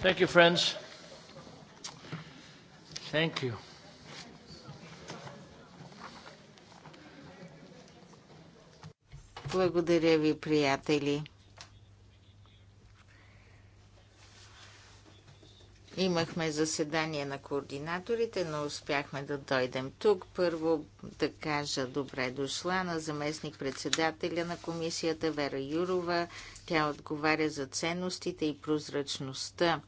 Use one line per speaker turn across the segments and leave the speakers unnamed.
Thank you, friends. Thank you.
Благодаря ви, приятели. Имахме заседание на координаторите, но успяхме да дойдем тук. Първо да кажа добре дошла на заместник-председателя на комисията Вера Юрова. Тя отговаря за ценностите и прозрачността.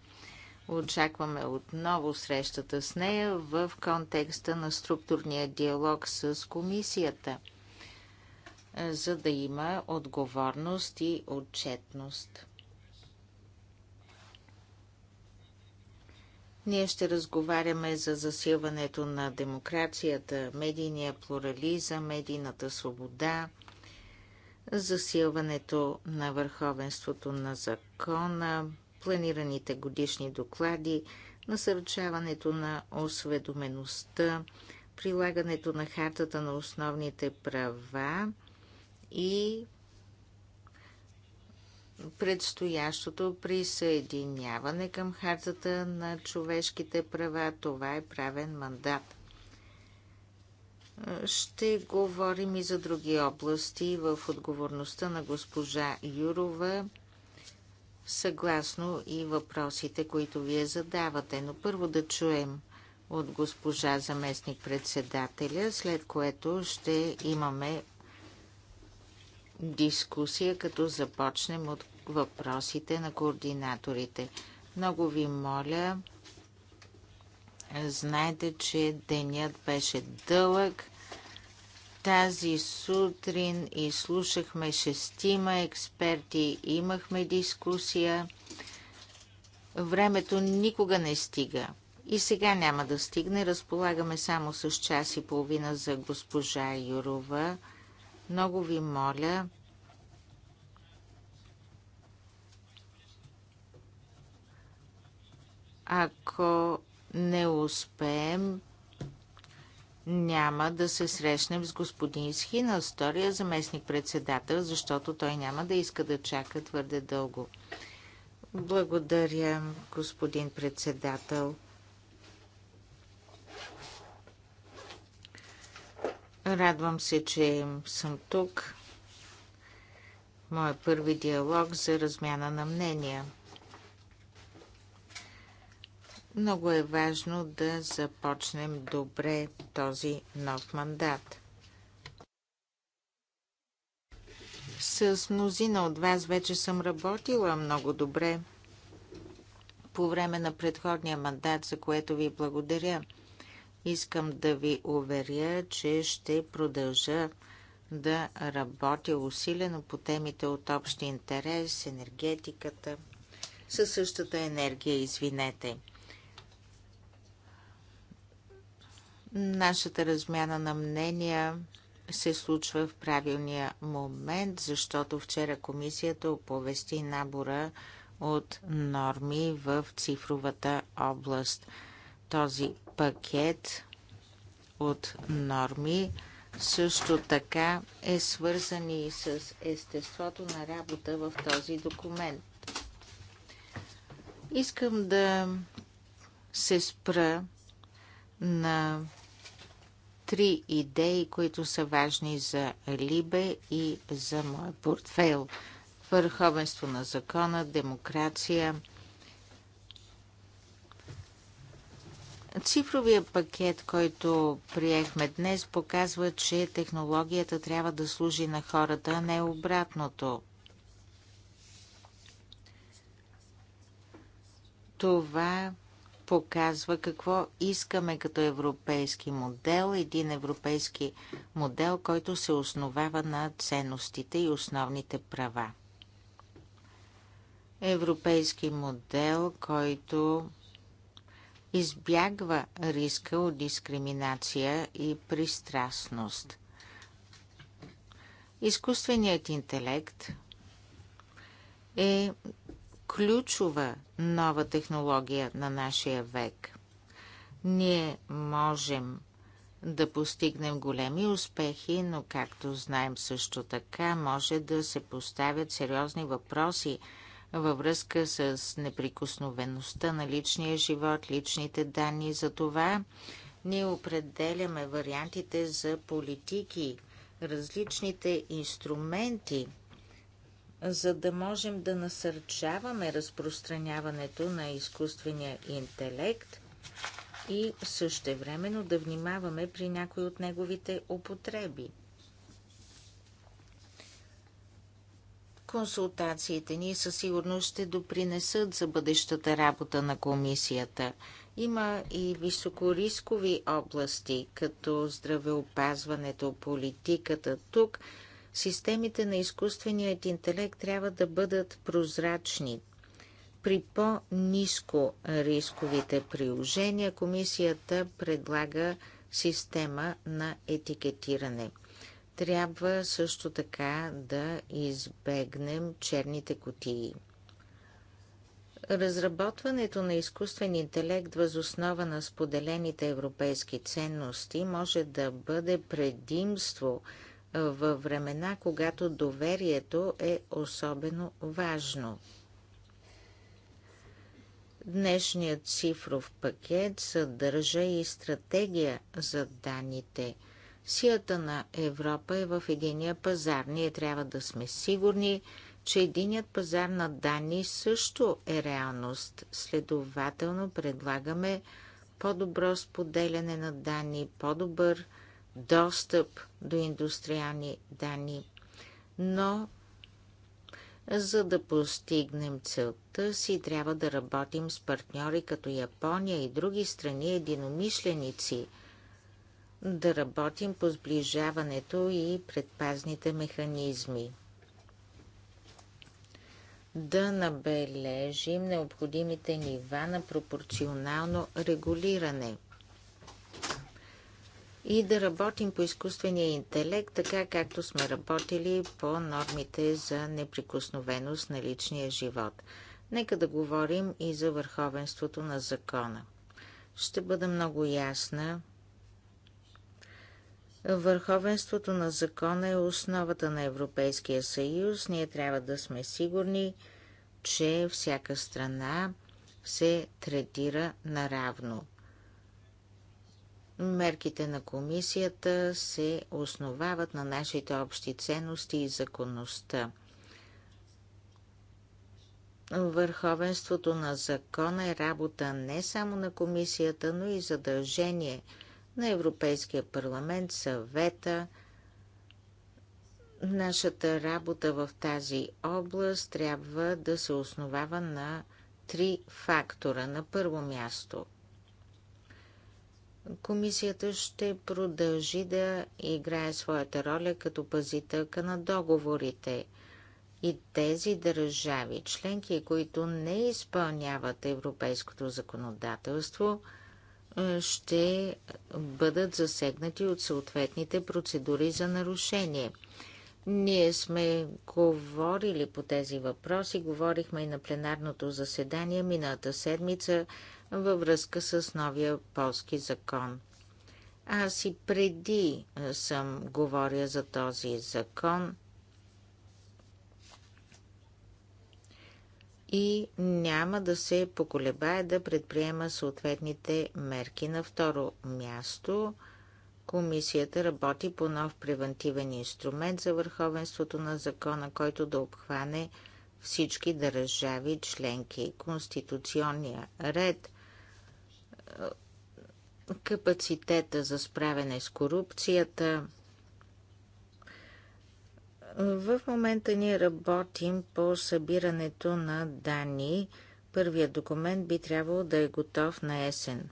Очакваме отново срещата с нея в контекста на структурния диалог с комисията, за да има отговорност и отчетност. Ние ще разговаряме за засилването на демокрацията, медийния плурализъм, медийната свобода, засилването на върховенството на закона, планираните годишни доклади, насърчаването на осведомеността, прилагането на хартата на основните права и предстоящото присъединяване към хартата на човешките права. Това е правен мандат. Ще говорим и за други области в отговорността на госпожа Юрова, съгласно и въпросите, които вие задавате. Но първо да чуем от госпожа заместник-председателя, след което ще имаме дискусия, като започнем от въпросите на координаторите. Много ви моля, знаете, че денят беше дълъг. Тази сутрин изслушахме шестима експерти, имахме дискусия. Времето никога не стига. И сега няма да стигне. Разполагаме само с час и половина за госпожа Юрова. Много ви моля, Ако не успеем, няма да се срещнем с господин Схина, втория заместник-председател, защото той няма да иска да чака твърде дълго. Благодаря, господин председател. Радвам се, че съм тук. Моят първи диалог за размяна на мнения – много е важно да започнем добре този нов мандат. С мнозина от вас вече съм работила много добре по време на предходния мандат, за което ви благодаря. Искам да ви уверя, че ще продължа да работя усилено по темите от общи интерес, енергетиката, със същата енергия, извинете. Нашата размяна на мнения се случва в правилния момент, защото вчера комисията оповести набора от норми в цифровата област. Този пакет от норми също така е свързан и с естеството на работа в този документ. Искам да се спра на три идеи, които са важни за Либе и за моя портфейл. Върховенство на закона, демокрация. Цифровия пакет, който приехме днес, показва, че технологията трябва да служи на хората, а не обратното. Това показва какво искаме като европейски модел, един европейски модел, който се основава на ценностите и основните права. Европейски модел, който избягва риска от дискриминация и пристрастност. Изкуственият интелект е ключова нова технология на нашия век. Ние можем да постигнем големи успехи, но както знаем също така, може да се поставят сериозни въпроси във връзка с неприкосновеността на личния живот, личните данни. За това ние определяме вариантите за политики, различните инструменти – за да можем да насърчаваме разпространяването на изкуствения интелект и същевременно да внимаваме при някои от неговите употреби. Консултациите ни със сигурност ще допринесат за бъдещата работа на комисията. Има и високорискови области, като здравеопазването, политиката. Тук Системите на изкуственият интелект трябва да бъдат прозрачни. При по-низко рисковите приложения комисията предлага система на етикетиране. Трябва също така да избегнем черните котии. Разработването на изкуствен интелект възоснова на споделените европейски ценности може да бъде предимство във времена, когато доверието е особено важно. Днешният цифров пакет съдържа и стратегия за данните. Сията на Европа е в единия пазар. Ние трябва да сме сигурни, че единият пазар на данни също е реалност. Следователно предлагаме по-добро споделяне на данни, по-добър достъп до индустриални данни, но за да постигнем целта си, трябва да работим с партньори като Япония и други страни единомишленици, да работим по сближаването и предпазните механизми, да набележим необходимите нива на пропорционално регулиране – и да работим по изкуствения интелект, така както сме работили по нормите за неприкосновеност на личния живот. Нека да говорим и за върховенството на закона. Ще бъда много ясна. Върховенството на закона е основата на Европейския съюз. Ние трябва да сме сигурни, че всяка страна се третира наравно. Мерките на комисията се основават на нашите общи ценности и законността. Върховенството на закона е работа не само на комисията, но и задължение на Европейския парламент, съвета. Нашата работа в тази област трябва да се основава на три фактора. На първо място – Комисията ще продължи да играе своята роля като пазителка на договорите и тези държави членки, които не изпълняват европейското законодателство, е, ще бъдат засегнати от съответните процедури за нарушение. Ние сме говорили по тези въпроси, говорихме и на пленарното заседание миналата седмица във връзка с новия полски закон. Аз и преди е, съм говоря за този закон и няма да се поколебае да предприема съответните мерки. На второ място Комисията работи по нов превентивен инструмент за върховенството на закона, който да обхване всички държави членки. Конституционния ред – капацитета за справяне с корупцията. В момента ние работим по събирането на данни. Първият документ би трябвало да е готов на есен,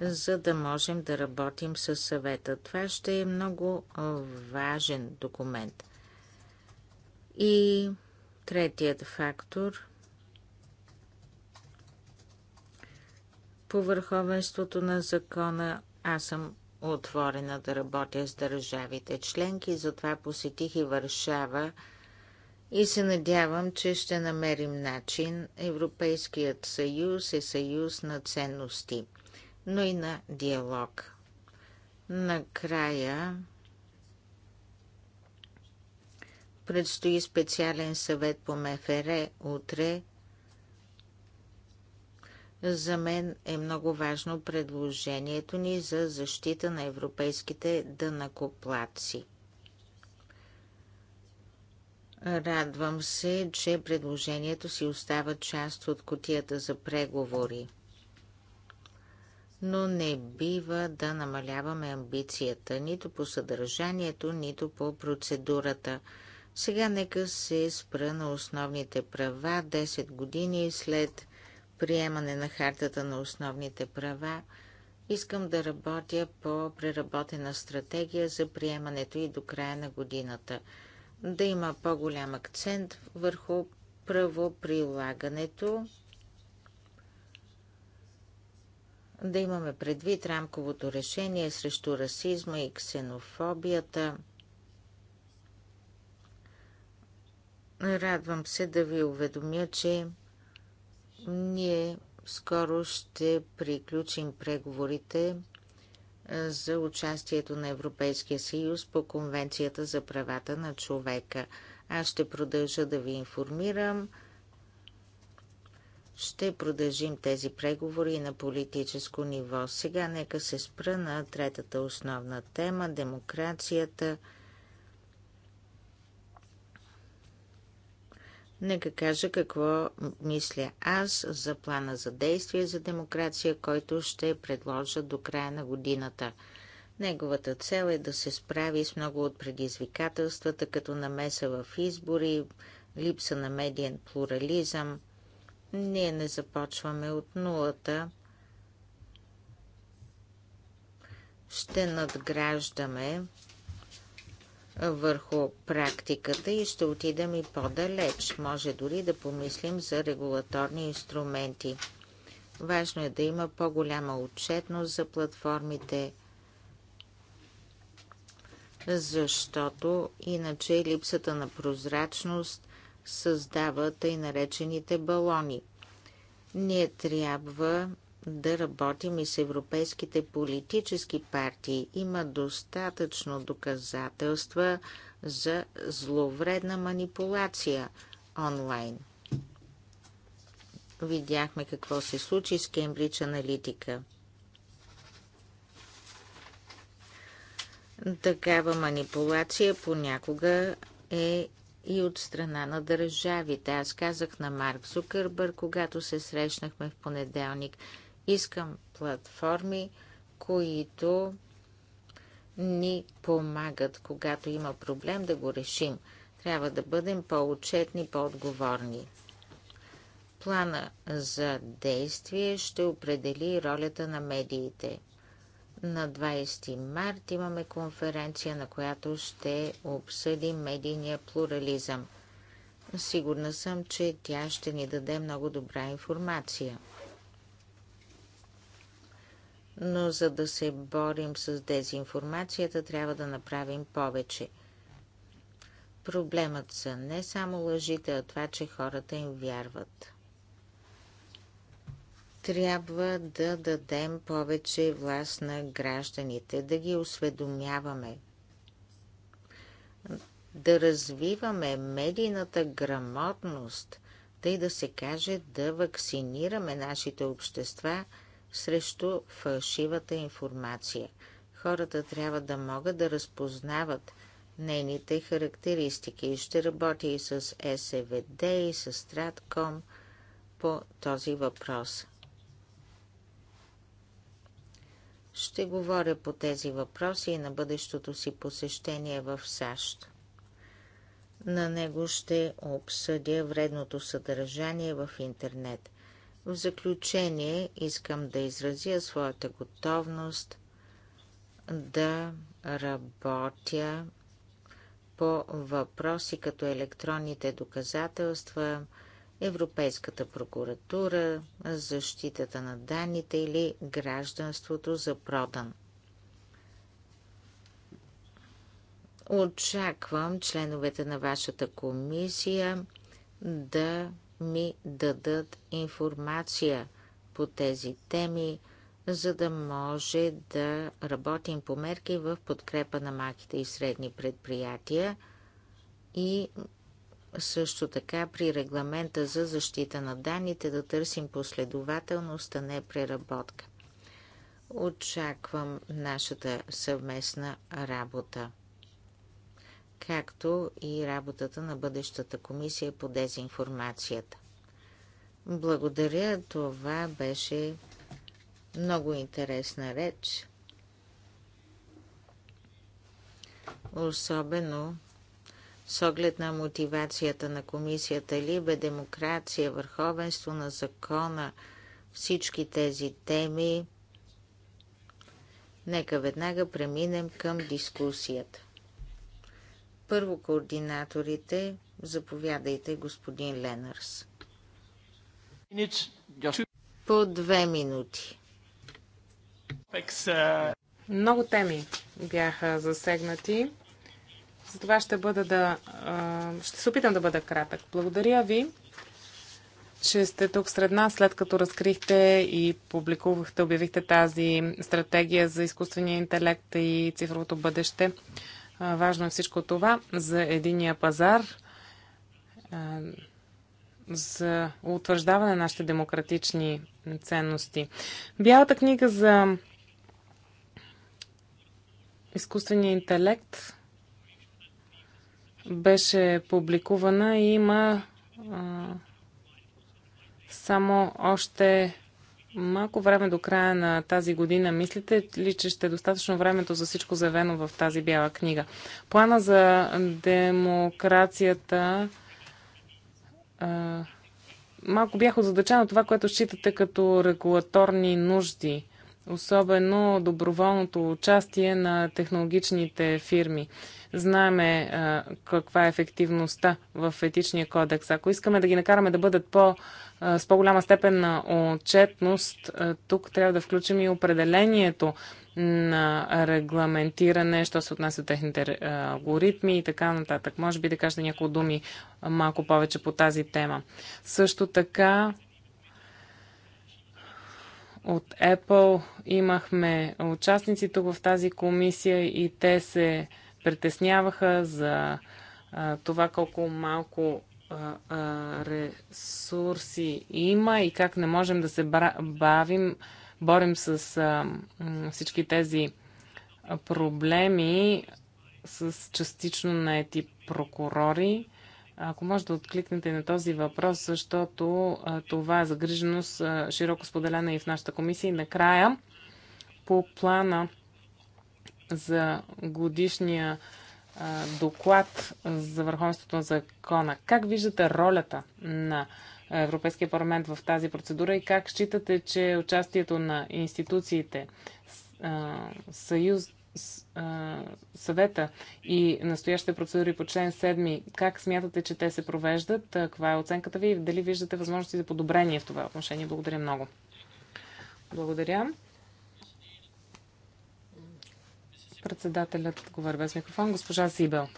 за да можем да работим с съвета. Това ще е много важен документ. И третият фактор – по върховенството на закона. Аз съм отворена да работя с държавите членки, затова посетих и Варшава и се надявам, че ще намерим начин Европейският съюз е съюз на ценности, но и на диалог. Накрая предстои специален съвет по МФР утре за мен е много важно предложението ни за защита на европейските дънакоплаци. Радвам се, че предложението си остава част от котията за преговори. Но не бива да намаляваме амбицията нито по съдържанието, нито по процедурата. Сега нека се спра на основните права 10 години след приемане на хартата на основните права, искам да работя по преработена стратегия за приемането и до края на годината. Да има по-голям акцент върху правоприлагането, да имаме предвид рамковото решение срещу расизма и ксенофобията. Радвам се да ви уведомя, че ние скоро ще приключим преговорите за участието на Европейския съюз по Конвенцията за правата на човека. Аз ще продължа да ви информирам. Ще продължим тези преговори на политическо ниво. Сега нека се спра на третата основна тема – демокрацията – Нека кажа какво мисля аз за плана за действие за демокрация, който ще предложа до края на годината. Неговата цел е да се справи с много от предизвикателствата, като намеса в избори, липса на медиен плурализъм. Ние не започваме от нулата. Ще надграждаме върху практиката и ще отидем и по-далеч. Може дори да помислим за регулаторни инструменти. Важно е да има по-голяма отчетност за платформите, защото иначе липсата на прозрачност създава тъй наречените балони. Ние трябва да работим и с европейските политически партии. Има достатъчно доказателства за зловредна манипулация онлайн. Видяхме какво се случи с Кембридж Аналитика. Такава манипулация понякога е и от страна на държавите. Аз казах на Марк Зукърбър, когато се срещнахме в понеделник – Искам платформи, които ни помагат, когато има проблем, да го решим. Трябва да бъдем по-отчетни, по-отговорни. Плана за действие ще определи ролята на медиите. На 20 март имаме конференция, на която ще обсъдим медийния плурализъм. Сигурна съм, че тя ще ни даде много добра информация но за да се борим с дезинформацията, трябва да направим повече. Проблемът са не само лъжите, а това, че хората им вярват. Трябва да дадем повече власт на гражданите, да ги осведомяваме, да развиваме медийната грамотност, тъй да се каже да вакцинираме нашите общества – срещу фалшивата информация. Хората трябва да могат да разпознават нейните характеристики. и Ще работи и с SVD и с Stratcom по този въпрос. Ще говоря по тези въпроси и на бъдещото си посещение в САЩ. На него ще обсъдя вредното съдържание в интернет. В заключение искам да изразя своята готовност да работя по въпроси като електронните доказателства, Европейската прокуратура, защитата на данните или гражданството за продан. Очаквам членовете на вашата комисия да ми дадат информация по тези теми, за да може да работим по мерки в подкрепа на малките и средни предприятия и също така при регламента за защита на данните да търсим последователност, а не преработка. Очаквам нашата съвместна работа както и работата на бъдещата комисия по дезинформацията. Благодаря, това беше много интересна реч. Особено с оглед на мотивацията на комисията Либе, демокрация, върховенство на закона, всички тези теми, нека веднага преминем към дискусията. Първо координаторите, заповядайте господин Ленърс. По две минути.
Много теми бяха засегнати. Затова ще бъда да. Ще се опитам да бъда кратък. Благодаря ви, че сте тук сред нас, след като разкрихте и публикувахте, обявихте тази стратегия за изкуствения интелект и цифровото бъдеще. Важно е всичко това за единия пазар, за утвърждаване на нашите демократични ценности. Бялата книга за изкуствения интелект беше публикувана и има а, само още Малко време до края на тази година. Мислите ли, че ще е достатъчно времето за всичко заявено в тази бяла книга? Плана за демокрацията. А, малко бях озадачена това, което считате като регулаторни нужди особено доброволното участие на технологичните фирми. Знаеме а, каква е ефективността в етичния кодекс. Ако искаме да ги накараме да бъдат по- с по-голяма степен на отчетност, тук трябва да включим и определението на регламентиране, що се отнася техните алгоритми и така нататък. Може би да кажете няколко думи малко повече по тази тема. Също така от Apple имахме участници тук в тази комисия и те се притесняваха за това колко малко ресурси има и как не можем да се бавим, борим с всички тези проблеми с частично наети прокурори. Ако може да откликнете на този въпрос, защото това е загриженост широко споделена и в нашата комисия. И накрая, по плана за годишния доклад за върховенството на закона. Как виждате ролята на Европейския парламент в тази процедура и как считате, че участието на институциите, съюз, съвета и настоящите процедури по член 7, как смятате, че те се провеждат? Каква е оценката ви и дали виждате възможности за подобрение в това отношение? Благодаря много. Благодаря. Председателят говори без микрофон. Госпожа Зибел.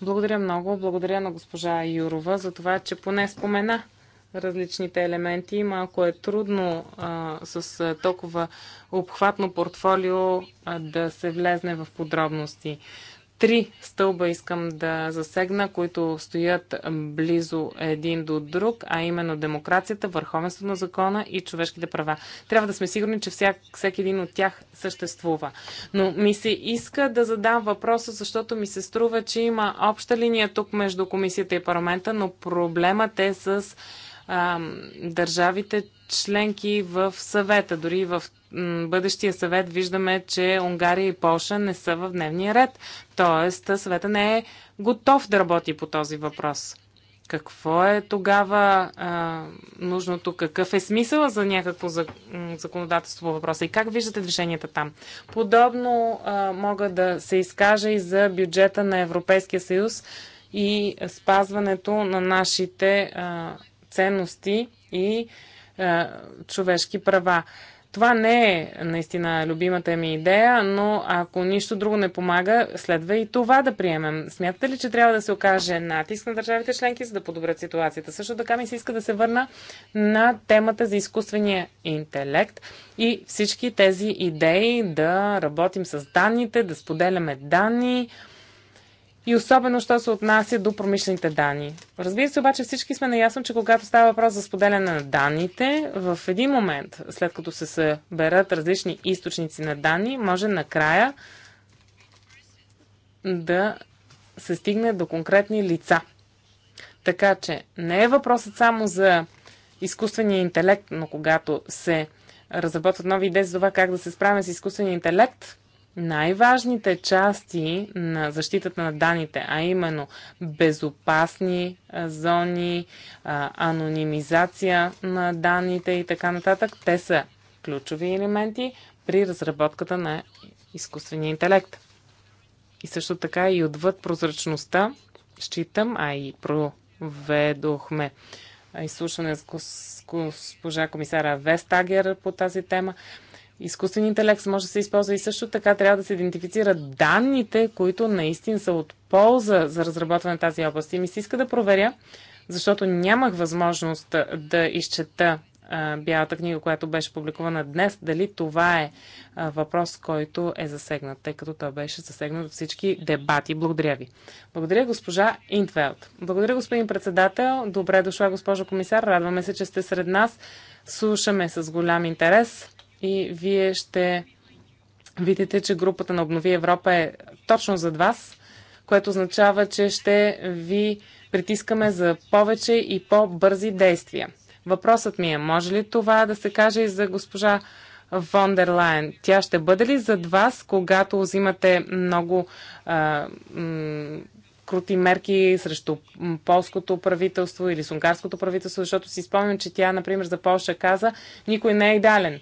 Благодаря много. Благодаря на госпожа Юрова за това, че поне спомена различните елементи. Малко е трудно а, с толкова обхватно портфолио а, да се влезне в подробности три стълба искам да засегна, които стоят близо един до друг, а именно демокрацията, върховенството на закона и човешките права. Трябва да сме сигурни, че всяк, всеки един от тях съществува. Но ми се иска да задам въпроса, защото ми се струва, че има обща линия тук между комисията и парламента, но проблемът е с а, държавите членки в съвета. Дори в бъдещия съвет виждаме, че Унгария и Польша не са в дневния ред. Тоест, съвета не е готов да работи по този въпрос. Какво е тогава а, нужното? Какъв е смисъл за някакво законодателство по въпроса? И как виждате движенията там? Подобно а, мога да се изкажа и за бюджета на Европейския съюз и спазването на нашите а, ценности и а, е, човешки права. Това не е наистина любимата ми идея, но ако нищо друго не помага, следва и това да приемем. Смятате ли, че трябва да се окаже натиск на държавите членки, за да подобрят ситуацията? Също така ми се иска да се върна на темата за изкуствения интелект и всички тези идеи да работим с данните, да споделяме данни, и особено, що се отнася до промишлените данни. Разбира се, обаче всички сме наясно, че когато става въпрос за споделяне на данните, в един момент, след като се съберат различни източници на данни, може накрая да се стигне до конкретни лица. Така че не е въпросът само за изкуствения интелект, но когато се разработват нови идеи за това как да се справим с изкуствения интелект, най-важните части на защитата на данните, а именно безопасни зони, анонимизация на данните и така нататък, те са ключови елементи при разработката на изкуствения интелект. И също така и отвъд прозрачността, считам, а и проведохме изслушване с госпожа комисара Вестагер по тази тема изкуствен интелект може да се използва и също така трябва да се идентифицират данните, които наистина са от полза за разработване на тази област. И ми се иска да проверя, защото нямах възможност да изчета бялата книга, която беше публикувана днес, дали това е въпрос, който е засегнат, тъй като той беше засегнат от всички дебати. Благодаря ви. Благодаря госпожа Интвелт. Благодаря господин председател. Добре дошла госпожа комисар. Радваме се, че сте сред нас. Слушаме с голям интерес и вие ще видите, че групата на Обнови Европа е точно зад вас, което означава, че ще ви притискаме за повече и по-бързи действия. Въпросът ми е, може ли това да се каже и за госпожа Вон дер Лайен? Тя ще бъде ли зад вас, когато взимате много а, крути мерки срещу полското правителство или сунгарското правителство, защото си спомням, че тя, например, за Польша каза, никой не е идеален.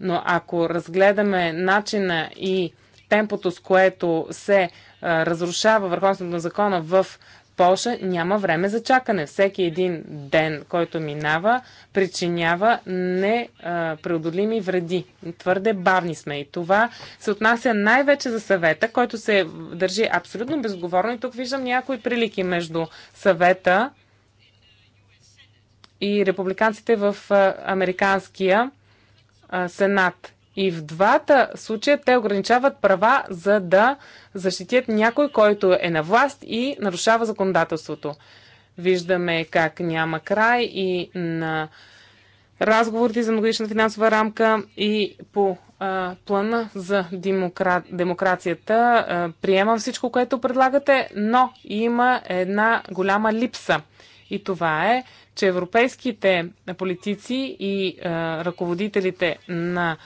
Но ако разгледаме начина и темпото, с което се а, разрушава върховенството на закона в Польша, няма време за чакане. Всеки един ден, който минава, причинява непреодолими вреди. Твърде бавни сме и това се отнася най-вече за съвета, който се държи абсолютно безговорно. И тук виждам някои прилики между съвета и републиканците в американския Сенат. И в двата случая те ограничават права, за да защитят някой, който е на власт и нарушава законодателството. Виждаме как няма край и на разговорите за многогодишна финансова рамка и по а, плана за демокра... демокрацията. А, приемам всичко, което предлагате, но има една голяма липса. И това е че европейските политици и а, ръководителите на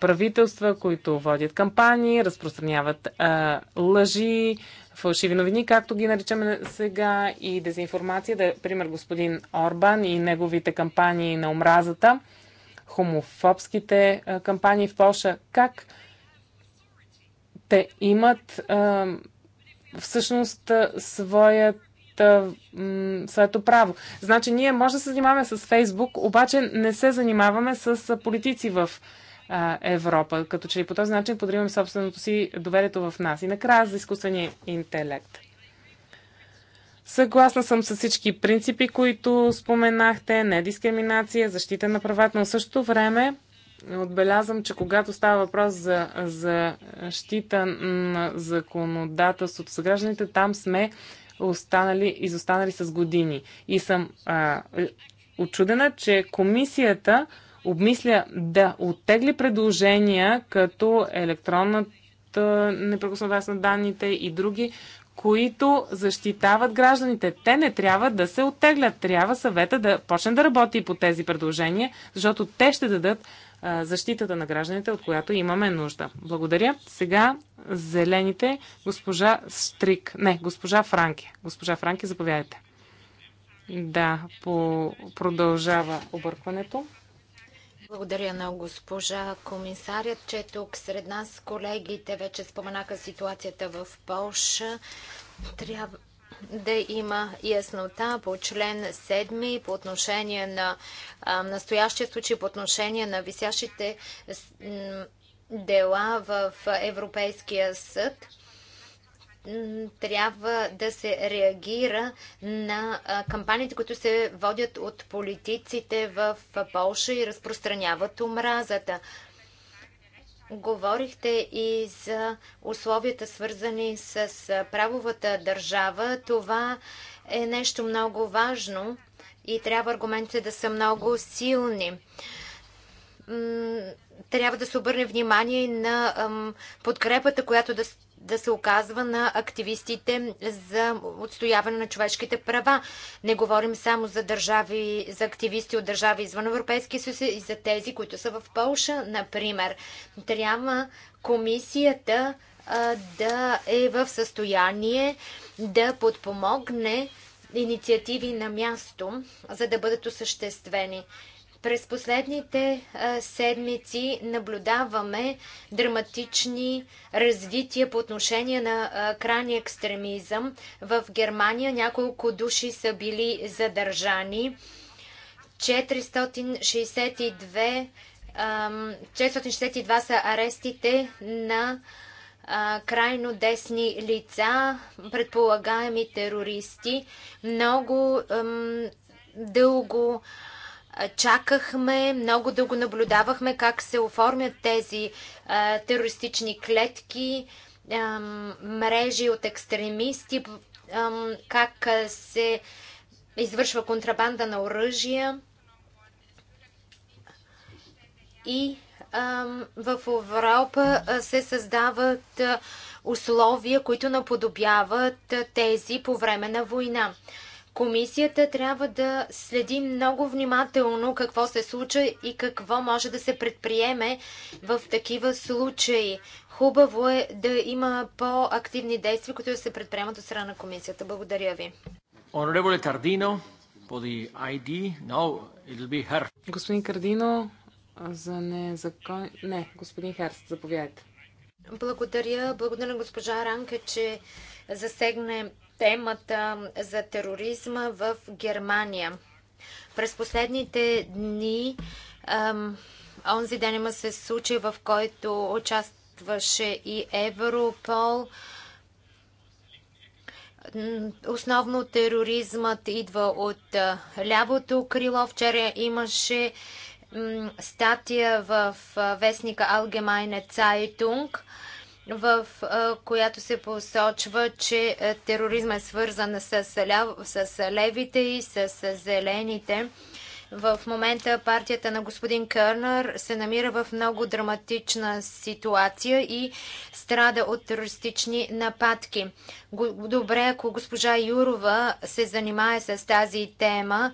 правителства, които водят кампании, разпространяват а, лъжи, фалшиви новини, както ги наричаме сега, и дезинформация, да, пример господин Орбан и неговите кампании на омразата, хомофобските а, кампании в Польша, как те имат а, всъщност своят своето право. Значи ние може да се занимаваме с Фейсбук, обаче не се занимаваме с политици в а, Европа, като че ли по този начин подриваме собственото си доверието в нас. И накрая за изкуствения интелект. Съгласна съм с всички принципи, които споменахте, не дискриминация, защита на правата, но същото време отбелязвам, че когато става въпрос за защита на законодателството за гражданите, там сме останали, изостанали с години. И съм а, очудена, че комисията обмисля да оттегли предложения като електронната непрекосновеност на данните и други, които защитават гражданите. Те не трябва да се оттеглят. Трябва съвета да почне да работи по тези предложения, защото те ще дадат защитата на гражданите, от която имаме нужда. Благодаря. Сега зелените госпожа Стрик. Не, госпожа Франки. Госпожа Франки, заповядайте. Да, по... продължава объркването.
Благодаря на госпожа комисарят, че тук сред нас колегите вече споменаха ситуацията в Польша. Трябва да има яснота по член 7 по отношение на настоящия случай, по отношение на висящите дела в Европейския съд трябва да се реагира на кампаниите, които се водят от политиците в Полша и разпространяват омразата. Говорихте и за условията, свързани с правовата държава. Това е нещо много важно и трябва аргументите да са много силни. Трябва да се обърне внимание на подкрепата, която да да се оказва на активистите за отстояване на човешките права. Не говорим само за държави, за активисти от държави извън Европейския съюз и за тези, които са в Полша, например. Трябва комисията а, да е в състояние да подпомогне инициативи на място, за да бъдат осъществени. През последните седмици наблюдаваме драматични развития по отношение на крайния екстремизъм. В Германия няколко души са били задържани. 462, 462 са арестите на крайно десни лица, предполагаеми терористи. Много дълго Чакахме, много дълго наблюдавахме как се оформят тези а, терористични клетки, а, мрежи от екстремисти, а, как се извършва контрабанда на оръжия. И в Европа се създават условия, които наподобяват тези по време на война. Комисията трябва да следи много внимателно какво се случва и какво може да се предприеме в такива случаи. Хубаво е да има по-активни действия, които да се предприемат от страна на комисията. Благодаря ви.
Honorable ID, now it'll be her. Господин
Кардино, за незакон... Не, господин Харст, заповядайте.
Благодаря. Благодаря, госпожа Ранка, че засегне темата за тероризма в Германия. През последните дни онзи ден има се случай, в който участваше и Европол. Основно тероризмът идва от лявото крило. Вчера имаше статия в вестника Алгемайне Цайтунг в която се посочва, че тероризма е свързан с, с левите и с зелените. В момента партията на господин Кърнър се намира в много драматична ситуация и страда от терористични нападки. Добре, ако госпожа Юрова се занимае с тази тема,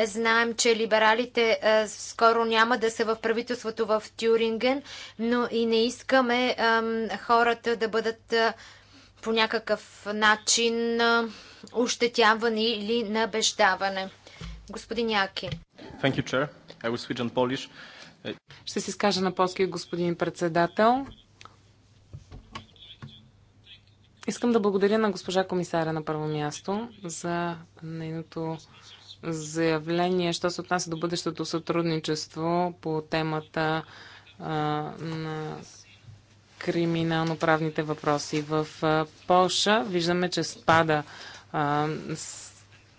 Знаем, че либералите а, е, скоро няма да са в правителството в Тюринген, но и не искаме а, хората да бъдат а, е, по някакъв начин а, е, ощетявани или набеждаване. Господин Яки.
Thank you, Chair. I will
switch on Polish. Ще се скажа на полски, господин председател. Искам да благодаря на госпожа комисаря на първо място за нейното заявление, що се отнася до бъдещото сътрудничество по темата а, на криминално-правните въпроси. В а, Польша виждаме, че спада а,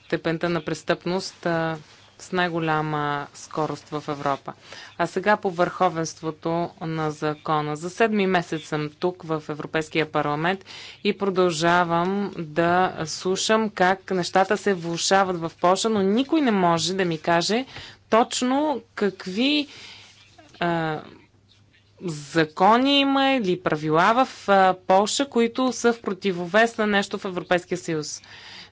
степента на престъпност. А, с най-голяма скорост в Европа. А сега по върховенството на закона. За седми месец съм тук в Европейския парламент и продължавам да слушам как нещата се влушават в Польша, но никой не може да ми каже точно какви а, закони има или правила в а, Польша, които са в противовес на нещо в Европейския съюз.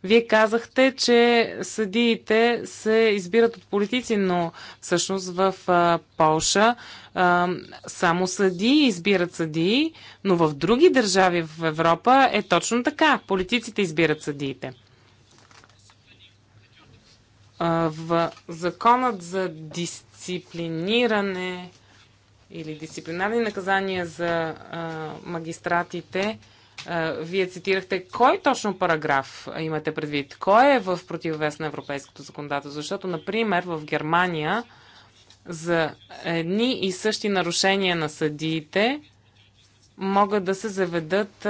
Вие казахте, че съдиите се избират от политици, но всъщност в а, Полша а, само съдии избират съдии, но в други държави в Европа е точно така. Политиците избират съдиите. в законът за дисциплиниране или дисциплинарни наказания за а, магистратите вие цитирахте кой точно параграф имате предвид? Кой е в противовес на европейското законодателство? Защото, например, в Германия за едни и същи нарушения на съдиите могат да се заведат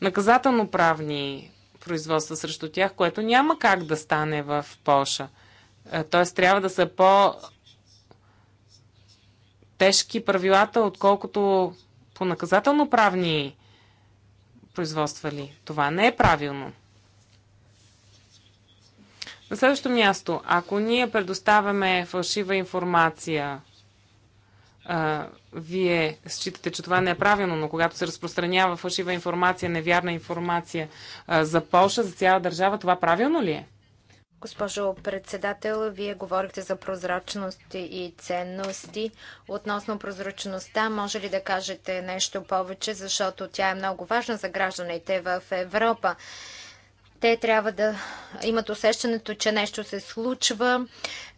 наказателно-правни производства срещу тях, което няма как да стане в Польша. Тоест трябва да са по тежки правилата, отколкото по наказателно-правни производства ли? Това не е правилно. На следващо място, ако ние предоставяме фалшива информация, а, вие считате, че това не е правилно, но когато се разпространява фалшива информация, невярна информация а, за Польша, за цяла държава, това правилно ли е?
Госпожо председател, вие говорихте за прозрачност и ценности. Относно прозрачността, може ли да кажете нещо повече, защото тя е много важна за гражданите в Европа. Те трябва да имат усещането, че нещо се случва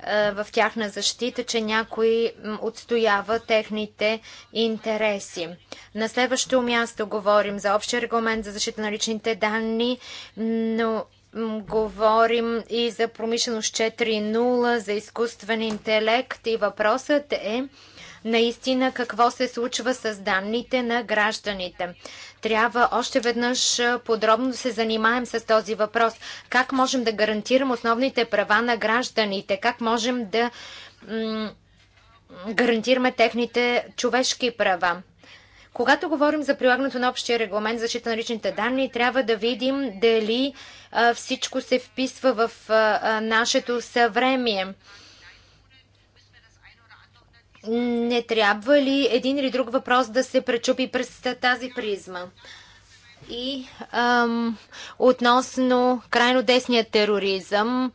е, в тяхна защита, че някой отстоява техните интереси. На следващото място говорим за общия регламент за защита на личните данни, но говорим и за промишленост 4.0, за изкуствен интелект и въпросът е наистина какво се случва с данните на гражданите. Трябва още веднъж подробно да се занимаем с този въпрос. Как можем да гарантирам основните права на гражданите? Как можем да гарантираме техните човешки права? Когато говорим за прилагането на общия регламент за защита на личните данни, трябва да видим дали всичко се вписва в нашето съвремие. Не трябва ли един или друг въпрос да се пречупи през тази призма? И ам, относно крайно десния тероризъм,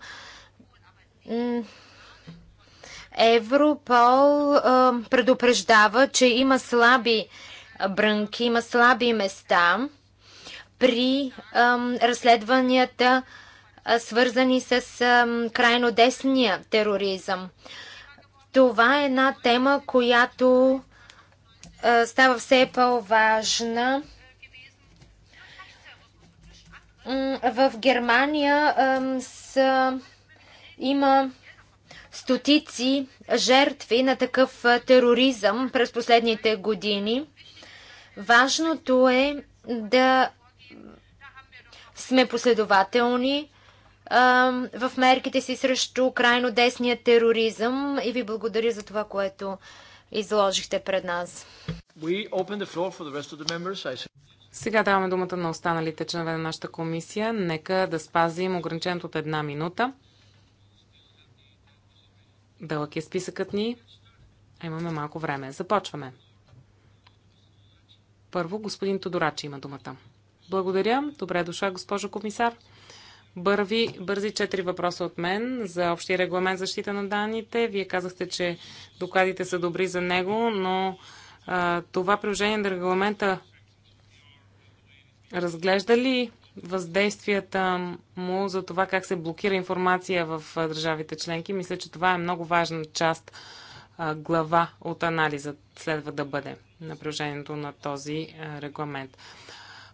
Европол ам, предупреждава, че има слаби брънки, има слаби места при ам, разследванията, а, свързани с ам, крайно десния тероризъм. Това е една тема, която а, става все по-важна. В Германия а, с, има стотици жертви на такъв тероризъм през последните години. Важното е да сме последователни в мерките си срещу крайно десния тероризъм и ви благодаря за това, което изложихте пред нас.
Сега даваме думата на останалите членове на нашата комисия. Нека да спазим ограничението от една минута. Дълъг е списъкът ни, а имаме малко време. Започваме. Първо, господин Тодорачи има думата. Благодаря. Добре дошла, госпожо комисар. Бърви, бързи четири въпроса от мен за общия регламент защита на данните. Вие казахте, че докладите са добри за него, но а, това приложение на регламента разглежда ли въздействията му за това как се блокира информация в държавите членки? Мисля, че това е много важна част, а, глава от анализа следва да бъде на приложението на този е, регламент.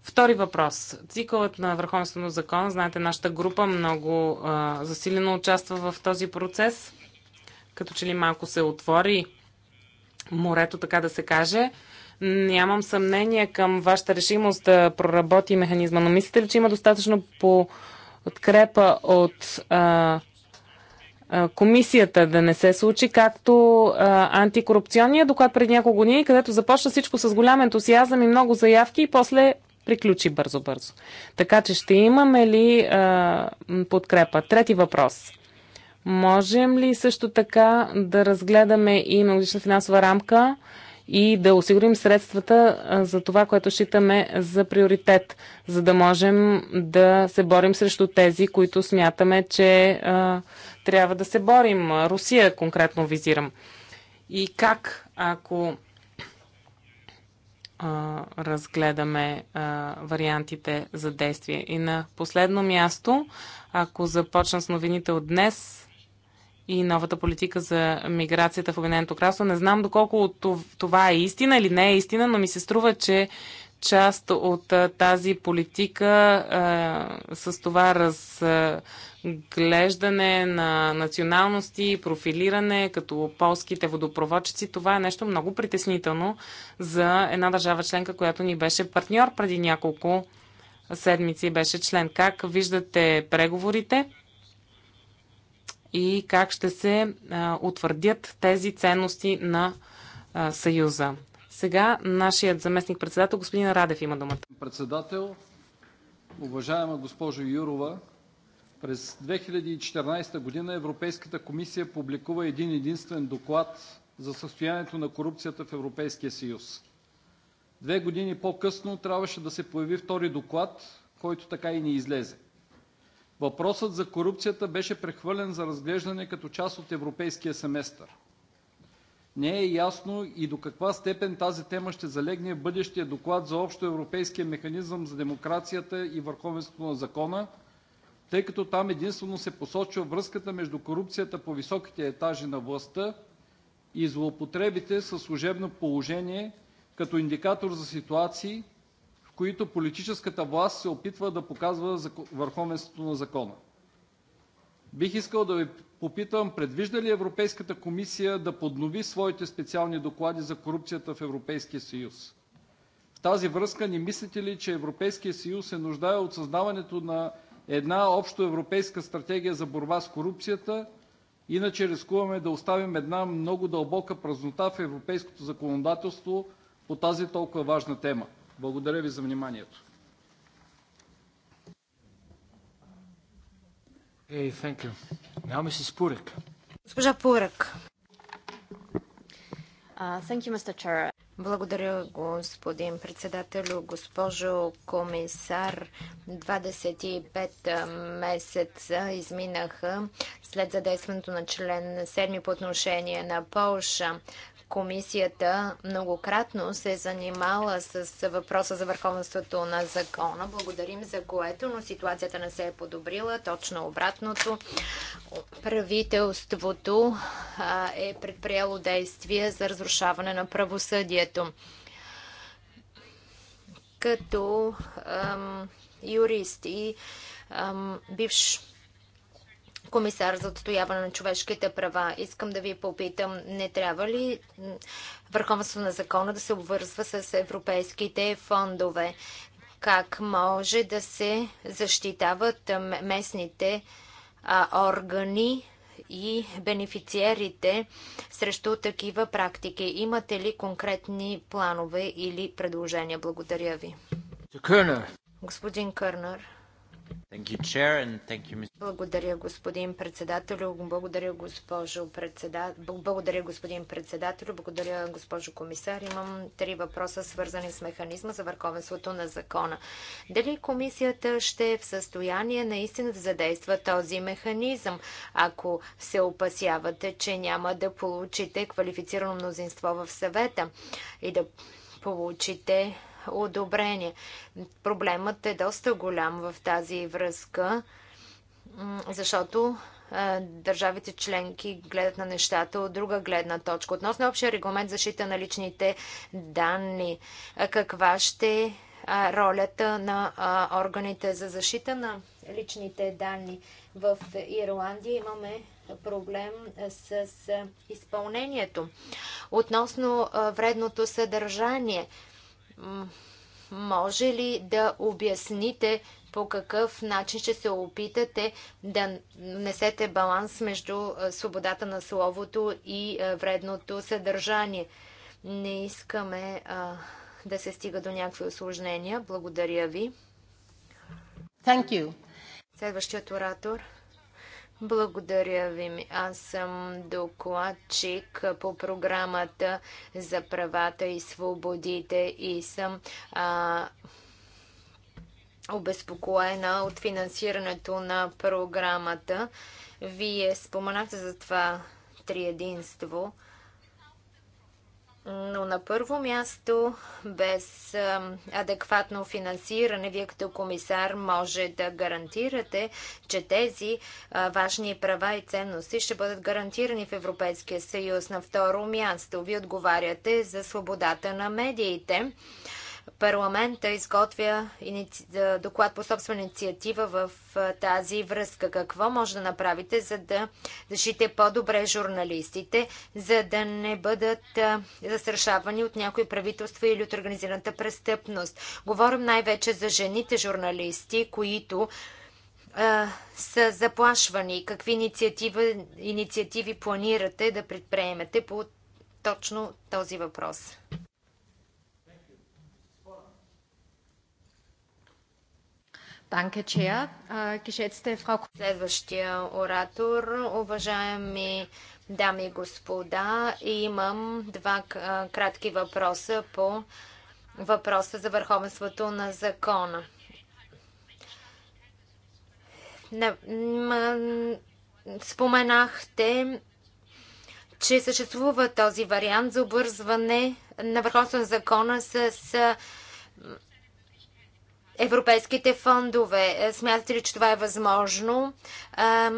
Втори въпрос. Цикълът на върховенство на закон. знаете, нашата група много а, е, засилено участва в този процес. Като че ли малко се отвори морето, така да се каже. Нямам съмнение към вашата решимост да проработи механизма, но мислите ли, че има достатъчно подкрепа от а, е, комисията да не се случи, както а, антикорупционния доклад пред няколко години, където започна всичко с голям ентусиазъм и много заявки и после приключи бързо-бързо. Така че ще имаме ли а, подкрепа? Трети въпрос. Можем ли също така да разгледаме и многогодишна финансова рамка? и да осигурим средствата за това, което считаме за приоритет, за да можем да се борим срещу тези, които смятаме, че а, трябва да се борим. Русия конкретно визирам. И как, ако а, разгледаме а, вариантите за действие. И на последно място, ако започна с новините от днес, и новата политика за миграцията в Обединеното кралство. Не знам доколко това е истина или не е истина, но ми се струва, че част от тази политика а, с това разглеждане на националности, профилиране, като полските водопроводчици, това е нещо много притеснително за една държава членка, която ни беше партньор преди няколко седмици беше член. Как виждате преговорите? и как ще се а, утвърдят тези ценности на а, Съюза. Сега нашият заместник-председател, господин Радев, има думата.
Председател, уважаема госпожо Юрова, през 2014 година Европейската комисия публикува един единствен доклад за състоянието на корупцията в Европейския съюз. Две години по-късно трябваше да се появи втори доклад, който така и не излезе. Въпросът за корупцията беше прехвърлен за разглеждане като част от европейския семестър. Не е ясно и до каква степен тази тема ще залегне в бъдещия доклад за общо Европейския механизъм за демокрацията и върховенството на закона, тъй като там единствено се посочва връзката между корупцията по високите етажи на властта и злоупотребите със служебно положение като индикатор за ситуации, които политическата власт се опитва да показва върховенството на закона. Бих искал да Ви попитам: предвижда ли Европейската комисия да поднови своите специални доклади за корупцията в Европейския съюз? В тази връзка не мислите ли, че Европейския съюз се нуждае от създаването на една общо европейска стратегия за борба с корупцията, иначе рискуваме да оставим една много дълбока празнота в европейското законодателство по тази толкова важна тема? Благодаря ви за вниманието.
Hey, thank you. Now, Mrs. Пурек.
Госпожа Пурек. thank you, Mr. Chair. Благодаря, господин председател, госпожо комисар. 25 месеца изминаха след задействането на член 7 по отношение на Полша. Комисията многократно се е занимала с въпроса за върховенството на закона. Благодарим за което, но ситуацията не се е подобрила. Точно обратното. Правителството е предприело действия за разрушаване на правосъдието. Като юрист и бивш комисар за отстояване на човешките права. Искам да ви попитам, не трябва ли върховенство на закона да се обвързва с европейските фондове? Как може да се защитават местните органи и бенефициерите срещу такива практики? Имате ли конкретни планове или предложения? Благодаря ви. Господин Кърнър. Благодаря, господин председател. Благодаря, госпожо председател. Благодаря, господин председател. Благодаря, госпожо комисар. Имам три въпроса, свързани с механизма за върховенството на закона. Дали комисията ще е в състояние наистина да задейства този механизъм, ако се опасявате, че няма да получите квалифицирано мнозинство в съвета и да получите одобрение. Проблемът е доста голям в тази връзка, защото държавите членки гледат на нещата от друга гледна точка. Относно общия регламент защита на личните данни, каква ще е ролята на органите за защита на личните данни? В Ирландия имаме проблем с изпълнението. Относно вредното съдържание – може ли да обясните по какъв начин ще се опитате да внесете баланс между свободата на словото и вредното съдържание? Не искаме а, да се стига до някакви осложнения. Благодаря ви. Thank you. Следващият оратор. Благодаря ви. Аз съм докладчик по програмата за правата и свободите и съм а, обезпокоена от финансирането на програмата. Вие споменахте за това триединство. единство но на първо място, без адекватно финансиране, вие като комисар може да гарантирате, че тези важни права и ценности ще бъдат гарантирани в Европейския съюз. На второ място, вие отговаряте за свободата на медиите. Парламента изготвя доклад по собствена инициатива в тази връзка. Какво може да направите, за да защите по-добре журналистите, за да не бъдат застрашавани от някои правителства или от организираната престъпност? Говорим най-вече за жените журналисти, които са заплашвани. Какви инициативи, инициативи планирате да предприемете по точно този въпрос? Danke, Chair. Geschätzte Frau... Следващия оратор, уважаеми дами и господа, имам два кратки въпроса по въпроса за върховенството на закона. Споменахте, че съществува този вариант за обвързване на върховенството на закона с европейските фондове. Е, смятате ли, че това е възможно?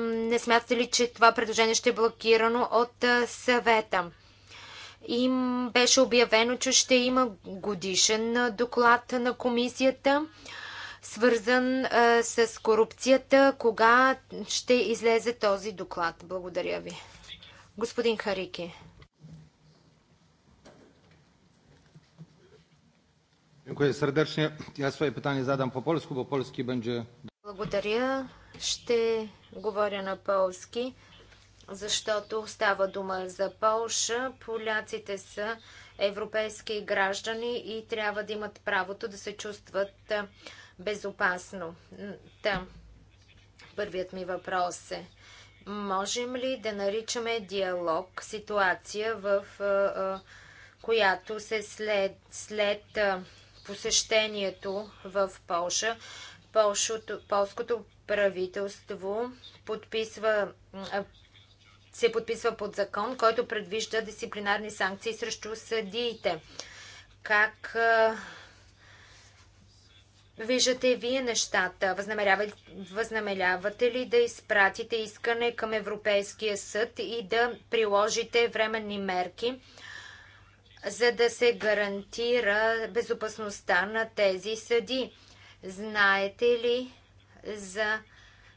Не смятате ли, че това предложение ще е блокирано от съвета? Им беше обявено, че ще има годишен доклад на комисията, свързан с корупцията. Кога ще излезе този доклад? Благодаря ви. Господин Харики.
Dziękuję serdecznie. Ja swoje pytanie zadam po polsku, bo polski będzie...
Благодаря. Ще говоря на полски, защото става дума за Полша. Поляците са европейски граждани и трябва да имат правото да се чувстват безопасно. Та, първият ми въпрос е, можем ли да наричаме диалог ситуация, в която се след, след посещението в Польша. полското правителство подписва, се подписва под закон, който предвижда дисциплинарни санкции срещу съдиите. Как виждате вие нещата? Възнамерявате, възнамерявате ли да изпратите искане към Европейския съд и да приложите временни мерки? за да се гарантира безопасността на тези съди. Знаете ли за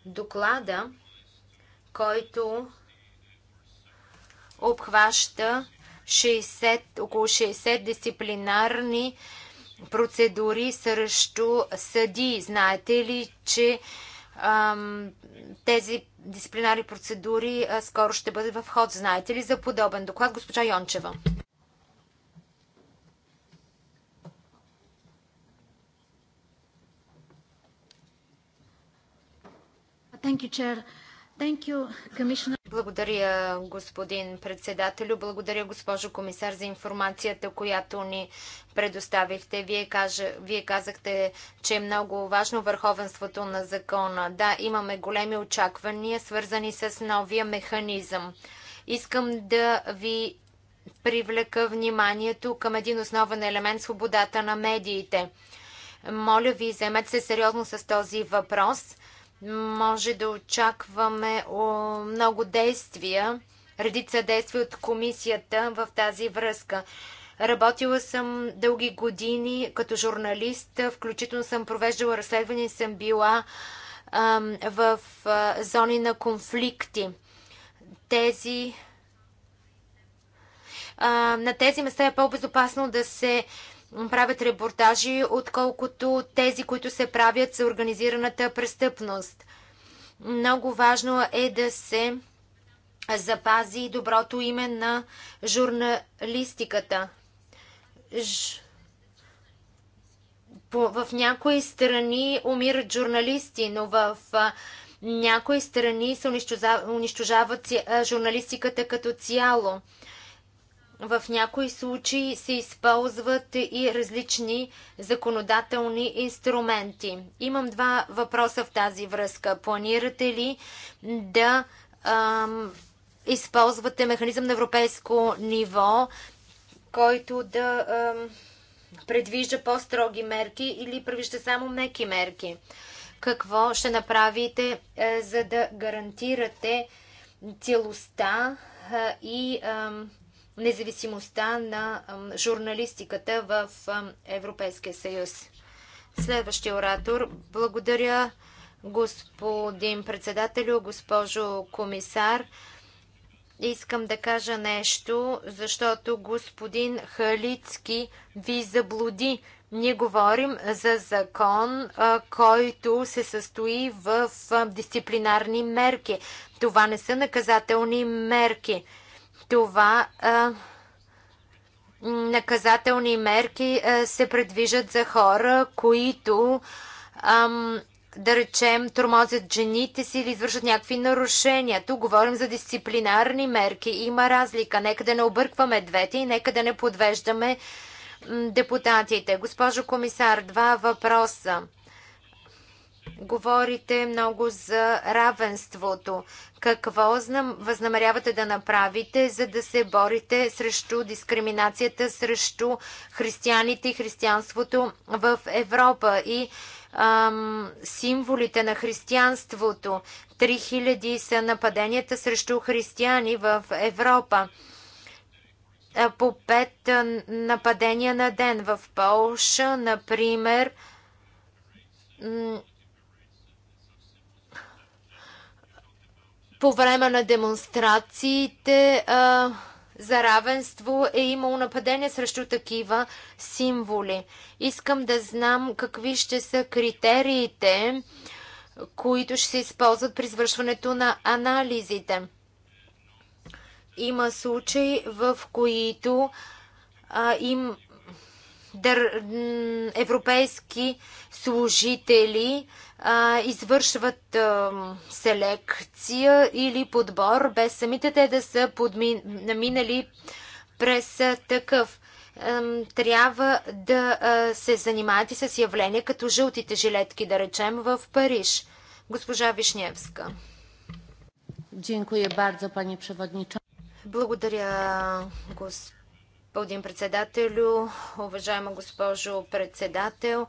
доклада, който обхваща 60, около 60 дисциплинарни процедури срещу съди. Знаете ли, че ам, тези дисциплинарни процедури а, скоро ще бъдат в ход? Знаете ли за подобен доклад, госпожа Йончева? Thank you, Chair. Thank you, Commissioner. Благодаря, господин председателю. Благодаря, госпожо комисар, за информацията, която ни предоставихте. Вие, каже, вие казахте, че е много важно върховенството на закона. Да, имаме големи очаквания, свързани с новия механизъм. Искам да ви привлека вниманието към един основен елемент – свободата на медиите. Моля ви, вземете се сериозно с този въпрос – може да очакваме много действия, редица действия от комисията в тази връзка. Работила съм дълги години като журналист, включително съм провеждала разследвания и съм била ам, в а, зони на конфликти. Тези, а, на тези места е по-безопасно да се правят репортажи, отколкото тези, които се правят с организираната престъпност. Много важно е да се запази доброто име на журналистиката. Ж... По, в някои страни умират журналисти, но в някои страни се унищожават, унищожават журналистиката като цяло. В някои случаи се използват и различни законодателни инструменти. Имам два въпроса в тази връзка. Планирате ли да ам, използвате механизъм на европейско ниво, който да ам, предвижда по-строги мерки или предвижда само меки мерки? Какво ще направите, е, за да гарантирате целостта е, и. Ам, независимостта на журналистиката в Европейския съюз. Следващия оратор. Благодаря, господин председателю, госпожо комисар. Искам да кажа нещо, защото господин Халицки ви заблуди. Ние говорим за закон, който се състои в дисциплинарни мерки. Това не са наказателни мерки това а, наказателни мерки а, се предвижат за хора, които да речем, тормозят жените си или извършат някакви нарушения. Тук говорим за дисциплинарни мерки. Има разлика. Нека да не объркваме двете и нека да не подвеждаме депутатите. Госпожо комисар, два въпроса. Говорите много за равенството. Какво възнамерявате да направите, за да се борите срещу дискриминацията срещу християните и християнството в Европа и ам, символите на християнството? 3000 са нападенията срещу християни в Европа по пет нападения на ден. В Полша, например, По време на демонстрациите а, за равенство е имало нападение срещу такива символи. Искам да знам какви ще са критериите, които ще се използват при извършването на анализите. Има случаи, в които а, им дър, европейски служители а, извършват а, селекция или подбор, без самите те да са наминали през а, такъв. трябва да се занимават и с явления като жълтите жилетки, да речем, в Париж. Госпожа Вишневска. Благодаря, господин председателю, уважаема госпожо председател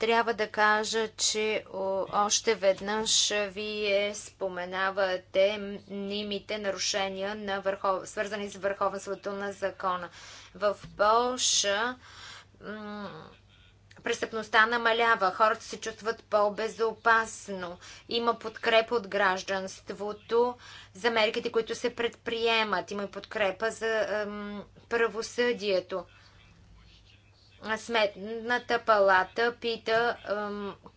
трябва да кажа, че още веднъж вие споменавате нимите нарушения, на върхов... свързани с върховенството на закона. В Полша престъпността намалява, хората се чувстват по-безопасно, има подкрепа от гражданството за мерките, които се предприемат, има подкрепа за правосъдието. Сметната палата пита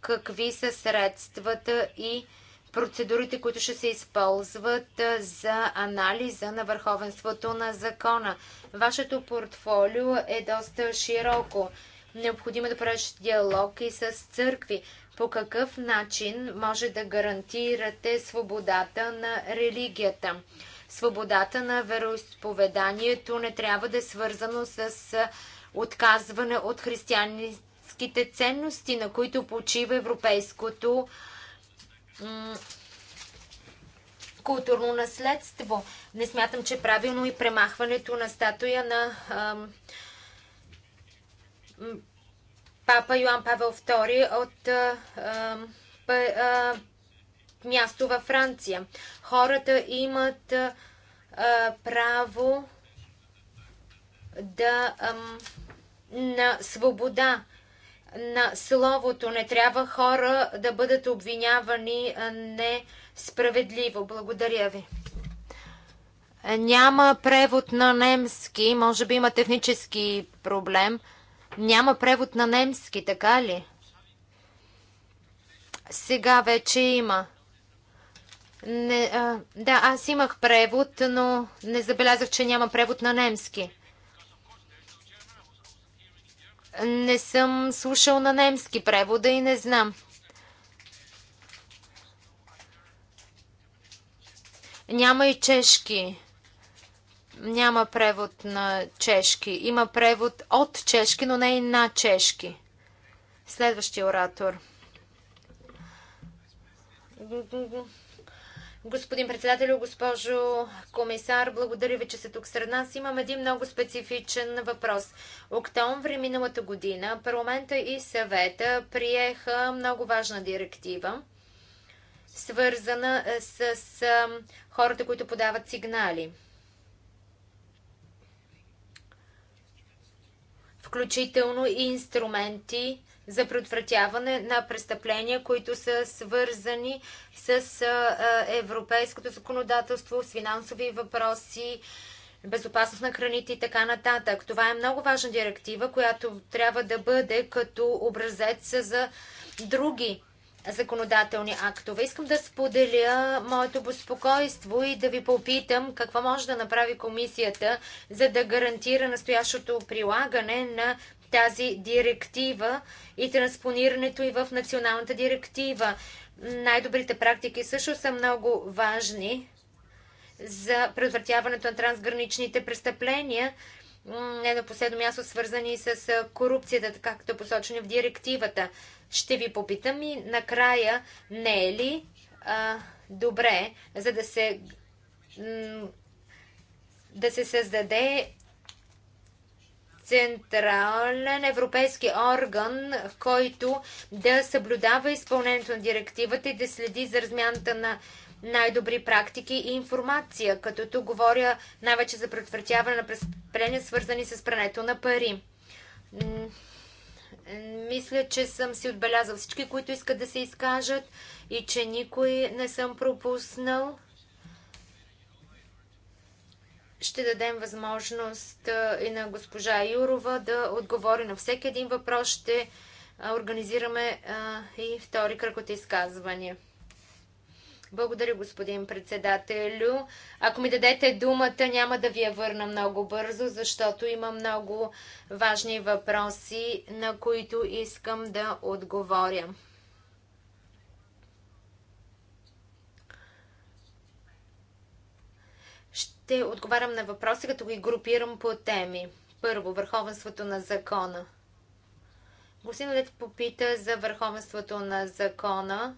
какви са средствата и процедурите, които ще се използват за анализа на върховенството на закона. Вашето портфолио е доста широко. Необходимо е да правиш диалог и с църкви. По какъв начин може да гарантирате свободата на религията? Свободата на вероисповеданието не трябва да е свързано с отказване от християнските ценности, на които почива европейското културно наследство. Не смятам, че е правилно и премахването на статуя на папа Йоан Павел II от място във Франция. Хората имат право да на свобода на словото. Не трябва хора да бъдат обвинявани несправедливо. Благодаря ви. Няма превод на немски. Може би има технически проблем. Няма превод на немски, така ли? Сега вече има. Не, а, да, аз имах превод, но не забелязах, че няма превод на немски. Не съм слушал на немски превода и не знам. Няма и чешки. Няма превод на чешки. Има превод от чешки, но не и на чешки. Следващия оратор. Ду-ду-ду. Господин председател, госпожо комисар, благодаря ви, че сте тук сред нас. Имам един много специфичен въпрос. Октомври миналата година парламента и съвета приеха много важна директива, свързана е, с, с е, хората, които подават сигнали. Включително и инструменти, за предотвратяване на престъпления, които са свързани с европейското законодателство, с финансови въпроси, безопасност на храните и така нататък. Това е много важна директива, която трябва да бъде като образец за други законодателни актове. Искам да споделя моето безпокойство и да ви попитам какво може да направи комисията, за да гарантира настоящото прилагане на тази директива и транспонирането и в националната директива. Най-добрите практики също са много важни за предотвратяването на трансграничните престъпления, не на последно място свързани с корупцията, както е посочено в директивата. Ще ви попитам и накрая, не е ли а, добре, за да се да се създаде централен европейски орган, в който да съблюдава изпълнението на директивата и да следи за размяната на най-добри практики и информация, като тук говоря най-вече за предотвратяване на престъпления, свързани с прането на пари. Мисля, че съм си отбелязал всички, които искат да се изкажат и че никой не съм пропуснал. Ще дадем възможност и на госпожа Юрова да отговори на всеки един въпрос. Ще организираме и втори кръг от изказвания. Благодаря, господин председателю. Ако ми дадете думата, няма да ви я върна много бързо, защото има много важни въпроси, на които искам да отговоря. ще отговарям на въпроси, като ги групирам по теми. Първо, върховенството на закона. Господин Лев попита за върховенството на закона.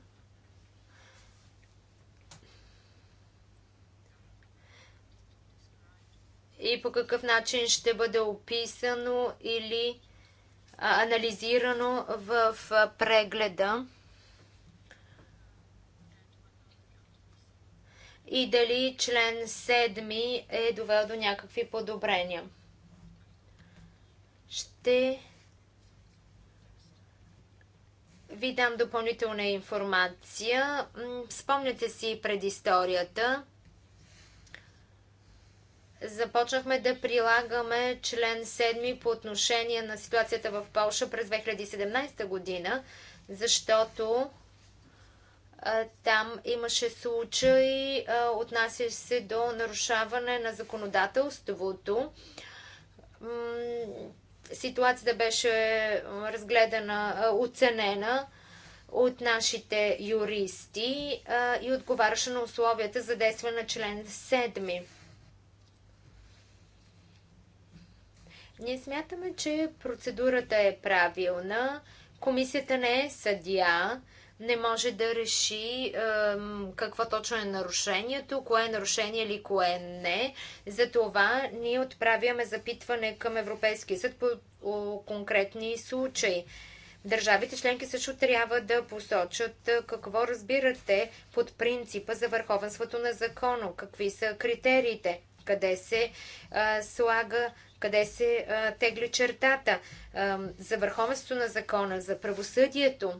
И по какъв начин ще бъде описано или анализирано в прегледа. и дали член 7 е довел до някакви подобрения. Ще ви дам допълнителна информация. Спомняте си предисторията. Започнахме да прилагаме член 7 по отношение на ситуацията в Польша през 2017 година, защото там имаше случаи, отнасящ се до нарушаване на законодателството. Ситуацията беше разгледана, оценена от нашите юристи и отговаряше на условията за действие на член 7. Ние смятаме, че процедурата е правилна. Комисията не е съдия не може да реши е, какво точно е нарушението, кое е нарушение или кое не. Затова ние отправяме запитване към Европейския съд по о, конкретни случаи. Държавите членки също трябва да посочат какво разбирате под принципа за върховенството на закона, какви са критериите, къде се слага, къде се тегли чертата за върховенството на закона, за правосъдието,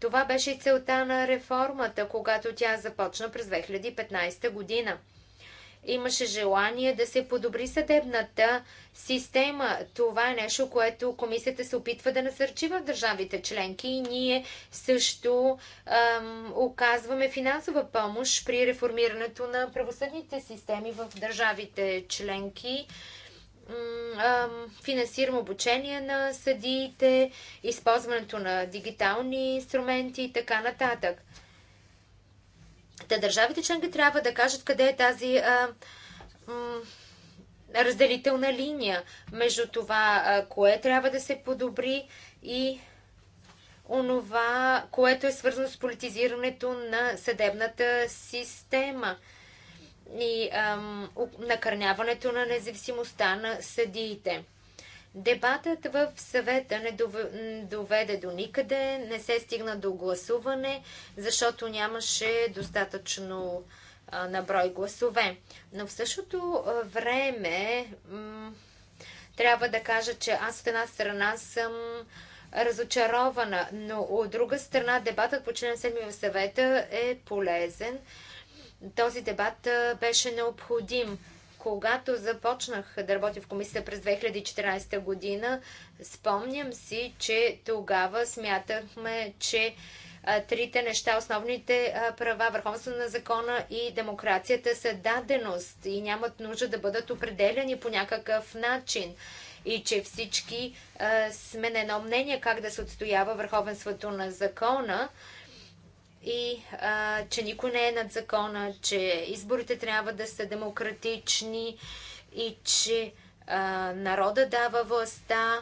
това беше и целта на реформата, когато тя започна през 2015 година. Имаше желание да се подобри съдебната система. Това е нещо, което комисията се опитва да насърчи в държавите членки и ние също ем, оказваме финансова помощ при реформирането на правосъдните системи в държавите членки финансирам обучение на съдиите, използването на дигитални инструменти и така нататък. Та държавите членки трябва да кажат къде е тази а, м, разделителна линия между това, а, кое трябва да се подобри и онова, което е свързано с политизирането на съдебната система – и ам, накърняването на независимостта на съдиите. Дебатът в съвета не доведе до никъде, не се стигна до гласуване, защото нямаше достатъчно наброй гласове. Но в същото време трябва да кажа, че аз от една страна съм разочарована, но от друга страна дебатът по член 7 в съвета е полезен. Този дебат беше необходим. Когато започнах да работя в комисията през 2014 година, спомням си, че тогава смятахме, че трите неща, основните права, върховенство на закона и демокрацията са даденост и нямат нужда да бъдат определени по някакъв начин и че всички сме на едно мнение как да се отстоява върховенството на закона и а, че никой не е над закона, че изборите трябва да са демократични и че а, народа дава властта,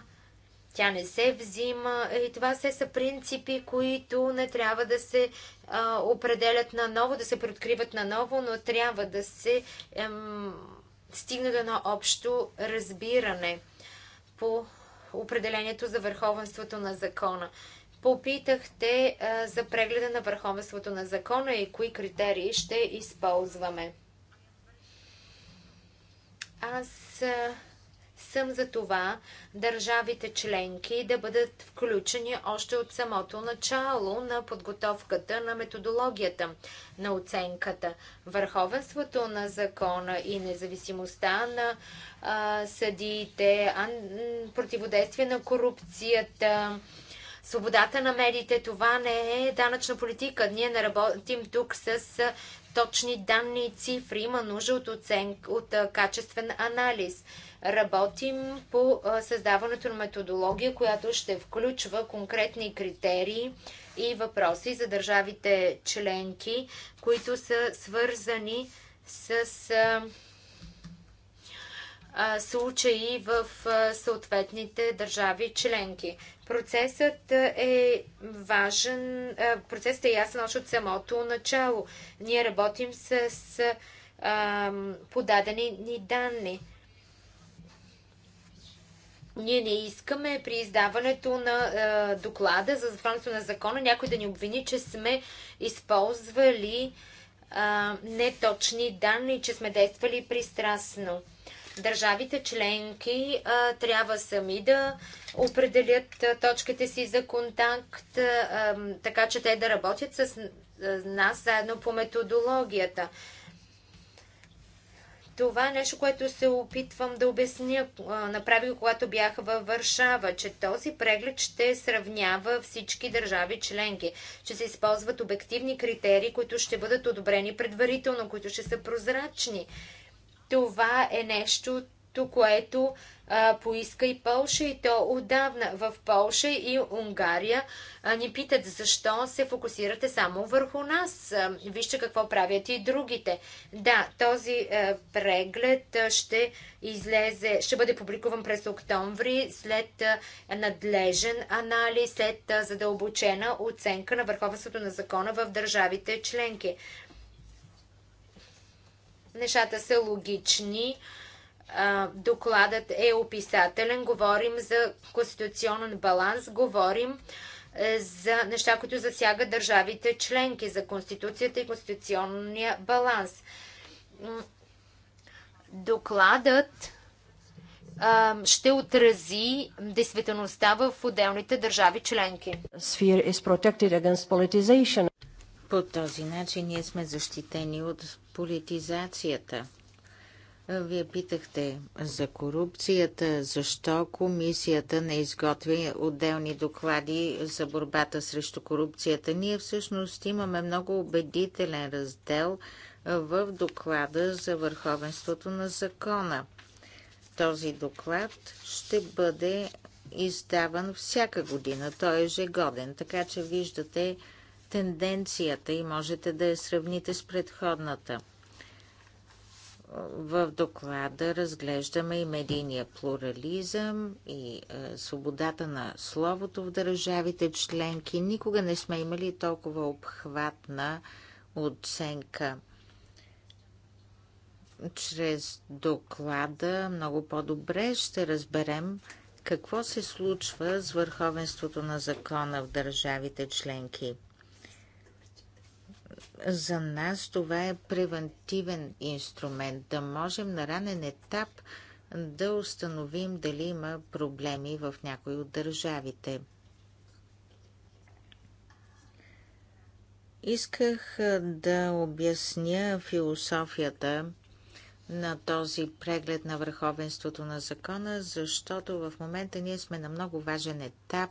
тя не се взима. И това все са принципи, които не трябва да се а, определят наново, да се преоткриват наново, но трябва да се ем, стигне до едно общо разбиране по определението за върховенството на закона. Попитахте а, за прегледа на върховенството на закона и кои критерии ще използваме. Аз а, съм за това държавите членки да бъдат включени още от самото начало на подготовката на методологията на оценката. Върховенството на закона и независимостта на а, съдиите, а, противодействие на корупцията, свободата на медиите. Това не е данъчна политика. Ние не работим тук с точни данни и цифри. Има нужда от оценка, от качествен анализ. Работим по създаването на методология, която ще включва конкретни критерии и въпроси за държавите членки, които са свързани с случаи в съответните държави членки. Процесът е, е важен, е, процесът е ясен още от самото начало. Ние работим с, а, подадени ни данни. Ние не искаме при издаването на а, е, доклада за затворенство на закона някой да ни обвини, че сме използвали а, неточни данни, че сме действали пристрастно. Държавите членки трябва сами да определят точките си за контакт, така че те да работят с нас заедно по методологията. Това е нещо, което се опитвам да обясня. Направих, когато бях във Варшава, че този преглед ще сравнява всички държави членки, че се използват обективни критерии, които ще бъдат одобрени предварително, които ще са прозрачни това е нещото, което а, поиска и Полша и то отдавна в Полша и Унгария а, ни питат защо се фокусирате само върху нас. А, вижте какво правят и другите. Да, този а, преглед ще излезе, ще бъде публикуван през октомври след а, надлежен анализ, след а, задълбочена оценка на върховенството на закона в държавите членки. Нещата са логични. Докладът е описателен. Говорим за конституционен баланс. Говорим е, за неща, които засягат държавите членки, за конституцията и конституционния баланс. Докладът ще отрази действителността в отделните държави членки.
По този начин ние сме защитени от политизацията. Вие питахте за корупцията, защо комисията не изготви отделни доклади за борбата срещу корупцията. Ние всъщност имаме много убедителен раздел в доклада за върховенството на закона. Този доклад ще бъде издаван всяка година. Той е ежегоден, така че виждате тенденцията и можете да я сравните с предходната. В доклада разглеждаме и медийния плурализъм и е, свободата на словото в държавите членки. Никога не сме имали толкова обхватна оценка. Чрез доклада много по-добре ще разберем какво се случва с върховенството на закона в държавите членки. За нас това е превентивен инструмент, да можем на ранен етап да установим дали има проблеми в някои от държавите. Исках да обясня философията на този преглед на върховенството на закона, защото в момента ние сме на много важен етап.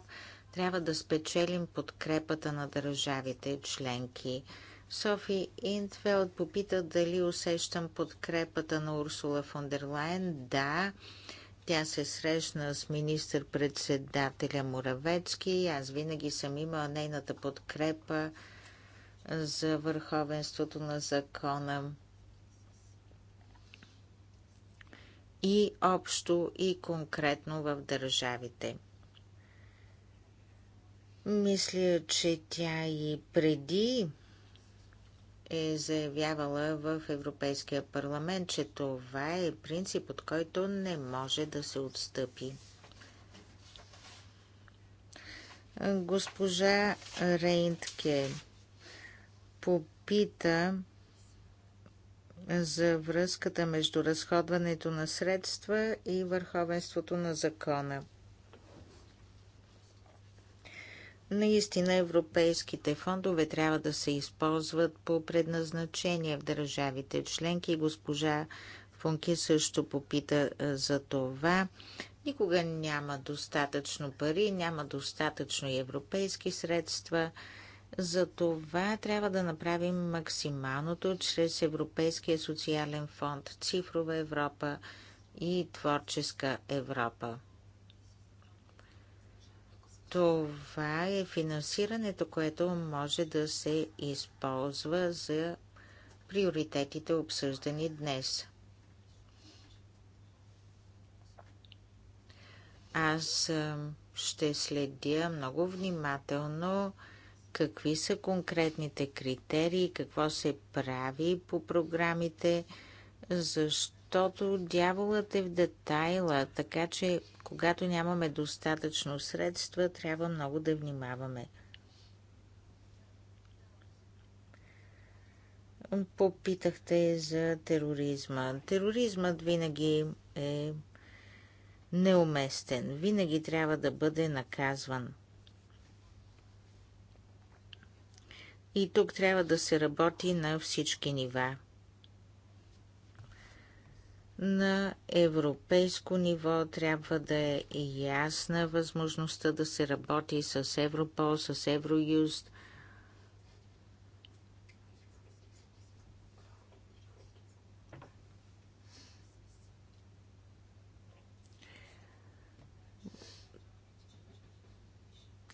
Трябва да спечелим подкрепата на държавите членки. Софи Интфелд попита дали усещам подкрепата на Урсула фон дер Лайен. Да, тя се срещна с министър-председателя Муравецки. Аз винаги съм имала нейната подкрепа за върховенството на закона. И общо, и конкретно в държавите. Мисля, че тя и преди е заявявала в Европейския парламент, че това е принцип, от който не може да се отстъпи. Госпожа Рейнтке попита за връзката между разходването на средства и върховенството на закона. Наистина европейските фондове трябва да се използват по предназначение в държавите членки. Госпожа Функи също попита за това. Никога няма достатъчно пари, няма достатъчно европейски средства. За това трябва да направим максималното чрез Европейския социален фонд, Цифрова Европа и Творческа Европа. Това е финансирането, което може да се използва за приоритетите обсъждани днес. Аз ще следя много внимателно какви са конкретните критерии, какво се прави по програмите, защото защото дяволът е в детайла, така че когато нямаме достатъчно средства, трябва много да внимаваме. Попитахте за тероризма. Тероризмът винаги е неуместен, винаги трябва да бъде наказван. И тук трябва да се работи на всички нива на европейско ниво трябва да е ясна възможността да се работи с Европол, с Евроюст.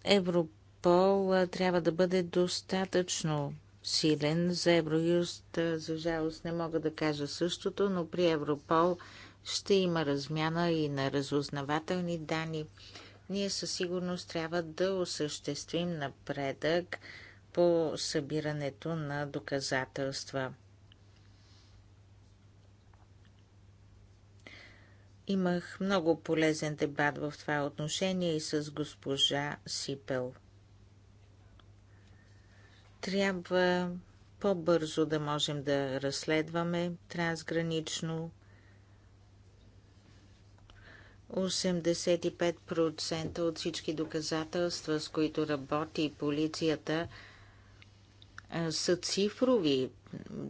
Европол трябва да бъде достатъчно силен. За Евроюст, за жалост, не мога да кажа същото, но при Европол ще има размяна и на разузнавателни данни. Ние със сигурност трябва да осъществим напредък по събирането на доказателства. Имах много полезен дебат в това отношение и с госпожа Сипел. Трябва по-бързо да можем да разследваме трансгранично. 85% от всички доказателства, с които работи полицията, са цифрови.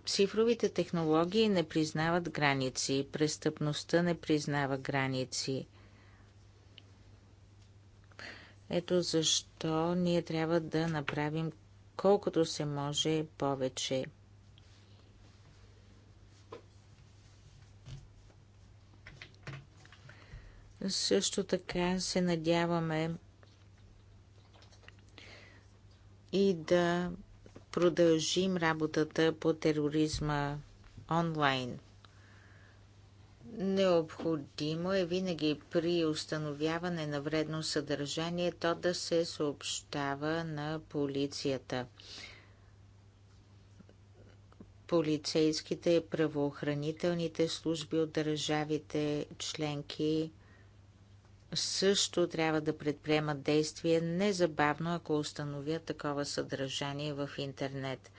Цифровите технологии не признават граници, престъпността не признава граници. Ето защо ние трябва да направим колкото се може повече. Също така се надяваме и да продължим работата по тероризма онлайн – Необходимо е винаги при установяване на вредно съдържание то да се съобщава на полицията. Полицейските, правоохранителните служби от държавите членки също трябва да предприемат действия незабавно, ако установят такова съдържание в интернет.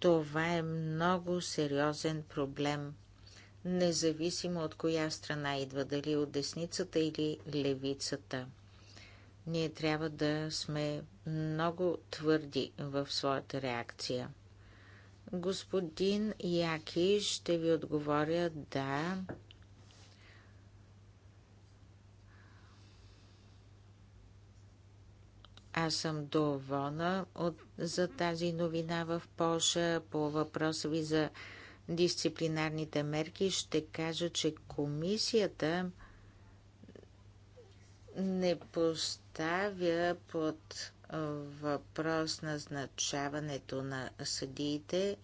Това е много сериозен проблем независимо от коя страна идва, дали от десницата или левицата. Ние трябва да сме много твърди в своята реакция. Господин Яки, ще ви отговоря да. Аз съм доволна от, за тази новина в Польша по въпроса ви за дисциплинарните мерки, ще кажа, че комисията не поставя под въпрос назначаването на съдиите,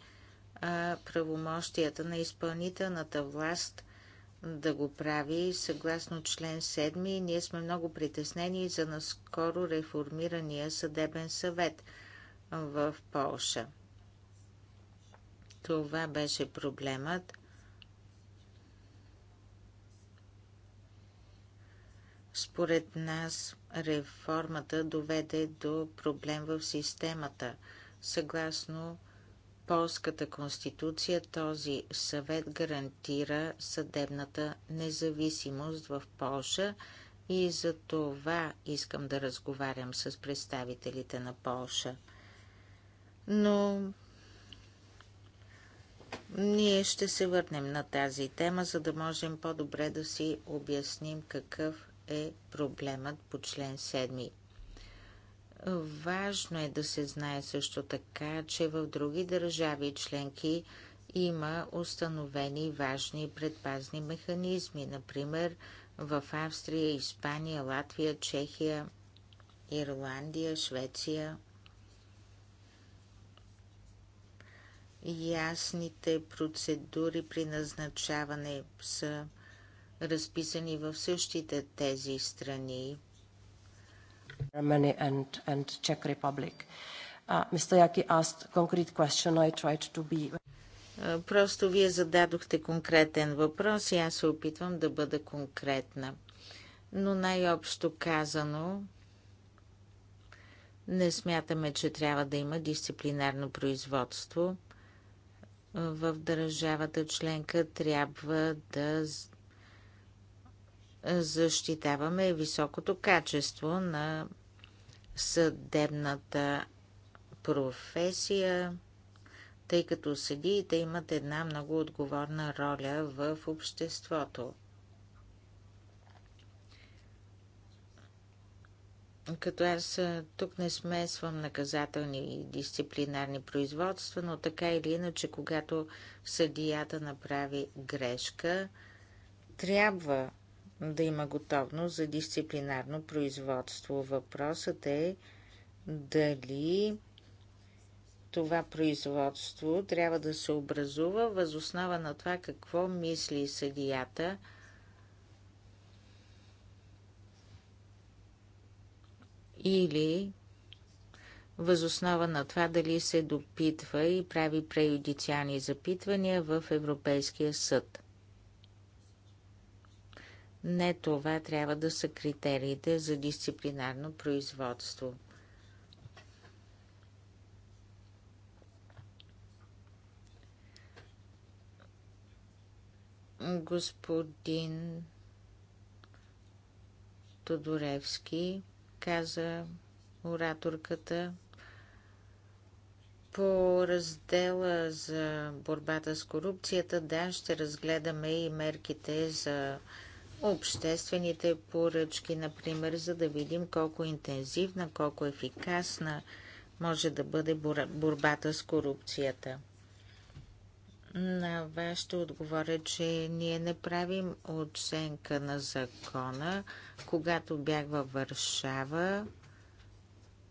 а правомощията на изпълнителната власт да го прави съгласно член 7. Ние сме много притеснени за наскоро реформирания съдебен съвет в Полша. Това беше проблемът. Според нас реформата доведе до проблем в системата. Съгласно полската конституция този съвет гарантира съдебната независимост в Полша и за това искам да разговарям с представителите на Полша. Но ние ще се върнем на тази тема, за да можем по-добре да си обясним какъв е проблемът по член 7. Важно е да се знае също така, че в други държави членки има установени важни предпазни механизми, например в Австрия, Испания, Латвия, Чехия, Ирландия, Швеция – Ясните процедури при назначаване са разписани в същите тези страни. Germany and, and Czech Republic. Uh, Mr. Yaki asked concrete question. I tried to be... Uh, просто вие зададохте конкретен въпрос и аз се опитвам да бъда конкретна. Но най-общо казано, не смятаме, че трябва да има дисциплинарно производство – в държавата членка трябва да защитаваме високото качество на съдебната професия, тъй като съдиите имат една много отговорна роля в обществото. като аз тук не смесвам наказателни и дисциплинарни производства, но така или иначе, когато съдията направи грешка, трябва да има готовност за дисциплинарно производство. Въпросът е дали това производство трябва да се образува възоснова на това какво мисли съдията – или възоснова на това дали се допитва и прави преюдициални запитвания в Европейския съд. Не това трябва да са критериите за дисциплинарно производство. Господин Тодоревски каза ораторката по раздела за борбата с корупцията, да, ще разгледаме и мерките за обществените поръчки, например, за да видим колко интензивна, колко ефикасна може да бъде борбата с корупцията. На вас ще отговоря, че ние не правим оценка на закона. Когато бях във Варшава,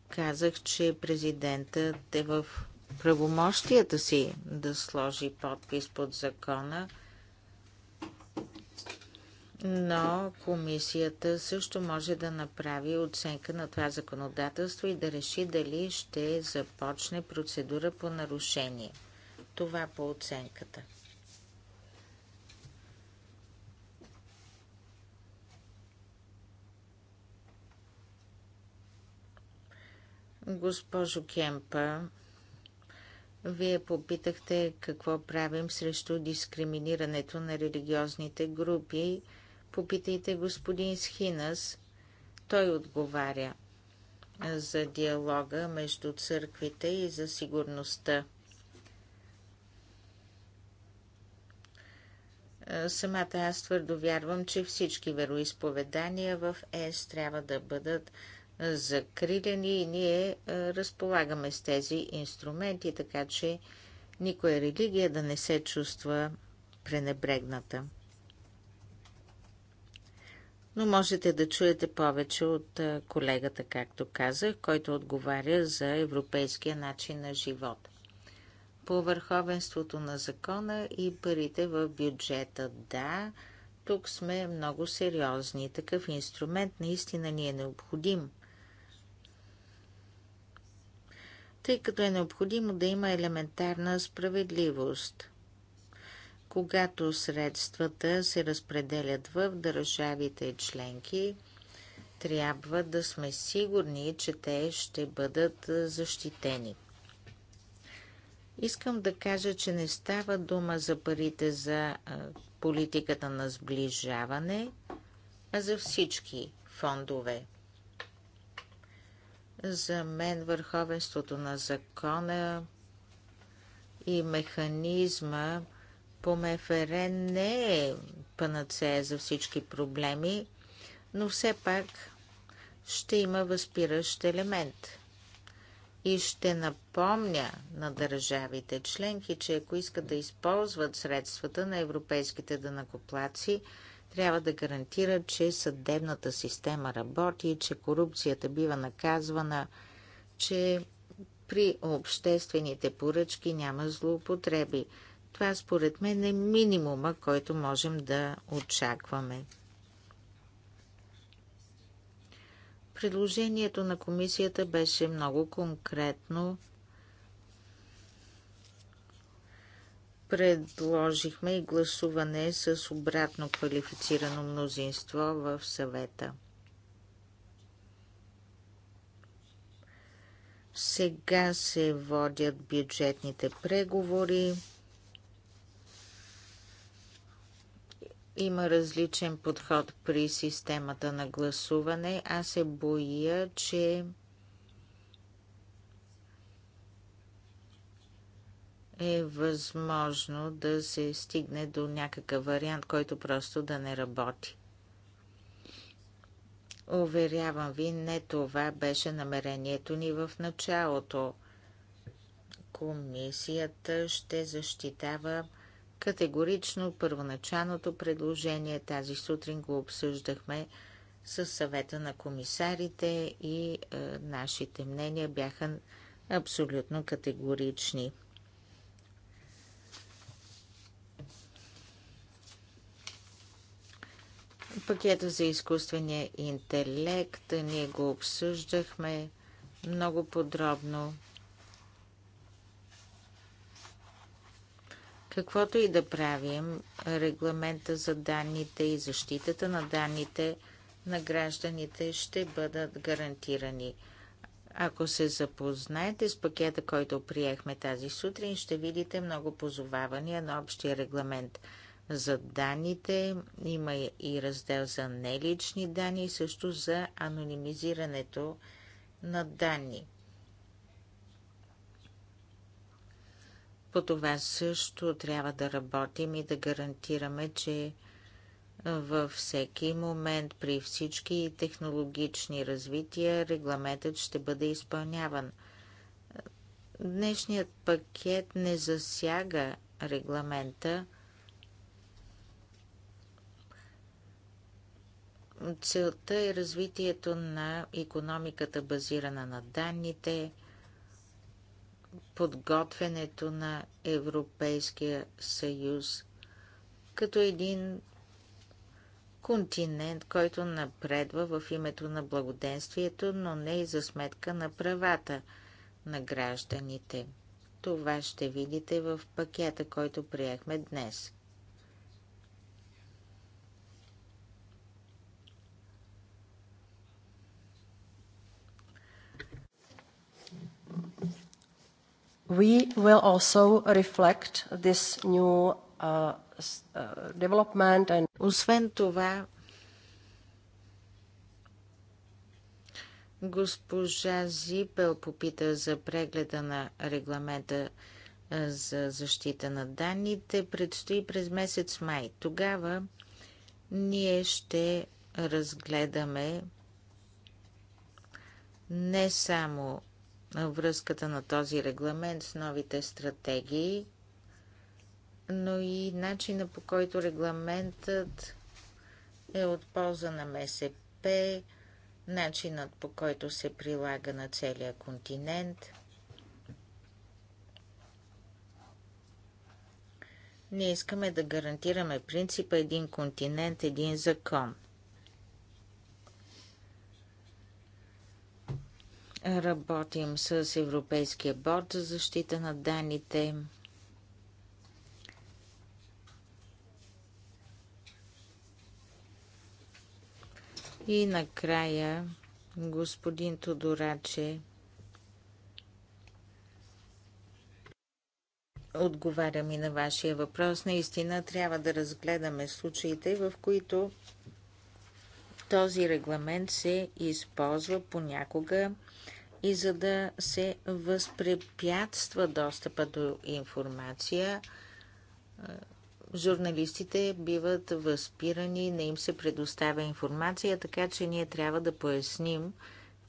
казах, че президентът е в правомощията си да сложи подпис под закона, но комисията също може да направи оценка на това законодателство и да реши дали ще започне процедура по нарушение. Това по оценката. Госпожо Кемпа, вие попитахте какво правим срещу дискриминирането на религиозните групи. Попитайте господин Схинас. Той отговаря за диалога между църквите и за сигурността. Е, самата аз твърдо вярвам, че всички вероисповедания в ЕС трябва да бъдат е, закрилени и ние е, разполагаме с тези инструменти, така че никоя религия да не се чувства пренебрегната. Но можете да чуете повече от колегата, както казах, който отговаря за европейския начин на живот по върховенството на закона и парите в бюджета. Да, тук сме много сериозни. Такъв инструмент наистина ни е необходим. Тъй като е необходимо да има елементарна справедливост. Когато средствата се разпределят в държавите членки, трябва да сме сигурни, че те ще бъдат защитени. Искам да кажа, че не става дума за парите за политиката на сближаване, а за всички фондове. За мен върховенството на закона и механизма по МФР не е панацея за всички проблеми, но все пак ще има възпиращ елемент – и ще напомня на държавите членки, че ако искат да използват средствата на европейските данакоплаци, трябва да гарантират, че съдебната система работи, че корупцията бива наказвана, че при обществените поръчки няма злоупотреби. Това според мен е минимума, който можем да очакваме. Предложението на комисията беше много конкретно. Предложихме и гласуване с обратно квалифицирано мнозинство в съвета. Сега се водят бюджетните преговори. Има различен подход при системата на гласуване. Аз се боя, че е възможно да се стигне до някакъв вариант, който просто да не работи. Уверявам ви, не това беше намерението ни в началото. Комисията ще защитава Категорично първоначалното предложение тази сутрин го обсъждахме с съвета на комисарите и е, нашите мнения бяха абсолютно категорични. Пакета за изкуствения интелект е, ние го обсъждахме много подробно. Каквото и да правим, регламента за данните и защитата на данните на гражданите ще бъдат гарантирани. Ако се запознаете с пакета, който приехме тази сутрин, ще видите много позовавания на общия регламент за данните. Има и раздел за нелични данни, също за анонимизирането на данни. По това също трябва да работим и да гарантираме, че във всеки момент, при всички технологични развития, регламентът ще бъде изпълняван. Днешният пакет не засяга регламента. Целта е развитието на економиката базирана на данните, подготвянето на Европейския съюз като един континент, който напредва в името на благоденствието, но не и за сметка на правата на гражданите. Това ще видите в пакета, който приехме днес.
we will also reflect
this new uh, uh, development and Освен това, госпожа Зипел попита за прегледа на регламента е, за защита на данните. Предстои през месец май. Тогава ние ще разгледаме не само връзката на този регламент с новите стратегии, но и начина по който регламентът е от полза на МСП, начинът по който се прилага на целия континент. Ние искаме да гарантираме принципа един континент, един закон – Работим с Европейския борд за защита на данните. И накрая господин Тодораче отговаря и на вашия въпрос. Наистина трябва да разгледаме случаите, в които този регламент се използва понякога и за да се възпрепятства достъпа до информация, журналистите биват възпирани, не им се предоставя информация, така че ние трябва да поясним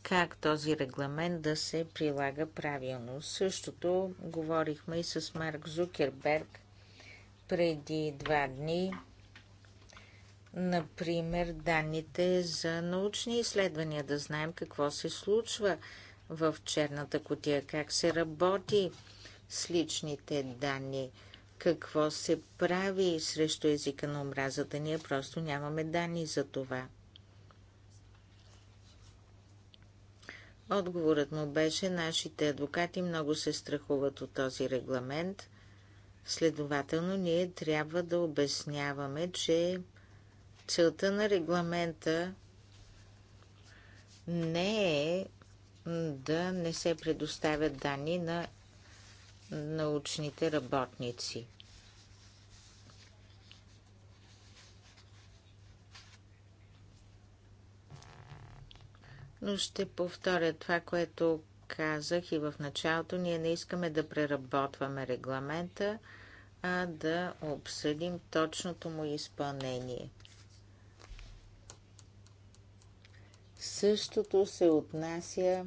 как този регламент да се прилага правилно. Същото говорихме и с Марк Зукерберг преди два дни. Например, данните за научни изследвания, да знаем какво се случва – в черната котия, как се работи с личните данни, какво се прави срещу езика на омразата. Ние просто нямаме данни за това. Отговорът му беше, нашите адвокати много се страхуват от този регламент. Следователно, ние трябва да обясняваме, че целта на регламента не е да не се предоставят данни на научните работници. Но ще повторя това, което казах и в началото. Ние не искаме да преработваме регламента, а да обсъдим точното му изпълнение. Същото се отнася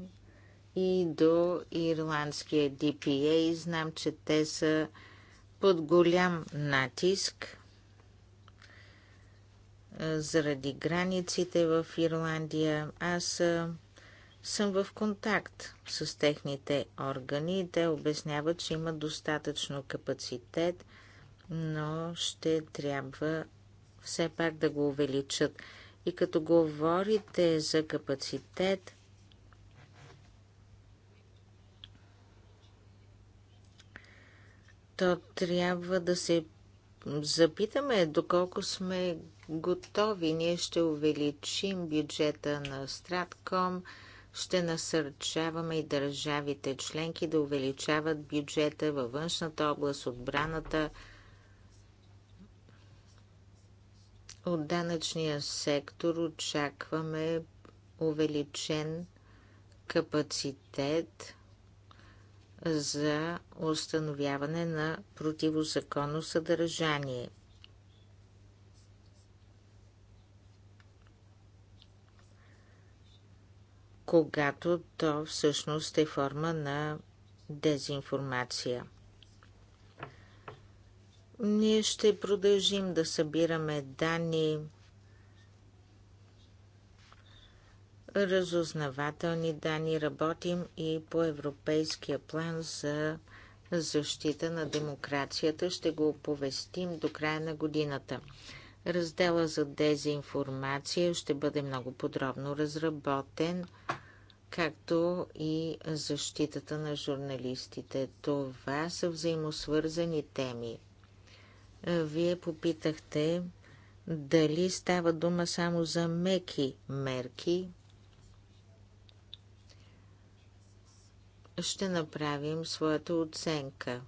и до ирландския DPA. Знам, че те са под голям натиск заради границите в Ирландия. Аз съм в контакт с техните органи те обясняват, че има достатъчно капацитет, но ще трябва все пак да го увеличат. И като говорите за капацитет, то трябва да се запитаме доколко сме готови. Ние ще увеличим бюджета на Стратком, ще насърчаваме и държавите членки да увеличават бюджета във външната област, отбраната, От данъчния сектор очакваме увеличен капацитет за установяване на противозаконно съдържание. когато то всъщност е форма на дезинформация – ние ще продължим да събираме данни, разузнавателни данни, работим и по европейския план за защита на демокрацията. Ще го оповестим до края на годината. Раздела за дезинформация ще бъде много подробно разработен, както и защитата на журналистите. Това са взаимосвързани теми. Вие попитахте дали става дума само за меки мерки. Ще направим своята оценка.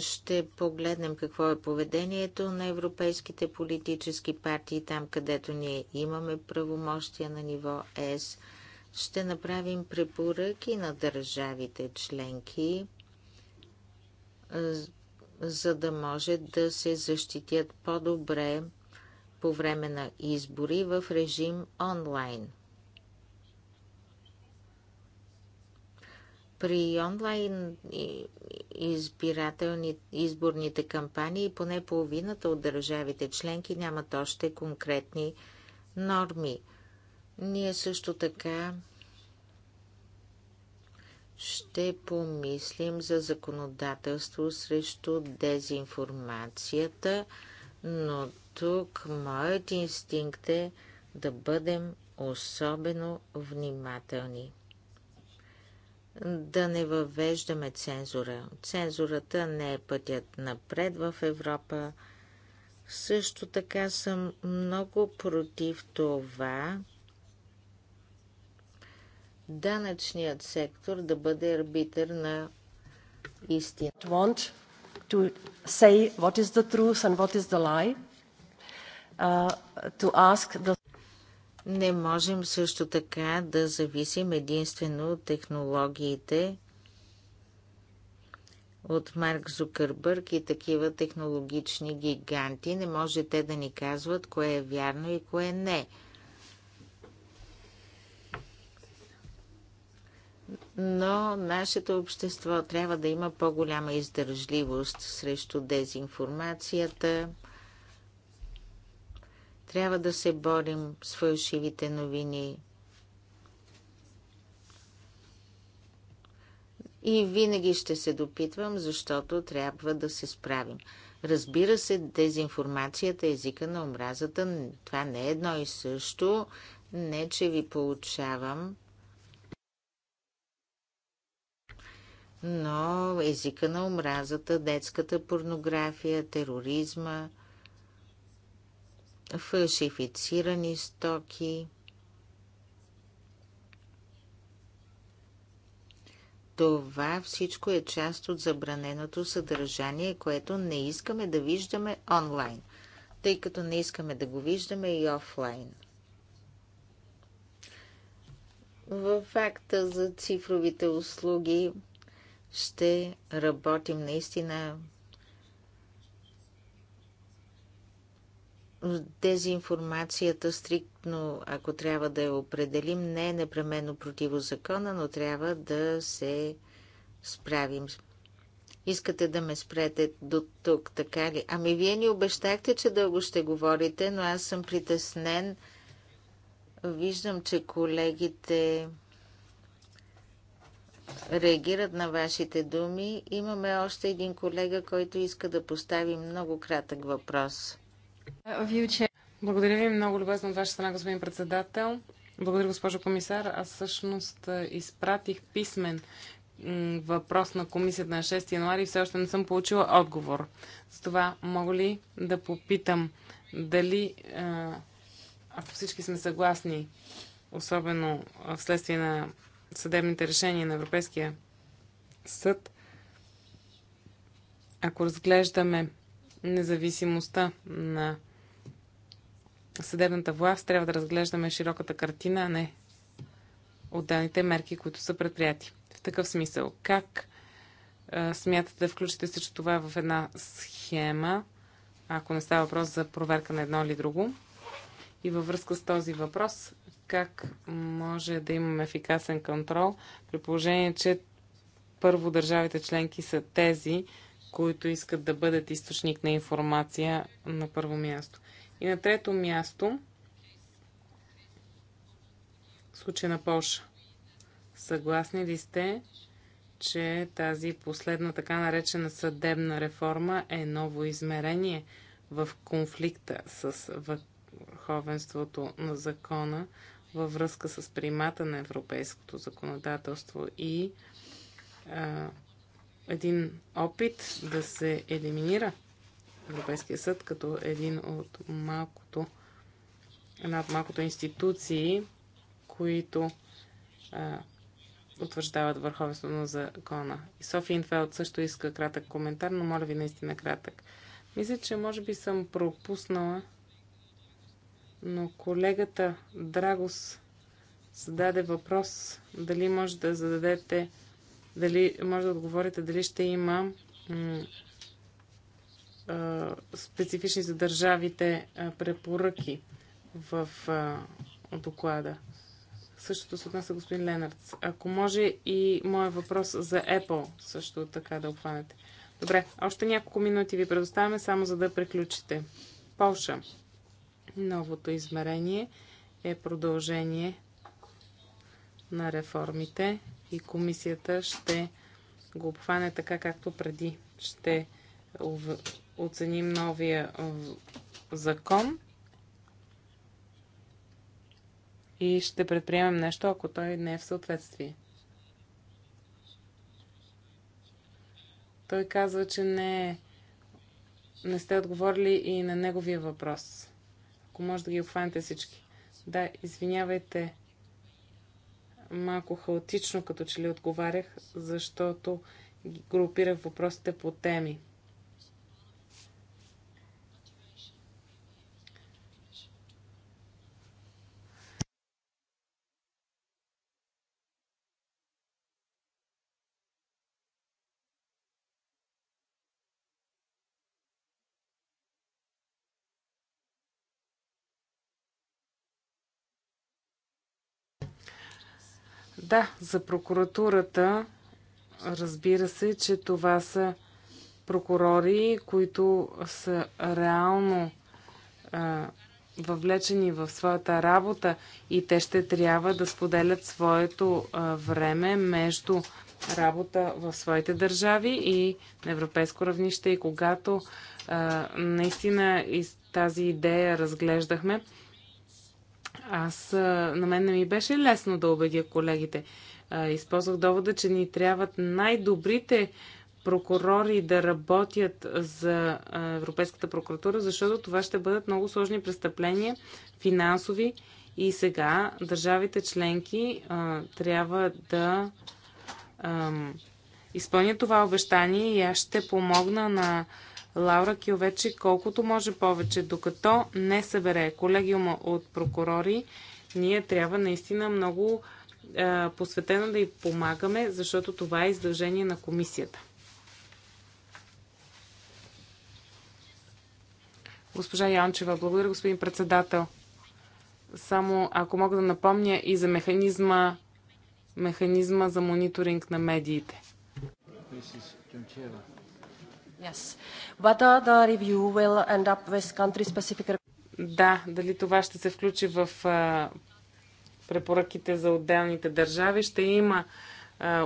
ще погледнем какво е поведението на европейските политически партии там, където ние имаме правомощия на ниво ЕС ще направим препоръки на държавите членки, за да може да се защитят по-добре по време на избори в режим онлайн. При онлайн избирателни, изборните кампании поне половината от държавите членки нямат още конкретни норми – ние също така ще помислим за законодателство срещу дезинформацията, но тук моят инстинкт е да бъдем особено внимателни. Да не въвеждаме цензура. Цензурата не е пътят напред в Европа. Също така съм много против това, данъчният сектор да бъде арбитър на истина. Uh, не можем също така да зависим единствено от технологиите от Марк Зукърбърг и такива технологични гиганти. Не може те да ни казват кое е вярно и кое не. но нашето общество трябва да има по-голяма издържливост срещу дезинформацията. Трябва да се борим с фалшивите новини. И винаги ще се допитвам, защото трябва да се справим. Разбира се, дезинформацията, е езика на омразата, това не е едно и също. Не, че ви получавам но езика на омразата, детската порнография, тероризма, фалшифицирани стоки. Това всичко е част от забраненото съдържание, което не искаме да виждаме онлайн, тъй като не искаме да го виждаме и офлайн. Във факта за цифровите услуги ще работим наистина дезинформацията стриктно, ако трябва да я определим, не е непременно противозакона, но трябва да се справим. Искате да ме спрете до тук, така ли? Ами вие ни обещахте, че дълго ще говорите, но аз съм притеснен. Виждам, че колегите реагират на вашите думи. Имаме още един колега, който иска да постави много кратък въпрос.
Благодаря ви много любезно от ваша страна, господин председател. Благодаря, госпожо комисар. Аз всъщност изпратих писмен въпрос на комисията на 6 януари и все още не съм получила отговор. С това мога ли да попитам дали, ако всички сме съгласни, особено вследствие на съдебните решения на Европейския съд, ако разглеждаме независимостта на съдебната власт, трябва да разглеждаме широката картина, а не отделните мерки, които са предприяти. В такъв смисъл, как а, смятате да включите всичко това в една схема, ако не става въпрос за проверка на едно или друго? И във връзка с този въпрос, как може да имаме ефикасен контрол, при положение, че първо държавите членки са тези, които искат да бъдат източник на информация на първо място. И на трето място, в случай на Польша. Съгласни ли сте, че тази последна така наречена съдебна реформа е ново измерение в конфликта с върховенството на закона във връзка с примата на европейското законодателство и а, един опит да се елиминира Европейския съд като един от малкото, една от малкото институции, които а, утвърждават върховенство на закона. И Софи Инфелд също иска кратък коментар, но моля ви наистина кратък. Мисля, че може би съм пропуснала но колегата Драгос зададе въпрос дали може да зададете, дали може да отговорите дали ще има а, специфични за държавите а, препоръки в а, доклада. Същото се отнася господин Ленард. Ако може и моят въпрос за Apple също така да обхванете. Добре, още няколко минути ви предоставяме, само за да приключите. Полша. Новото измерение е продължение на реформите и комисията ще го обхване така, както преди. Ще оценим новия закон и ще предприемем нещо, ако той не е в съответствие. Той казва, че не, е- не сте отговорили и на неговия въпрос ако може да ги обхванете всички. Да, извинявайте, малко хаотично, като че ли отговарях, защото групирах въпросите по теми. Да, за прокуратурата разбира се, че това са прокурори, които са реално а, въвлечени в своята работа и те ще трябва да споделят своето а, време между работа в своите държави и на европейско равнище. И когато а, наистина из тази идея разглеждахме, аз, на мен не ми беше лесно да убедя колегите. Използвах довода, че ни трябват най-добрите прокурори да работят за Европейската прокуратура, защото това ще бъдат много сложни престъпления, финансови. И сега държавите членки трябва да изпълнят това обещание и аз ще помогна на Лаура Киовечи колкото може повече, докато не събере колегиума от прокурори. Ние трябва наистина много е, посветено да й помагаме, защото това е издължение на комисията. Госпожа Янчева, благодаря, господин председател. Само ако мога да напомня и за механизма, механизма за мониторинг на медиите. Yes. Whether the review will end up with country-specific... Да, дали това ще се включи в препоръките за отделните държави. Ще има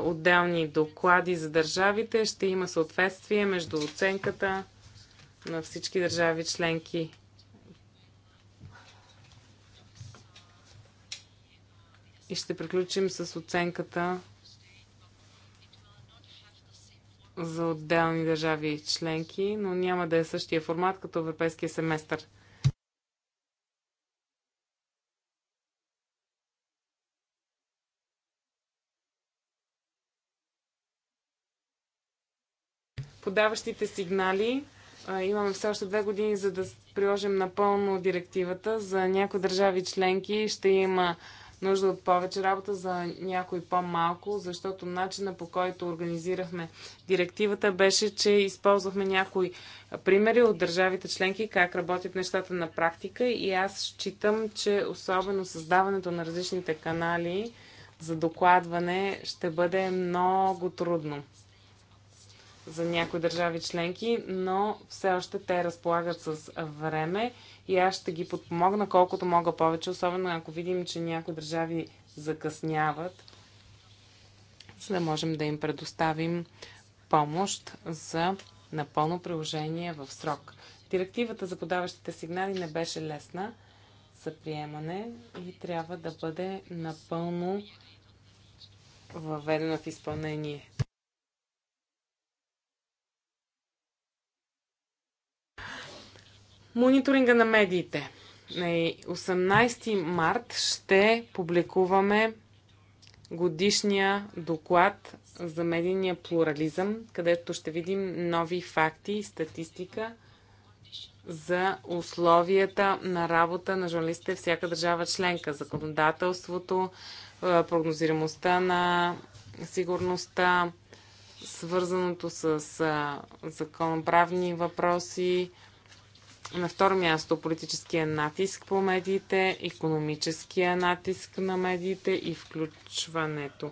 отделни доклади за държавите, ще има съответствие между оценката на всички държави членки. И ще приключим с оценката за отделни държави членки, но няма да е същия формат като европейския семестър. подаващите сигнали. Имаме все още две години, за да приложим напълно директивата. За някои държави членки ще има нужда от повече работа, за някой по-малко, защото начина по който организирахме директивата беше, че използвахме някои примери от държавите членки, как работят нещата на практика и аз считам, че особено създаването на различните канали за докладване ще бъде много трудно за някои държави членки, но все още те разполагат с време и аз ще ги подпомогна колкото мога повече, особено ако видим, че някои държави закъсняват, за да можем да им предоставим помощ за напълно приложение в срок. Директивата за подаващите сигнали не беше лесна за приемане и трябва да бъде напълно въведена в изпълнение. мониторинга на медиите. На 18 март ще публикуваме годишния доклад за медийния плурализъм, където ще видим нови факти и статистика за условията на работа на журналистите всяка държава членка, законодателството, е, прогнозируемостта на сигурността, свързаното с е, законоправни въпроси, на второ място политическия натиск по медиите, економическия натиск на медиите и включването.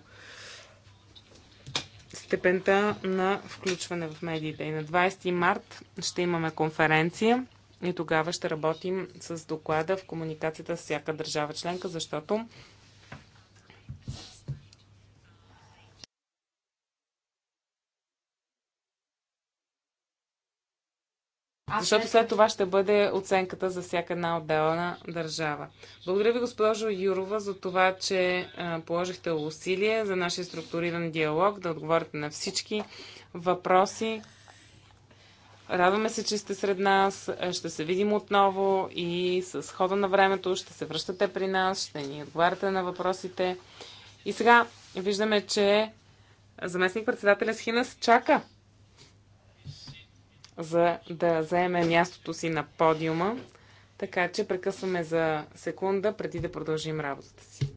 Степента на включване в медиите. И на 20 март ще имаме конференция и тогава ще работим с доклада в комуникацията с всяка държава членка, защото Защото след това ще бъде оценката за всяка една отделна държава. Благодаря ви, госпожо Юрова, за това, че положихте усилие за нашия структуриран диалог, да отговорите на всички въпроси. Радваме се, че сте сред нас. Ще се видим отново и с хода на времето ще се връщате при нас, ще ни отговаряте на въпросите. И сега виждаме, че заместник-председателя Схинас чака за да заеме мястото си на подиума. Така че прекъсваме за секунда преди да продължим работата си.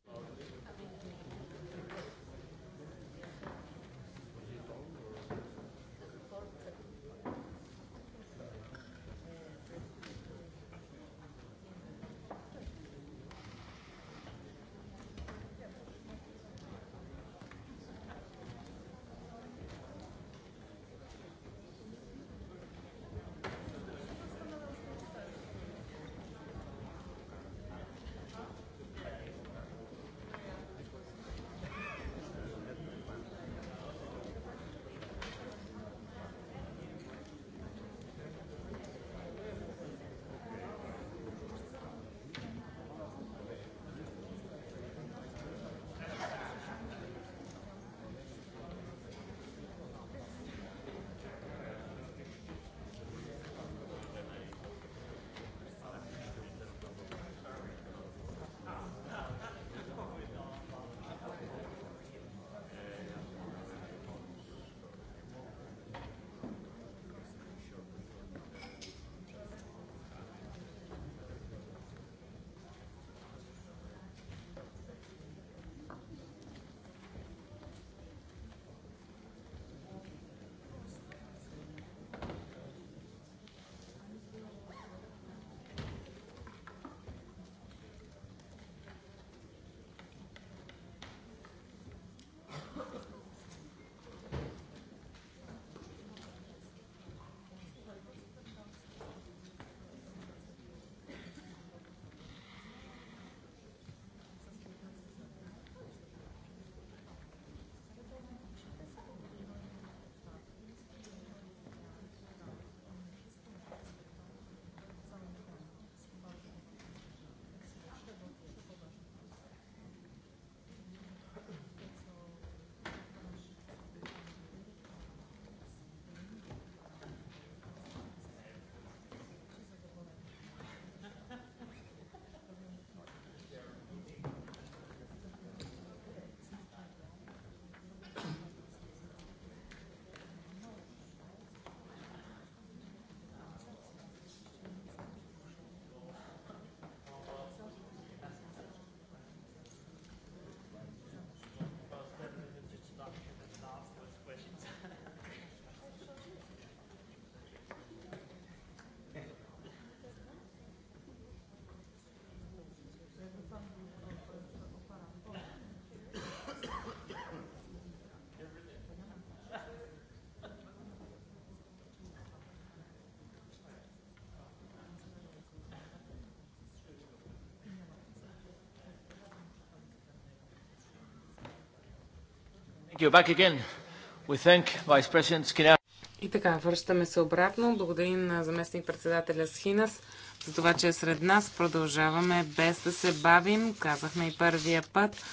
И така, връщаме се
обратно. Благодарим на заместник председателя Схинас за това, че е сред нас. Продължаваме без да се бавим. Казахме и първия път.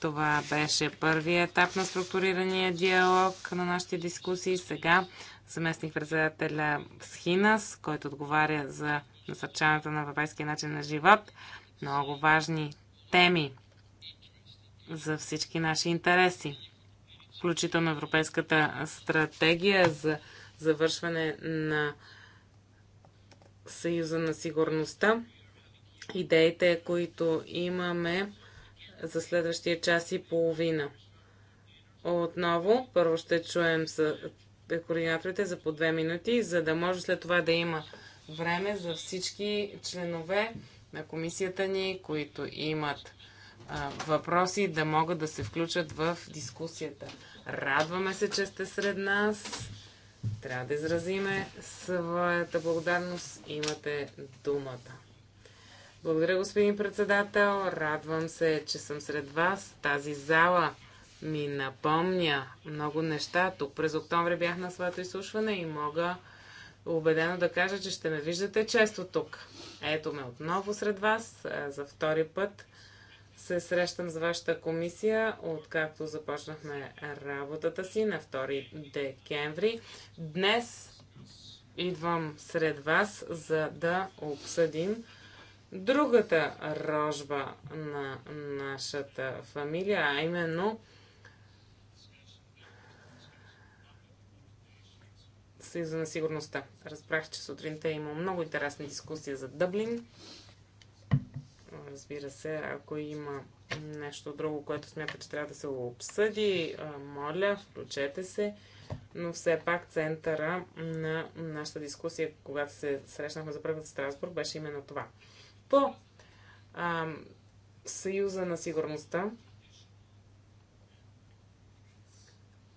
Това беше първият етап на структурирания диалог на нашите дискусии. Сега заместник председателя Схинас, който отговаря за насърчаването на европейския начин на живот. Много важни теми за всички наши интереси включително Европейската стратегия за завършване на Съюза на сигурността. Идеите, които имаме за следващия час и половина. Отново, първо ще чуем с координаторите за по две минути, за да може след това да има време за всички членове на комисията ни, които имат а, въпроси, да могат да се включат в дискусията. Радваме се, че сте сред нас. Трябва да изразиме своята благодарност. Имате думата. Благодаря, господин председател. Радвам се, че съм сред вас. Тази зала ми напомня много неща. Тук през октомври бях на своето изслушване и мога убедено да кажа, че ще ме виждате често тук. Ето ме отново сред вас за втори път се срещам с вашата комисия, откакто започнахме работата си на 2 декември. Днес идвам сред вас, за да обсъдим другата рожба на нашата фамилия, а именно Съюза на сигурността. Разбрах, че сутринта има много интересна дискусия за Дъблин. Разбира се, ако има нещо друго, което смята, че трябва да се обсъди, моля, включете се. Но все пак центъра на нашата дискусия, когато се срещнахме за първата Страсбург, беше именно това. По а, Съюза на сигурността,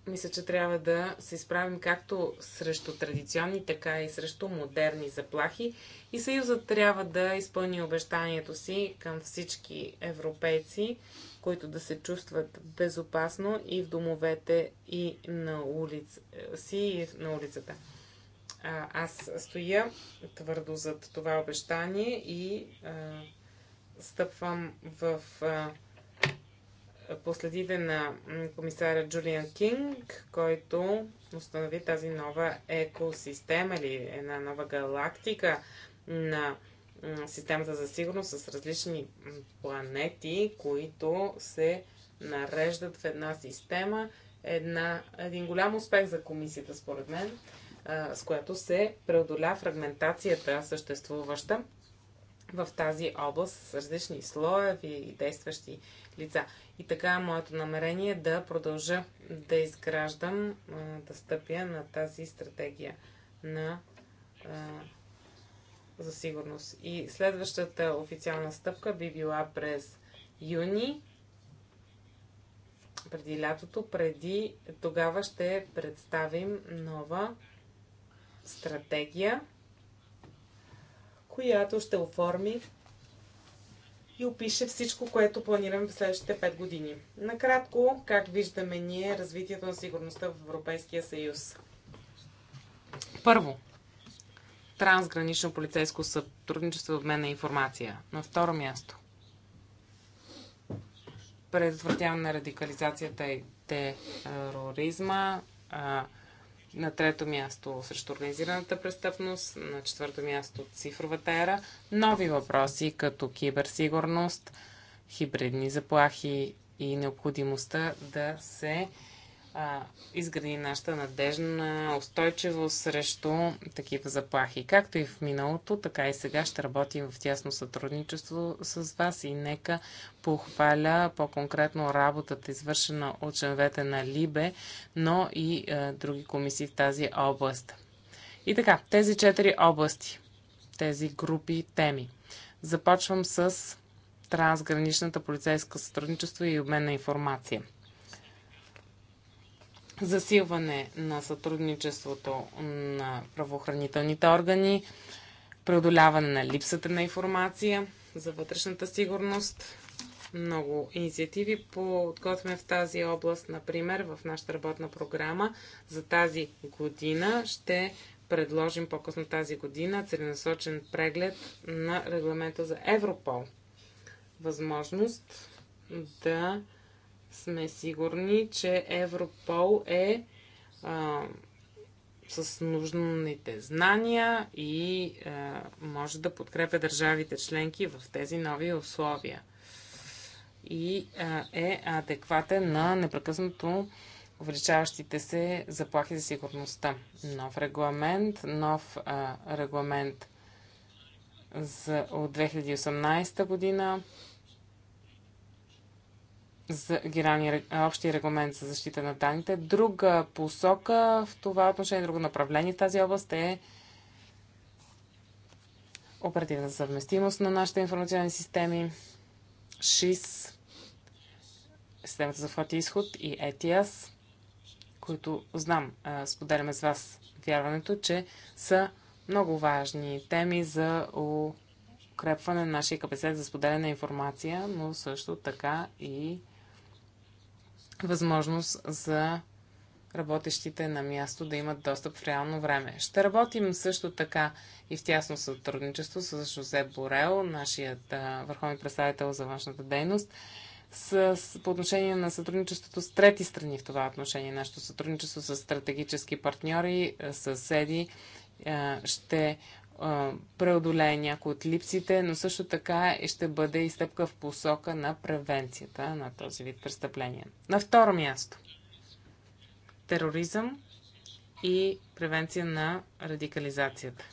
мисля, че трябва да се изправим както срещу традиционни, така и срещу модерни заплахи. И Съюзът трябва да изпълни обещанието си към всички европейци, които да се чувстват безопасно и в домовете, и на улица си, и на улицата. А, аз стоя твърдо зад това обещание и а, стъпвам в. А, Последите на комисаря Джулиан Кинг, който установи тази нова екосистема или една нова галактика на системата за сигурност с различни планети, които се нареждат в една система. Една, един голям успех за комисията, според мен, с която се преодоля фрагментацията съществуваща в тази област с различни слоеви действащи лица. И така, моето намерение е да продължа да изграждам, да стъпя на тази стратегия на, за сигурност. И следващата официална стъпка би била през юни, преди лятото, преди тогава ще представим нова стратегия която ще оформи и опише всичко, което планираме в следващите 5 години. Накратко, как виждаме ние развитието на сигурността в Европейския съюз? Първо, трансгранично полицейско сътрудничество в обмен на информация. На второ място, предотвратяване на радикализацията и тероризма, на трето място срещу организираната престъпност, на четвърто място цифровата ера, нови въпроси като киберсигурност, хибридни заплахи и необходимостта да се а, изгради нашата надежна устойчивост срещу такива заплахи. Както и в миналото, така и сега ще работим в тясно сътрудничество с вас и нека похваля по-конкретно работата, извършена от членовете на Либе, но и а, други комисии в тази област. И така, тези четири области, тези групи теми. Започвам с трансграничната полицейска сътрудничество и обмен на информация – засилване на сътрудничеството на правоохранителните органи, преодоляване на липсата на информация за вътрешната сигурност. Много инициативи подготвяме в тази област. Например, в нашата работна програма за тази година ще предложим по-късно тази година целенасочен преглед на регламента за Европол. Възможност да сме сигурни, че Европол е а, с нужните знания и а, може да подкрепя държавите членки в тези нови условия. И а, е адекватен на непрекъснато увеличаващите се заплахи за сигурността. Нов регламент, нов а, регламент за, от 2018 година за генералния общия регламент за защита на данните. Друга посока в това отношение, друго направление в тази област е оперативна съвместимост на нашите информационни системи, ШИС, системата за вход и изход и ETIAS, които знам, споделяме с вас вярването, че са много важни теми за укрепване на нашия капацитет за споделяне на информация, но също така и възможност за работещите на място да имат достъп в реално време. Ще работим също така и в тясно сътрудничество с Жозе Борел, нашият върховен представител за външната дейност, с, с, по отношение на сътрудничеството с трети страни в това отношение. Нашето сътрудничество с стратегически партньори, съседи ще преодолее някои от липсите, но също така ще бъде и стъпка в посока на превенцията на този вид престъпления. На второ място тероризъм и превенция на радикализацията.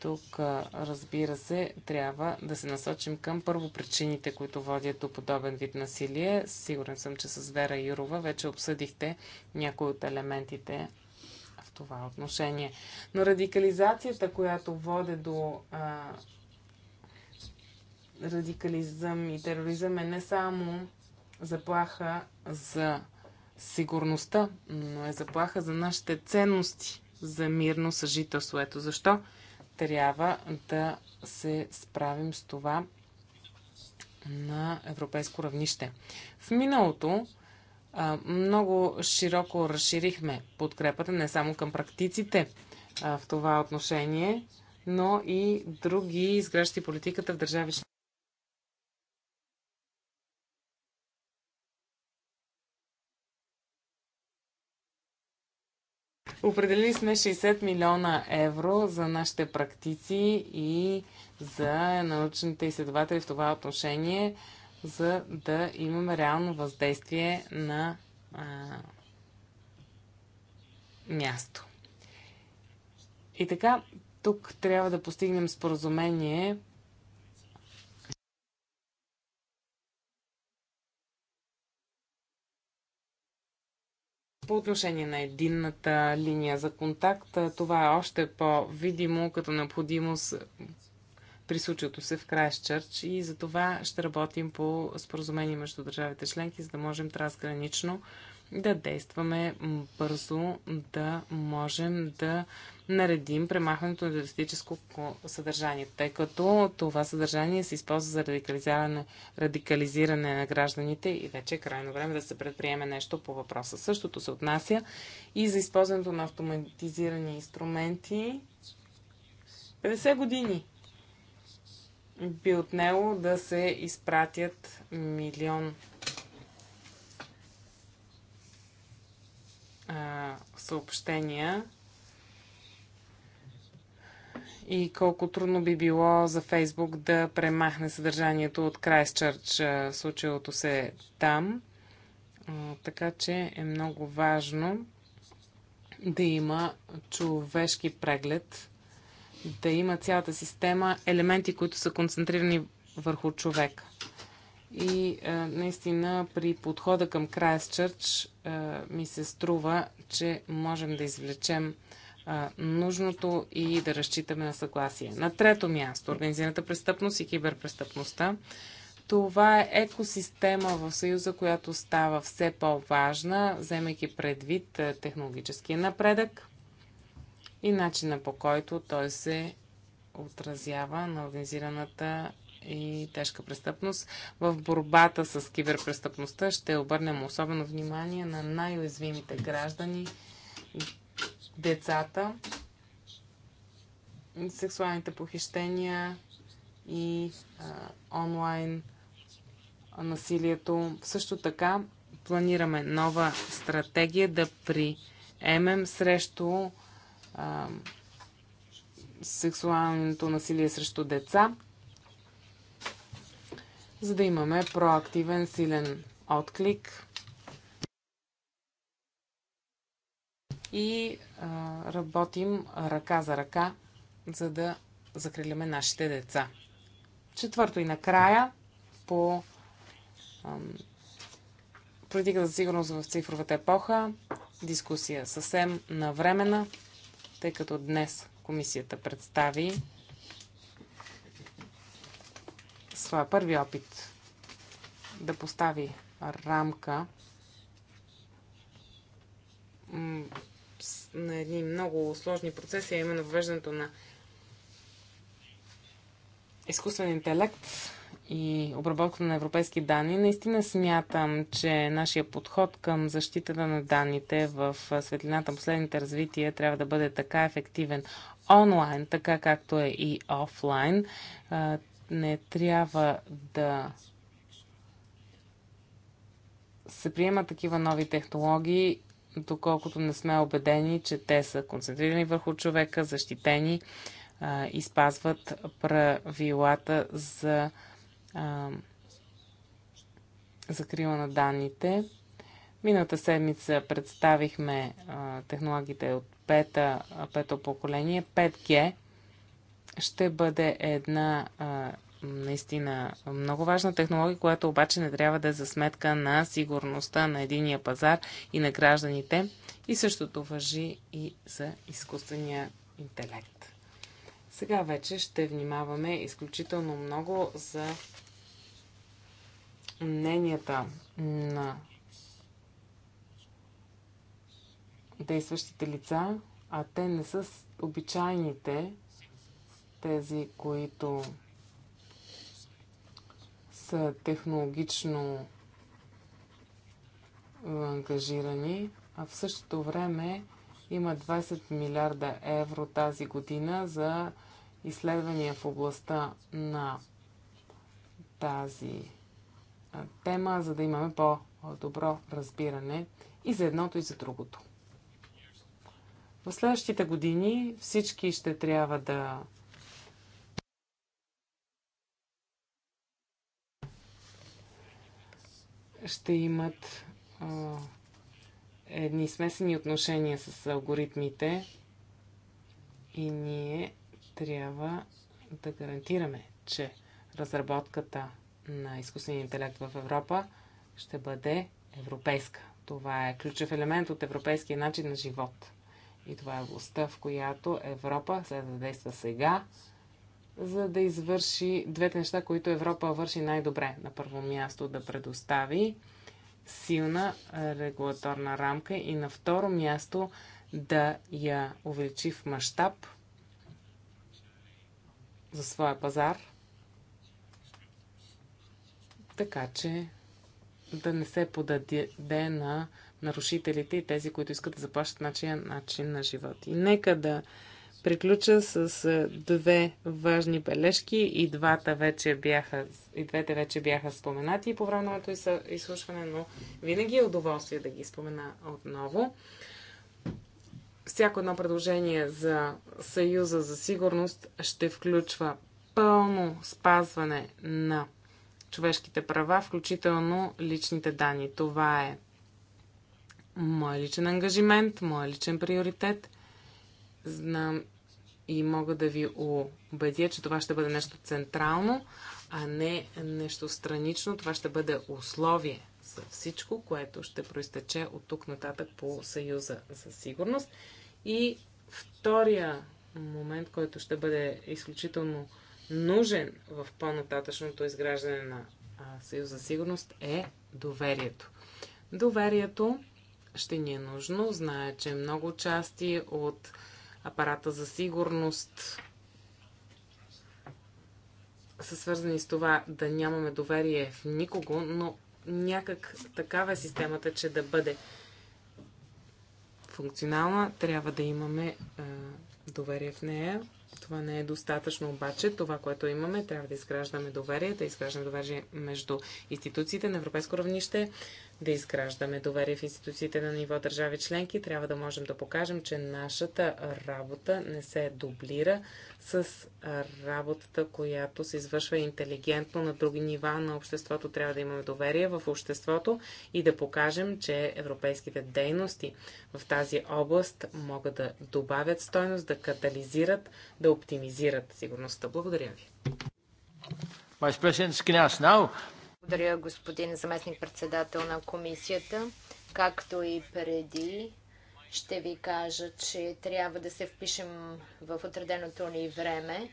Тук, разбира се, трябва да се насочим към първо причините, които водят до подобен вид насилие. Сигурен съм, че с Вера Юрова вече обсъдихте някои от елементите в това отношение. Но радикализацията, която води до а, радикализъм и тероризъм е не само заплаха за сигурността, но е заплаха за нашите ценности за мирно съжителство. Ето защо трябва да се справим с това на европейско равнище. В миналото много широко разширихме подкрепата не само към практиците в това отношение, но и други изграждащи политиката в държави Определили сме 60 милиона евро за нашите практици и за научните изследователи в това отношение, за да имаме реално въздействие на а, място. И така, тук трябва да постигнем споразумение По отношение на единната линия за контакт, това е още по-видимо като необходимост при случилото се в Крайсчърч и за това ще работим по споразумение между държавите членки, за да можем трансгранично да действаме бързо, да можем да наредим премахването на терористическо съдържание, тъй като това съдържание се използва за радикализиране, радикализиране на гражданите и вече е крайно време да се предприеме нещо по въпроса. Същото се отнася и за използването на автоматизирани инструменти. 50 години би отнело да се изпратят милион съобщения и колко трудно би било за Фейсбук да премахне съдържанието от Крайсчърч, случилото се там. така че е много важно да има човешки преглед, да има цялата система елементи, които са концентрирани върху човека. И а, наистина при подхода към Крайсчърч ми се струва, че можем да извлечем а, нужното и да разчитаме на съгласие. На трето място организираната престъпност и киберпрестъпността. Това е екосистема в Съюза, която става все по-важна, вземайки предвид технологическия напредък и начина по който той се отразява на организираната и тежка престъпност. В борбата с киберпрестъпността ще обърнем особено внимание на най-уязвимите граждани, децата, сексуалните похищения и а, онлайн насилието. Също така планираме нова стратегия да приемем срещу а, сексуалното насилие срещу деца за да имаме проактивен, силен отклик и а, работим ръка за ръка, за да закриляме нашите деца. Четвърто и накрая по а, политика за сигурност в цифровата епоха. Дискусия съвсем навремена, тъй като днес комисията представи своя първи опит да постави рамка на едни много сложни процеси, а именно въвеждането на изкуствен интелект и обработка на европейски данни, наистина смятам, че нашия подход към защитата на данните в светлината последните развития трябва да бъде така ефективен онлайн, така както е и офлайн не трябва да се приемат такива нови технологии, доколкото не сме убедени, че те са концентрирани върху човека, защитени а, и спазват правилата за закрила на данните. Миналата седмица представихме а, технологиите от пета, пето поколение 5G – ще бъде една а, наистина много важна технология, която обаче не трябва да е за сметка на сигурността на единия пазар и на гражданите. И същото въжи и за изкуствения интелект. Сега вече ще внимаваме изключително много за мненията на действащите лица, а те не са обичайните тези, които са технологично ангажирани, а в същото време има 20 милиарда евро тази година за изследвания в областта на тази тема, за да имаме по-добро разбиране и за едното, и за другото. В следващите години всички ще трябва да ще имат а, едни смесени отношения с алгоритмите и ние трябва да гарантираме, че разработката на изкуствения интелект в Европа ще бъде европейска. Това е ключов елемент от европейския начин на живот. И това е властта, в която Европа следва да действа сега, за да извърши двете неща, които Европа върши най-добре. На първо място да предостави силна регулаторна рамка и на второ място да я увеличи в мащаб за своя пазар, така че да не се подаде на нарушителите и тези, които искат да заплащат начин, начин на живот. И нека да приключа с е, две важни бележки и двата вече бяха, и двете вече бяха споменати по време на моето изслушване, но винаги е удоволствие да ги спомена отново. Всяко едно предложение за Съюза за сигурност ще включва пълно спазване на човешките права, включително личните данни. Това е мой личен ангажимент, мой личен приоритет – знам и мога да ви убедя, че това ще бъде нещо централно, а не нещо странично. Това ще бъде условие за всичко, което ще проистече от тук нататък по Съюза за сигурност. И втория момент, който ще бъде изключително нужен в по-нататъчното изграждане на Съюза за сигурност е доверието. Доверието ще ни е нужно. Зная, че много части от апарата за сигурност са свързани с това да нямаме доверие в никого, но някак такава е системата, че да бъде функционална, трябва да имаме а, е, доверие в нея. Това не е достатъчно обаче. Това, което имаме, трябва да изграждаме доверие, да изграждаме доверие между институциите на европейско равнище, да изграждаме доверие в институциите на ниво държави членки. Трябва да можем да покажем, че нашата работа не се дублира с работата, която се извършва интелигентно на други нива на обществото. Трябва да имаме доверие в обществото и да покажем, че европейските дейности в тази област могат да добавят стойност, да катализират, да оптимизират сигурността. Благодаря ви.
Vice President Skinas now.
Благодаря, господин заместник-председател на комисията. Както и преди, ще ви кажа, че трябва да се впишем в отреденото ни време.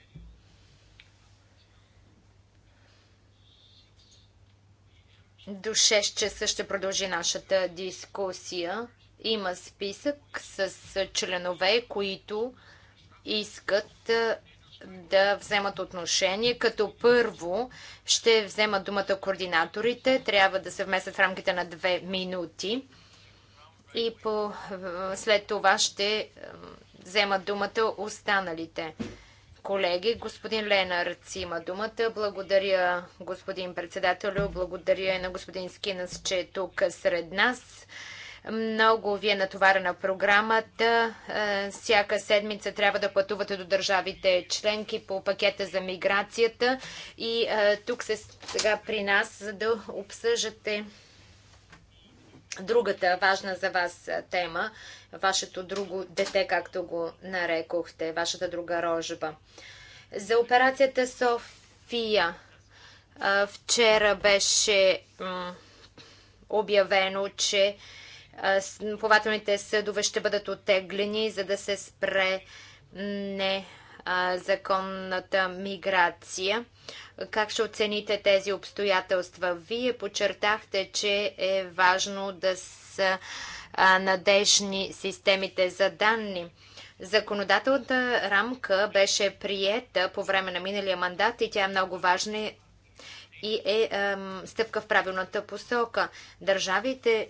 До 6 часа ще продължи нашата дискусия. Има списък с членове, които искат да вземат отношение, като първо ще вземат думата координаторите. Трябва да се вместят в рамките на две минути. И по, след това ще вземат думата останалите колеги. Господин Ленард има думата. Благодаря, господин председателю. Благодаря и на господин Скинас, че е тук сред нас. Много ви е натоварена програмата. Е, всяка седмица трябва да пътувате до държавите членки по пакета за миграцията. И е, тук се сега при нас, за да обсъждате другата важна за вас е, тема, вашето друго дете, както го нарекохте, вашата друга рожба. За операцията София вчера беше обявено, че плавателните съдове ще бъдат оттеглени, за да се спре незаконната миграция. Как ще оцените тези обстоятелства? Вие подчертахте, че е важно да са надежни системите за данни. Законодателната рамка беше приета по време на миналия мандат и тя е много важна и е стъпка в правилната посока. Държавите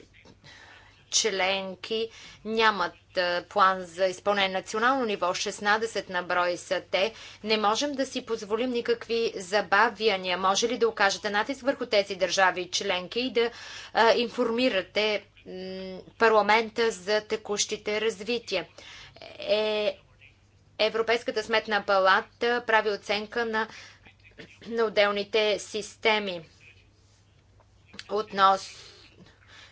членки нямат е, план за изпълнение национално ниво. 16 на брой са те. Не можем да си позволим никакви забавяния. Може ли да окажете натиск върху тези държави членки и да а, е, информирате парламента за текущите развития? Е, Европейската сметна палата прави оценка на, на отделните системи относно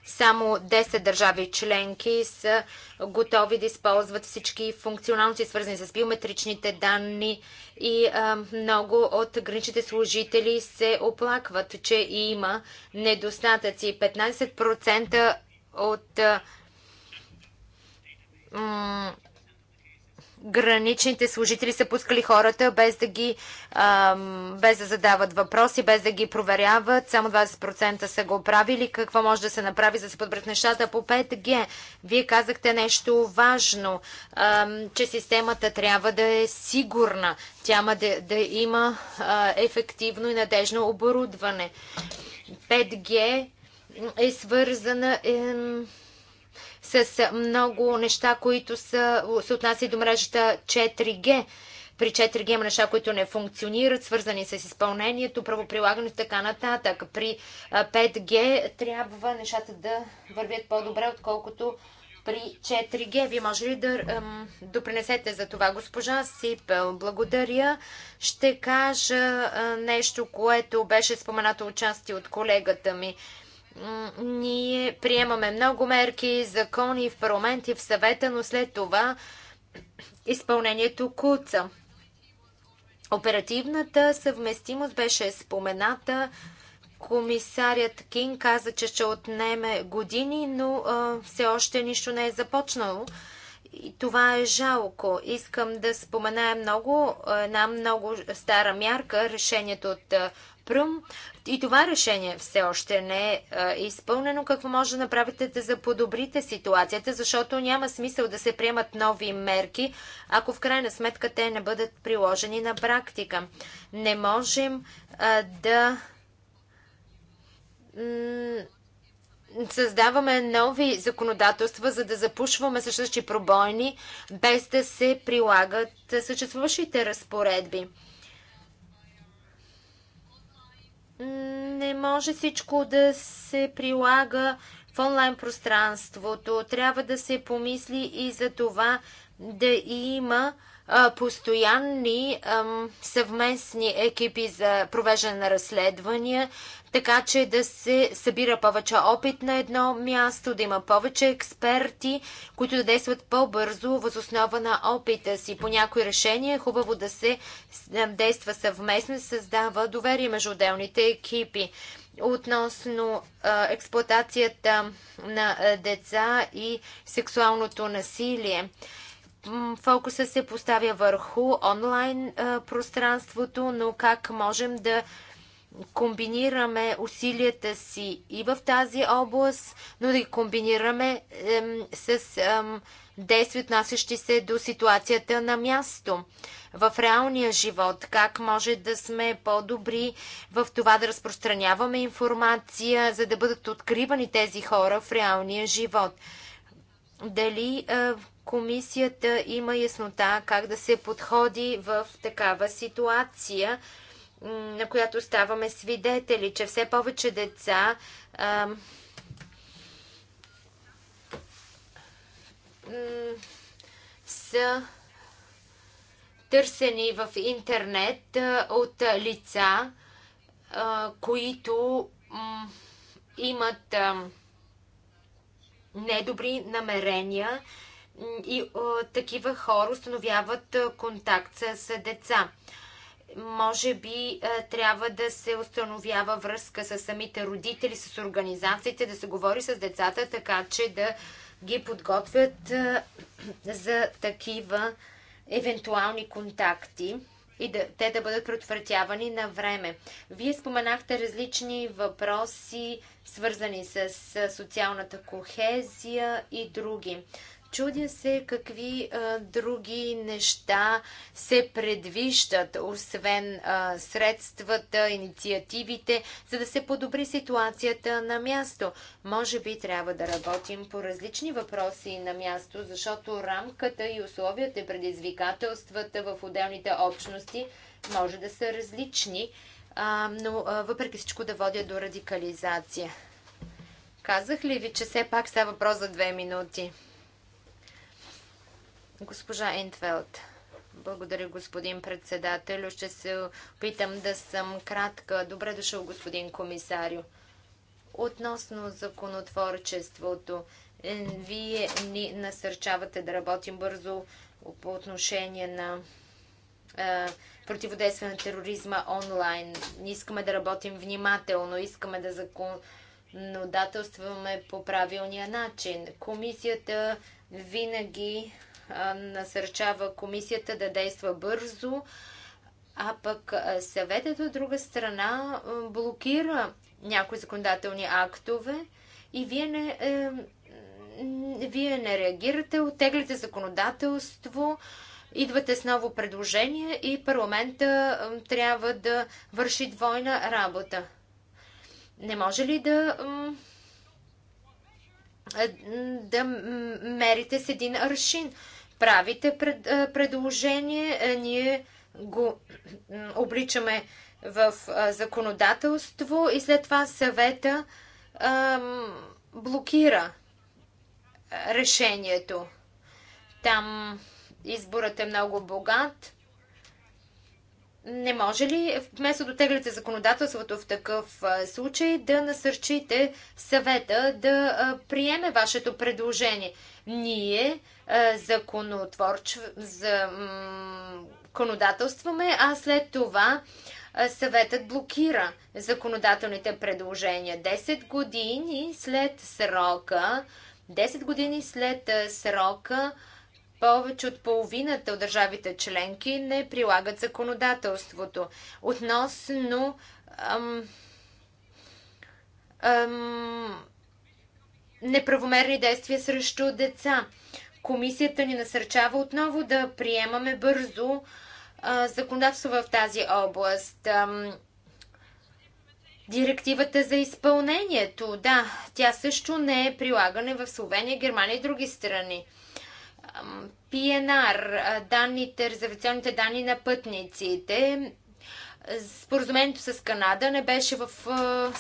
само 10 държави членки са готови да използват всички функционалности, свързани с биометричните данни и а, много от граничните служители се оплакват, че има недостатъци. 15% от а, граничните служители са пускали хората без да ги без да задават въпроси, без да ги проверяват. Само 20% са го правили. Какво може да се направи за да се подбрат нещата по 5G? Вие казахте нещо важно, че системата трябва да е сигурна. Тя да, да има ефективно и надежно оборудване. 5G е свързана е, с много неща, които са, се отнасят до мрежата 4G. При 4G има неща, които не функционират, свързани с изпълнението, правоприлагането и така нататък. При 5G трябва нещата да вървят по-добре, отколкото при 4G. Вие може ли да ем, допринесете за това, госпожа Сипел? Благодаря. Ще кажа е, нещо, което беше споменато участие от колегата ми ние приемаме много мерки, закони в парламент и в съвета, но след това изпълнението куца. Оперативната съвместимост беше спомената. Комисарят Кин каза, че ще отнеме години, но а, все още нищо не е започнало. И това е жалко. Искам да спомена много, една много стара мярка, решението от Прум. И това решение все още не е изпълнено. Какво може да направите да заподобрите ситуацията, защото няма смисъл да се приемат нови мерки, ако в крайна сметка те не бъдат приложени на практика. Не можем а, да създаваме нови законодателства, за да запушваме същи пробойни, без да се прилагат съществуващите разпоредби не може всичко да се прилага в онлайн пространството. Трябва да се помисли и за това да има постоянни съвместни екипи за провеждане на разследвания, така че да се събира повече опит на едно място, да има повече експерти, които да действат по-бързо възоснова на опита си. По някои решения е хубаво да се действа съвместно и създава доверие между отделните екипи. Относно експлоатацията на деца и сексуалното насилие фокуса се поставя върху онлайн пространството, но как можем да комбинираме усилията си и в тази област, но да ги комбинираме с ем, действия, отнасящи се до ситуацията на място. В реалния живот, как може да сме по-добри в това да разпространяваме информация, за да бъдат откривани тези хора в реалния живот. Дали е, комисията има яснота как да се подходи в такава ситуация, на която ставаме свидетели, че все повече деца а, са търсени в интернет от лица, които имат недобри намерения и такива хора установяват контакт с деца. Може би трябва да се установява връзка с самите родители, с организациите, да се говори с децата, така че да ги подготвят за такива евентуални контакти и да, те да бъдат предотвратявани на време. Вие споменахте различни въпроси, свързани с социалната кохезия и други. Чудя се какви а, други неща се предвиждат, освен а, средствата, инициативите, за да се подобри ситуацията на място. Може би трябва да работим по различни въпроси на място, защото рамката и условията, предизвикателствата в отделните общности може да са различни, а, но а, въпреки всичко да водя до радикализация. Казах ли ви, че все пак става въпрос за две минути? Госпожа Ентфелд. Благодаря, господин председател. Ще се опитам да съм кратка. Добре дошъл, господин комисарио. Относно законотворчеството, е, вие ни насърчавате да работим бързо по отношение на е, противодействие на тероризма онлайн. Искаме да работим внимателно, искаме да законодателстваме по правилния начин. Комисията винаги насърчава комисията да действа бързо, а пък съветът от друга страна блокира някои законодателни актове и вие не, е, вие не реагирате, оттегляте законодателство, идвате с ново предложение и парламента трябва да върши двойна работа. Не може ли да е, да мерите с един аршин? правите пред, предложение, ние го обличаме в законодателство и след това съвета ам, блокира решението. Там изборът е много богат. Не може ли, вместо да теглите законодателството в такъв случай, да насърчите съвета да приеме вашето предложение? Ние законодателстваме, а след това съветът блокира законодателните предложения. 10 години след срока, 10 години след срока, повече от половината от държавите членки не прилагат законодателството. Относно ам, ам, неправомерни действия срещу деца. Комисията ни насърчава отново да приемаме бързо а, законодателство в тази област. Ам, Директивата за изпълнението, да, тя също не е прилагане в Словения, Германия и други страни. ПНР, данните, резервационните данни на пътниците. Споразумението с Канада не беше в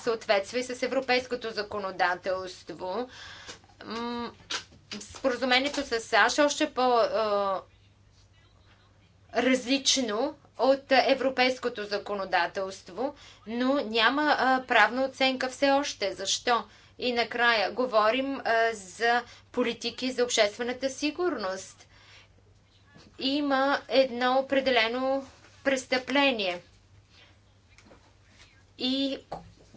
съответствие с европейското законодателство. Споразумението с САЩ още по-различно от европейското законодателство, но няма правна оценка все още. Защо? И накрая говорим а, за политики за обществената сигурност. Има едно определено престъпление и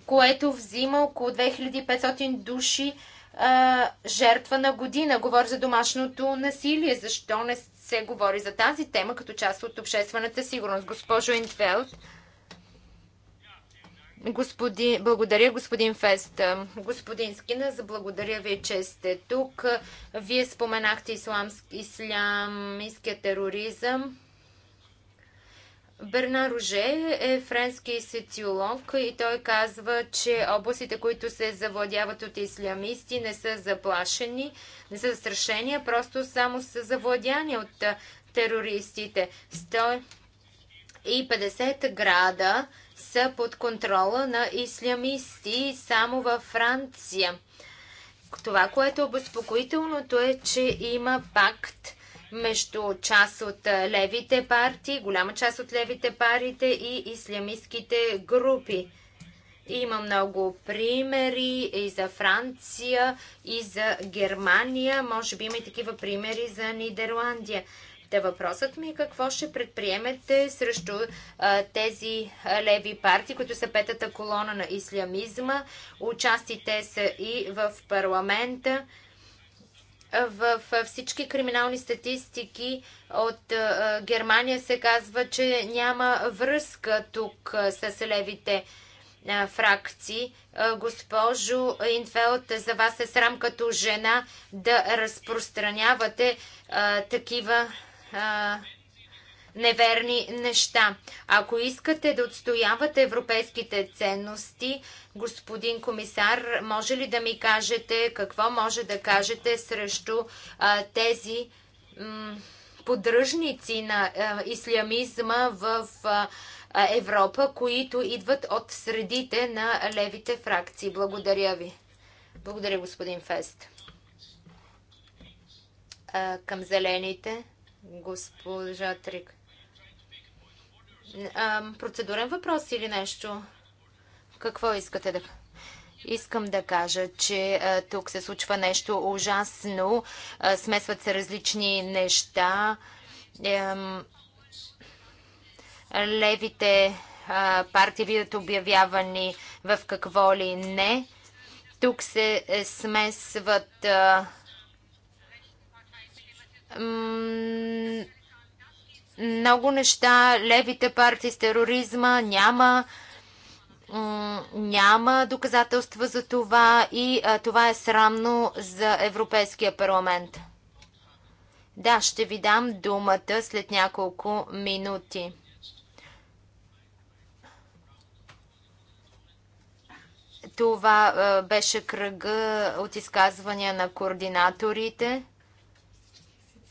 което взима около 2500 души а, жертва на година. Говори за домашното насилие. Защо не се говори за тази тема като част от обществената сигурност? Госпожо Инфелд, благодаря, господин Фест. Господин Скинас, благодаря ви, че сте тук. Вие споменахте исламск, тероризъм. Бернар Роже е френски социолог и той казва, че областите, които се завладяват от ислямисти, не са заплашени, не са застрашени, а просто само са завладяни от терористите. 150 града са под контрола на ислямисти само във Франция. Това, което е обезпокоителното е, че има пакт между част от е, левите партии, голяма част от левите парите и ислямистските групи. Има много примери и за Франция, и за Германия. Може би има и такива примери за Нидерландия. Те въпросът ми е какво ще предприемете срещу а, тези леви партии, които са петата колона на ислямизма. Участите са и в парламента. В, в всички криминални статистики от а, Германия се казва, че няма връзка тук а, с левите фракции. Госпожо Инфелд, за вас е срам като жена да разпространявате а, такива а, неверни неща. Ако искате да отстоявате европейските ценности, господин комисар, може ли да ми кажете какво може да кажете срещу а, тези поддръжници на а, ислямизма в а, Европа, които идват от средите на левите фракции? Благодаря ви. Благодаря, господин Фест. А, към зелените госпожа Трик. А, процедурен въпрос или нещо? Какво искате да... Искам да кажа, че а, тук се случва нещо ужасно. А, смесват се различни неща. Ем, левите а, партии биват обявявани в какво ли не. Тук се е, смесват а, много неща, левите партии с тероризма, няма, няма доказателства за това и а, това е срамно за Европейския парламент. Да, ще ви дам думата след няколко минути. Това а, беше кръга от изказвания на координаторите.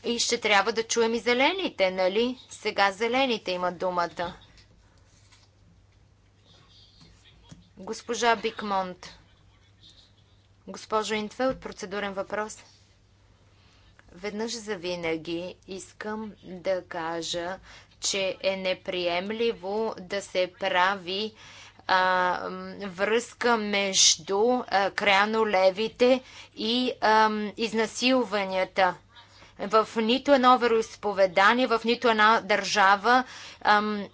И ще трябва да чуем и зелените, нали? Сега зелените имат думата. Госпожа Бикмонт. Госпожо Интвел, процедурен въпрос. Веднъж за винаги искам да кажа, че е неприемливо да се прави а, връзка между а, крайно левите и а, изнасилванията. В нито едно вероисповедание, в нито една държава ам,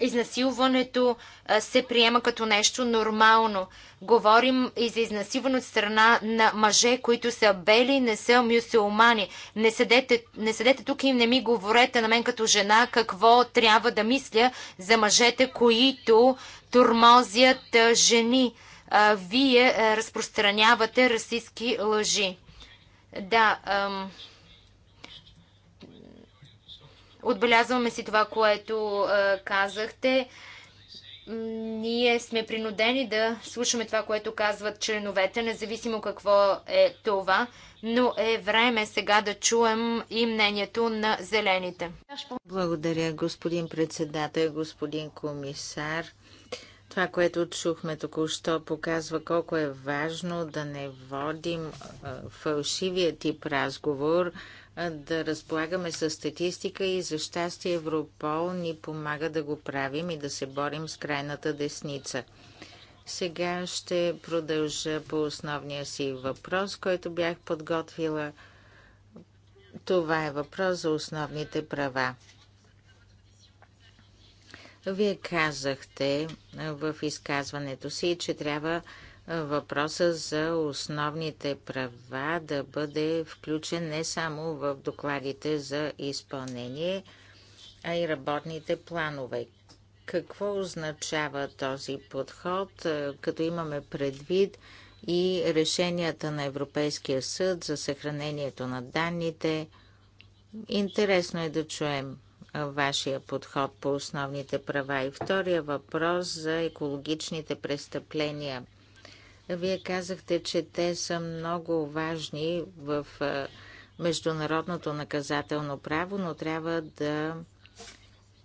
изнасилването се приема като нещо нормално. Говорим и за изнасилване от страна на мъже, които са бели, не са мюсюлмани. Не седете, не седете тук и не ми говорете на мен като жена какво трябва да мисля за мъжете, които турмозят жени. Вие разпространявате расистски лъжи. Да, ам, отбелязваме си това, което а, казахте. Ние сме принудени да слушаме това, което казват членовете, независимо какво е това, но е време сега да чуем и мнението на зелените.
Благодаря, господин председател, господин комисар. Това, което чухме току-що, показва колко е важно да не водим фалшивия тип разговор, да разполагаме с статистика и за щастие Европол ни помага да го правим и да се борим с крайната десница. Сега ще продължа по основния си въпрос, който бях подготвила. Това е въпрос за основните права. Вие казахте в изказването си, че трябва въпроса за основните права да бъде включен не само в докладите за изпълнение, а и работните планове. Какво означава този подход, като имаме предвид и решенията на Европейския съд за съхранението на данните? Интересно е да чуем вашия подход по основните права? И втория въпрос за екологичните престъпления. Вие казахте, че те са много важни в международното наказателно право, но трябва да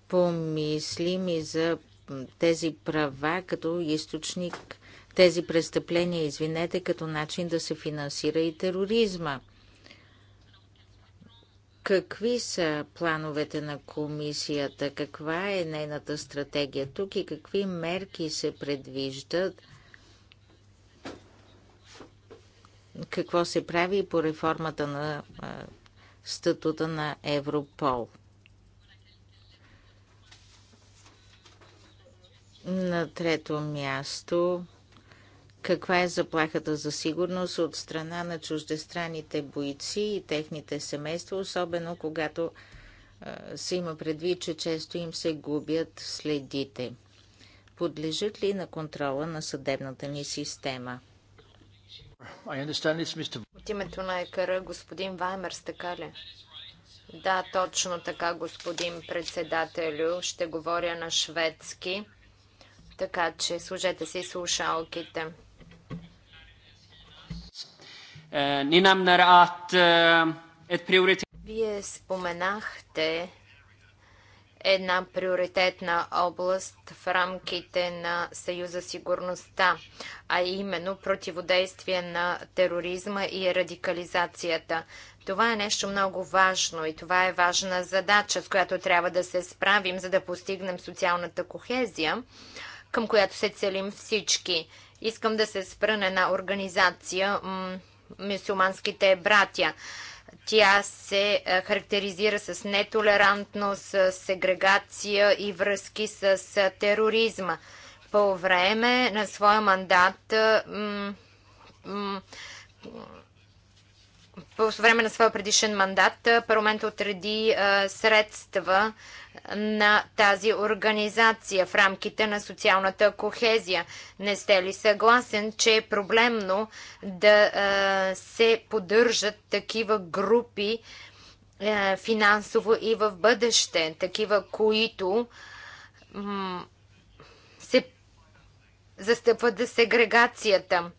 помислим и за тези права като източник, тези престъпления, извинете, като начин да се финансира и тероризма. Какви са плановете на комисията? Каква е нейната стратегия тук и какви мерки се предвиждат? Какво се прави по реформата на статута на Европол? На трето място каква е заплахата за сигурност от страна на чуждестранните бойци и техните семейства, особено когато се има предвид, че често им се губят следите. Подлежат ли на контрола на съдебната ни система?
От името на екара господин Ваймерс, така ли? Да, точно така, господин председателю. Ще говоря на шведски, така че служете си слушалките.
Е, ни намнер ат ет е приоритет...
Вие споменахте една приоритетна област в рамките на Съюза сигурността, а именно противодействие на тероризма и радикализацията. Това е нещо много важно и това е важна задача, с която трябва да се справим, за да постигнем социалната кохезия, към която се целим всички. Искам да се спра на една организация, мисюманските братя. Тя се е, характеризира с нетолерантност, сегрегация и връзки с е, тероризма. По време на своя мандат по време на своя предишен мандат парламент отреди средства на тази организация в рамките на социалната кохезия. Не сте ли съгласен, че е проблемно да се поддържат такива групи финансово и в бъдеще, такива, които се застъпват за сегрегацията?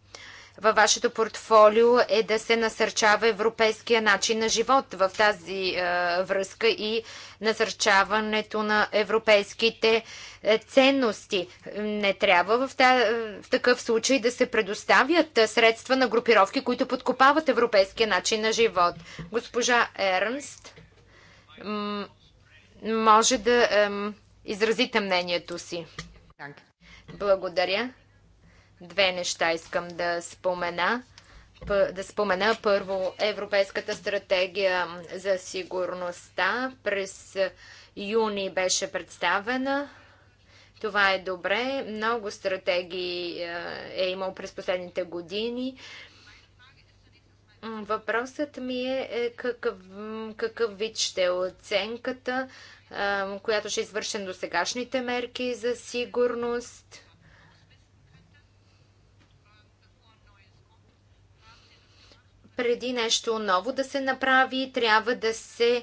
във вашето портфолио е да се насърчава европейския начин на живот в тази е, връзка и насърчаването на европейските е, ценности. Не трябва в, та, в такъв случай да се предоставят средства на групировки, които подкопават европейския начин на живот. Госпожа Ернст може да изразите мнението си. Благодаря. Две неща искам да спомена. Да спомена първо Европейската стратегия за сигурността. През юни беше представена. Това е добре. Много стратегии е, е имал през последните години. Въпросът ми е, е какъв, какъв вид ще е оценката, е, която ще е извършен до сегашните мерки за сигурност. преди нещо ново да се направи, трябва да се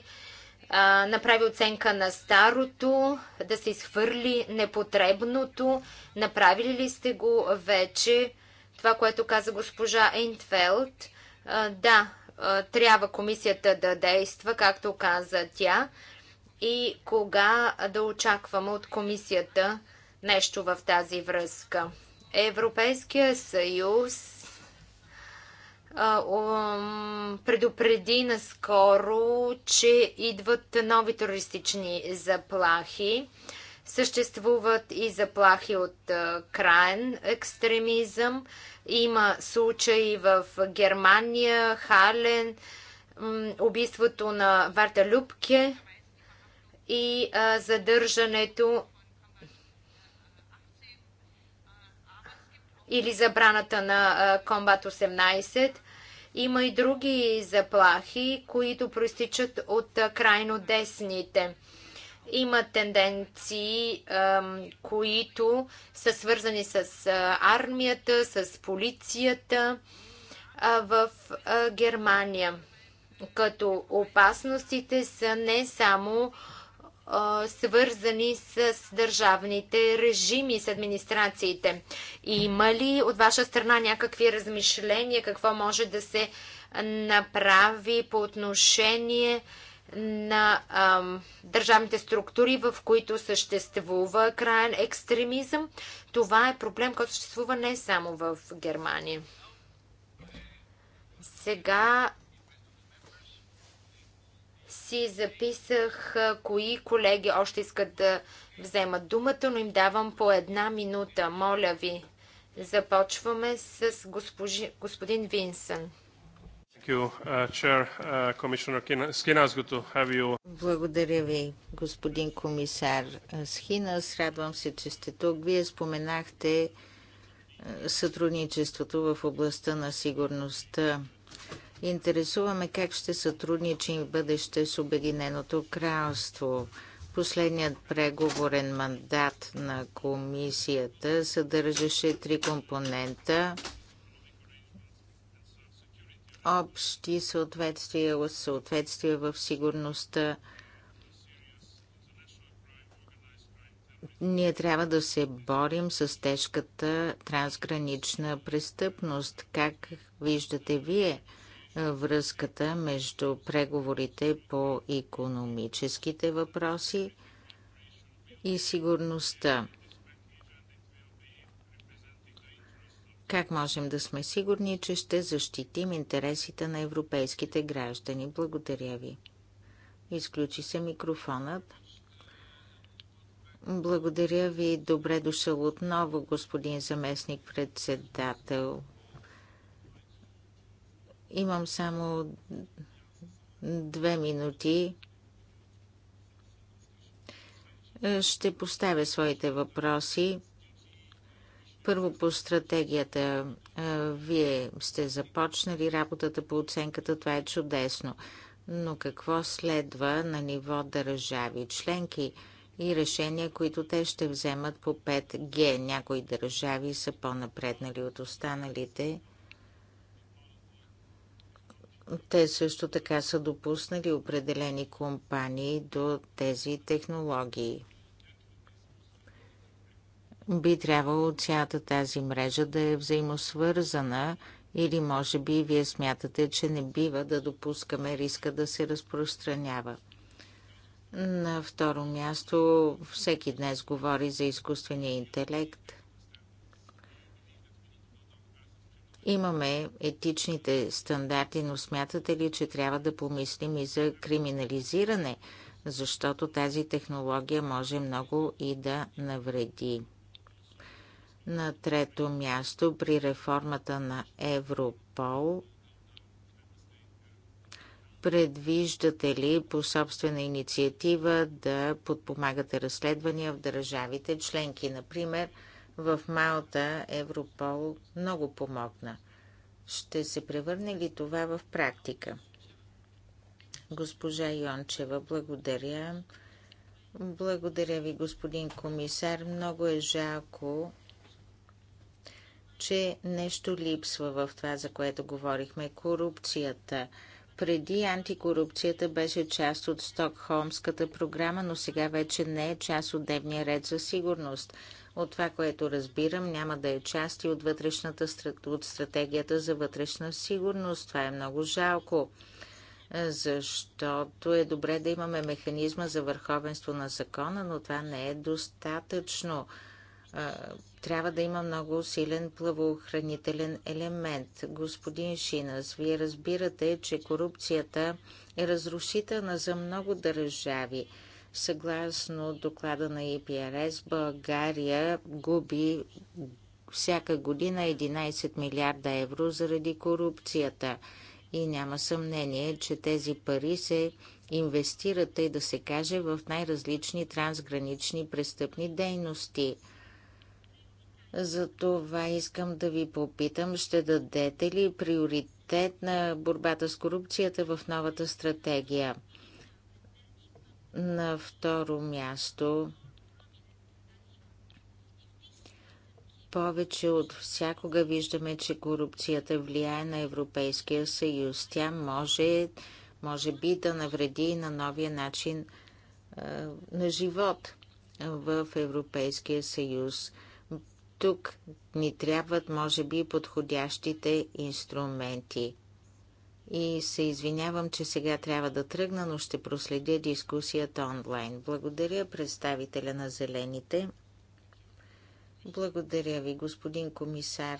а, направи оценка на старото, да се изхвърли непотребното. Направили ли сте го вече? Това, което каза госпожа Ейнтфелд. а, да, а, трябва комисията да действа, както каза тя. И кога да очакваме от комисията нещо в тази връзка? Европейския съюз предупреди наскоро, че идват нови терористични заплахи. Съществуват и заплахи от крайен екстремизъм. Има случаи в Германия, Хален, убийството на Варта Любке и задържането или забраната на Комбат 18. Има и други заплахи, които проистичат от крайно десните. Има тенденции, които са свързани с армията, с полицията в Германия. Като опасностите са не само свързани с държавните режими, с администрациите. Има ли от ваша страна някакви размишления, какво може да се направи по отношение на ам, държавните структури, в които съществува крайен екстремизъм? Това е проблем, който съществува не само в Германия. Сега си записах кои колеги още искат да вземат думата, но им давам по една минута. Моля ви, започваме с госпожи, господин Винсън.
Uh, uh,
Благодаря ви, господин комисар Схинас. Радвам се, че сте тук. Вие споменахте сътрудничеството в областта на сигурността интересуваме как ще сътрудничим в бъдеще с Обединеното кралство. Последният преговорен мандат на комисията съдържаше три компонента общи съответствия, съответствия в сигурността. Ние трябва да се борим с тежката трансгранична престъпност. Как виждате вие връзката между преговорите по економическите въпроси и сигурността. Как можем да сме сигурни, че ще защитим интересите на европейските граждани? Благодаря ви. Изключи се микрофонът. Благодаря ви. Добре дошъл отново, господин заместник председател. Имам само две минути. Е, ще поставя своите въпроси. Първо по стратегията. Е, вие сте започнали работата по оценката. Това е чудесно. Но какво следва на ниво държави членки и решения, които те ще вземат по 5G? Някои държави са по-напреднали от останалите. Те също така са допуснали определени компании до тези технологии. Би трябвало цялата тази мрежа да е взаимосвързана или може би вие смятате, че не бива да допускаме риска да се разпространява. На второ място, всеки днес говори за изкуствения интелект. Имаме етичните стандарти, но смятате ли, че трябва да помислим и за криминализиране, защото тази технология може много и да навреди? На трето място при реформата на Европол предвиждате ли по собствена инициатива да подпомагате разследвания в държавите членки, например – в Малта Европол много помогна. Ще се превърне ли това в практика? Госпожа Йончева, благодаря. Благодаря ви, господин комисар. Много е жалко, че нещо липсва в това, за което говорихме. Корупцията. Преди антикорупцията беше част от Стокхолмската програма, но сега вече не е част от дневния ред за сигурност. От това, което разбирам, няма да е част и от, вътрешната, от стратегията за вътрешна сигурност. Това е много жалко, защото е добре да имаме механизма за върховенство на закона, но това не е достатъчно трябва да има много силен плавоохранителен елемент. Господин Шинас, вие разбирате, че корупцията е разрушителна за много държави. Съгласно доклада на ИПРС, България губи всяка година 11 милиарда евро заради корупцията. И няма съмнение, че тези пари се инвестират, тъй да се каже, в най-различни трансгранични престъпни дейности. Затова искам да ви попитам, ще дадете ли приоритет на борбата с корупцията в новата стратегия? На второ място повече от всякога виждаме, че корупцията влияе на Европейския съюз. Тя може, може би да навреди и на новия начин а, на живот в Европейския съюз. Тук ни трябват, може би, подходящите инструменти – и се извинявам, че сега трябва да тръгна, но ще проследя дискусията онлайн. Благодаря представителя на Зелените. Благодаря ви, господин комисар.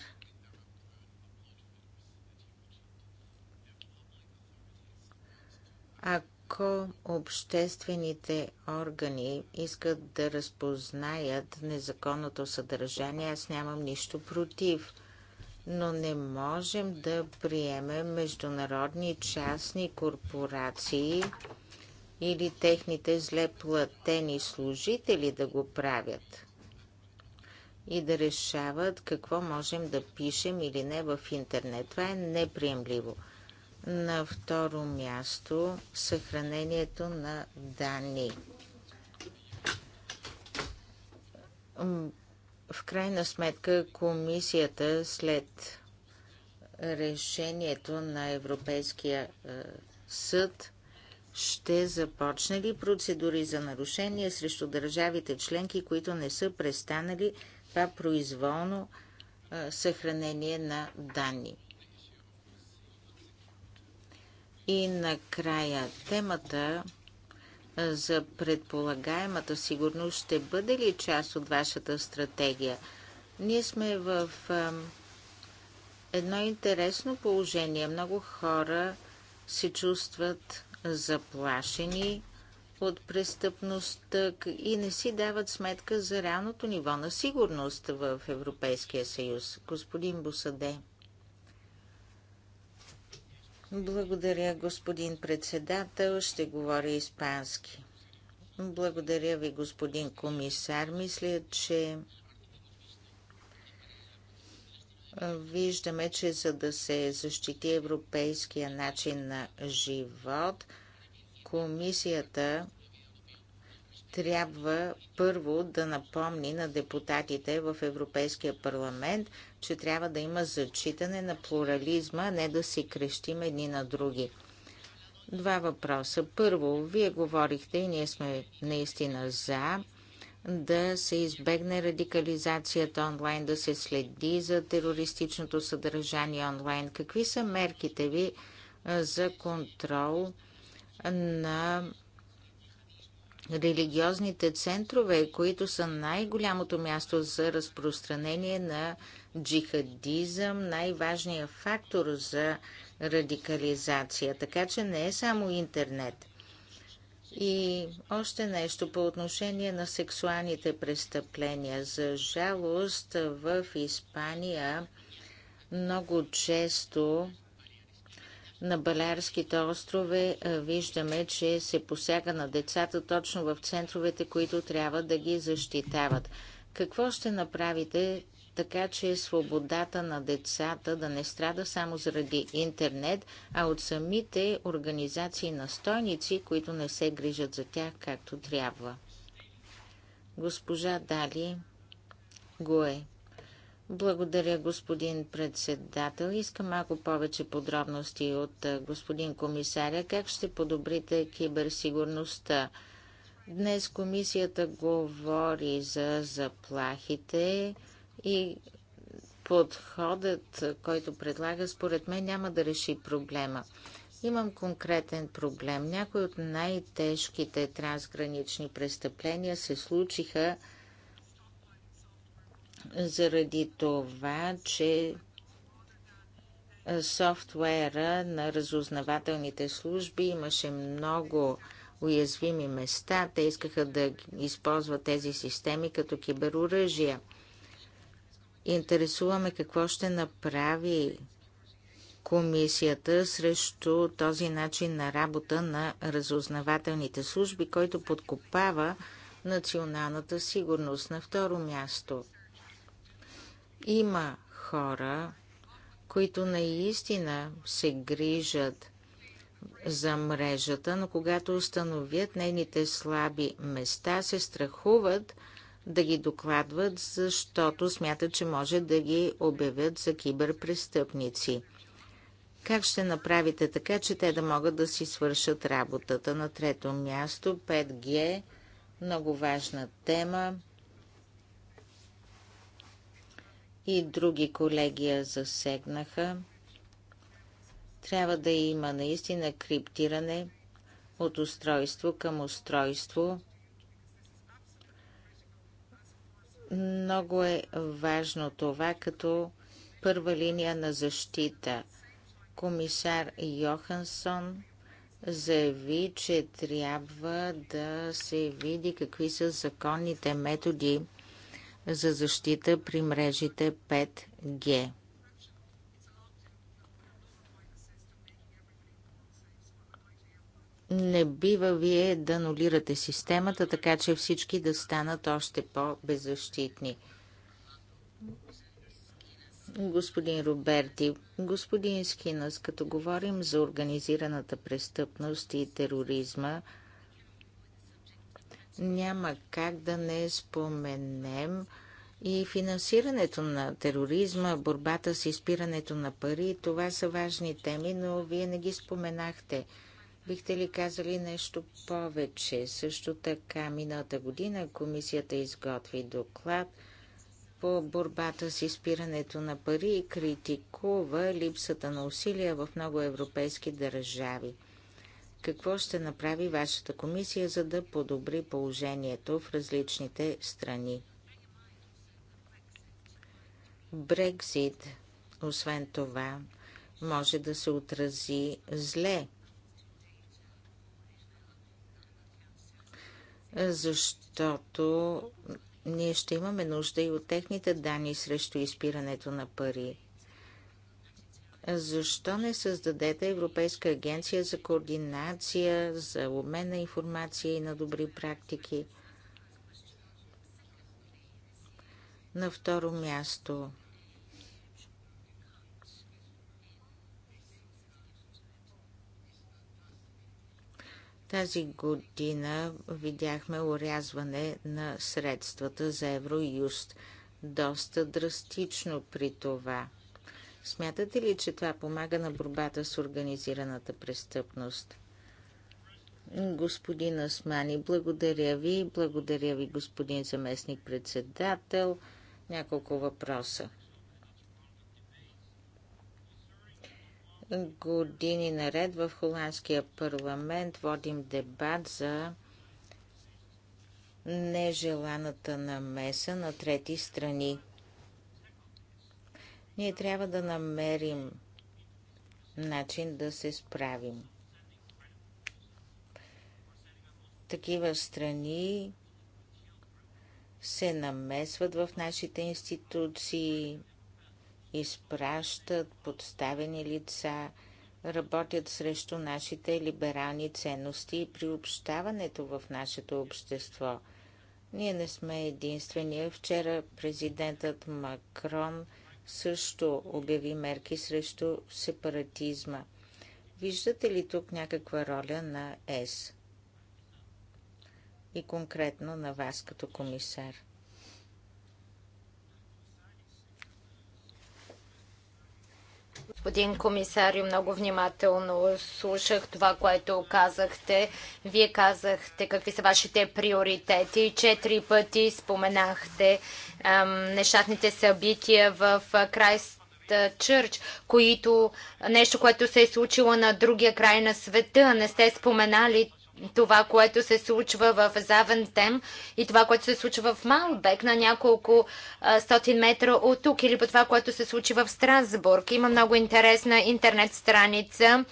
Ако обществените органи искат да разпознаят незаконното съдържание, аз нямам нищо против – но не можем да приемем международни частни корпорации или техните зле платени служители да го правят и да решават какво можем да пишем или не в интернет. Това е неприемливо. На второ място съхранението на данни в крайна сметка комисията след решението на Европейския е, съд ще започне ли процедури за нарушение срещу държавите членки, които не са престанали това произволно е, съхранение на данни? И накрая темата за предполагаемата сигурност ще бъде ли част от вашата стратегия? Ние сме в едно интересно положение. Много хора се чувстват заплашени от престъпността и не си дават сметка за реалното ниво на сигурност в Европейския съюз. Господин Босаде. Благодаря, господин председател. Ще говоря испански. Благодаря ви, господин комисар. Мисля, че виждаме, че за да се защити европейския начин на живот, комисията трябва първо да напомни на депутатите в Европейския парламент, че трябва да има зачитане на плурализма, а не да си крещим едни на други. Два въпроса. Първо, вие говорихте и ние сме наистина за да се избегне радикализацията онлайн, да се следи за терористичното съдържание онлайн. Какви са мерките ви за контрол на религиозните центрове, които са най-голямото място за разпространение на джихадизъм, най-важният фактор за радикализация. Така че не е само интернет. И още нещо по отношение на сексуалните престъпления. За жалост в Испания много често на Балярските острове виждаме, че се посяга на децата точно в центровете, които трябва да ги защитават. Какво ще направите така, че свободата на децата да не страда само заради интернет, а от самите организации настойници, които не се грижат за тях както трябва? Госпожа Дали Гое. Благодаря, господин председател. Искам малко повече подробности от господин комисаря. Как ще подобрите киберсигурността? Днес комисията говори за заплахите и подходът, който предлага, според мен няма да реши проблема. Имам конкретен проблем. Някои от най-тежките трансгранични престъпления се случиха заради това, че софтуера на разузнавателните служби имаше много уязвими места. Те искаха да използват тези системи като кибероръжия. Интересуваме какво ще направи комисията срещу този начин на работа на разузнавателните служби, който подкопава националната сигурност. На второ място – има хора, които наистина се грижат за мрежата, но когато установят нейните слаби места, се страхуват да ги докладват, защото смятат, че може да ги обявят за киберпрестъпници. Как ще направите така, че те да могат да си свършат работата? На трето място 5G, много важна тема. и други колеги я засегнаха. Трябва да има наистина криптиране от устройство към устройство. Много е важно това като първа линия на защита. Комисар Йохансон заяви, че трябва да се види какви са законните методи за защита при мрежите 5G. Не бива вие да анулирате системата, така че всички да станат още по-беззащитни. Господин Роберти, господин Скинас, като говорим за организираната престъпност и тероризма, няма как да не споменем и финансирането на тероризма, борбата с изпирането на пари. Това са важни теми, но вие не ги споменахте. Бихте ли казали нещо повече? Също така, миналата година комисията изготви доклад по борбата с изпирането на пари и критикува липсата на усилия в много европейски държави. Какво ще направи вашата комисия, за да подобри положението в различните страни? Брекзит, освен това, може да се отрази зле, защото ние ще имаме нужда и от техните данни срещу изпирането на пари. Защо не създадете Европейска агенция за координация, за обмен на информация и на добри практики? На второ място. Тази година видяхме урязване на средствата за Евроюст. Доста драстично при това. Смятате ли, че това помага на борбата с организираната престъпност? Господин Османи, благодаря ви. Благодаря ви, господин заместник председател. Няколко въпроса. Години наред в Холандския парламент водим дебат за нежеланата намеса на трети страни. Ние трябва да намерим начин да се справим. Такива страни се намесват в нашите институции, изпращат подставени лица, работят срещу нашите либерални ценности и приобщаването в нашето общество. Ние не сме единствения. Вчера президентът Макрон – също обяви мерки срещу сепаратизма. Виждате ли тук някаква роля на ЕС? И конкретно на вас като комисар.
Господин комисар, много внимателно слушах това, което казахте. Вие казахте какви са вашите приоритети. Четири пъти споменахте ам, нещастните събития в Крайст Чърч, които нещо, което се е случило на другия край на света. Не сте споменали това, което се случва в Завентем и това, което се случва в Малбек на няколко а, стотин метра от тук или по това, което се случи в Страсбург. Има много интересна интернет страница,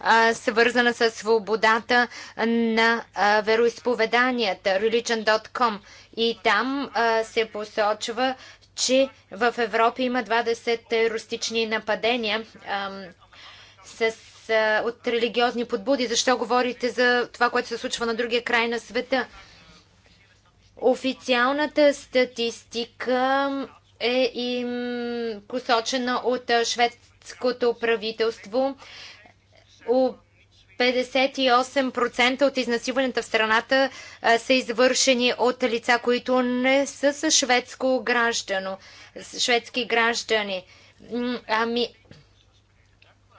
а, свързана с свободата на а, вероисповеданията, religion.com и там а, се посочва, че в Европа има 20 терористични нападения а, с от религиозни подбуди? Защо говорите за това, което се случва на другия край на света? Официалната статистика е им посочена от шведското правителство. 58% от изнасилванията в страната са извършени от лица, които не са шведско граждано, шведски граждани. Ами,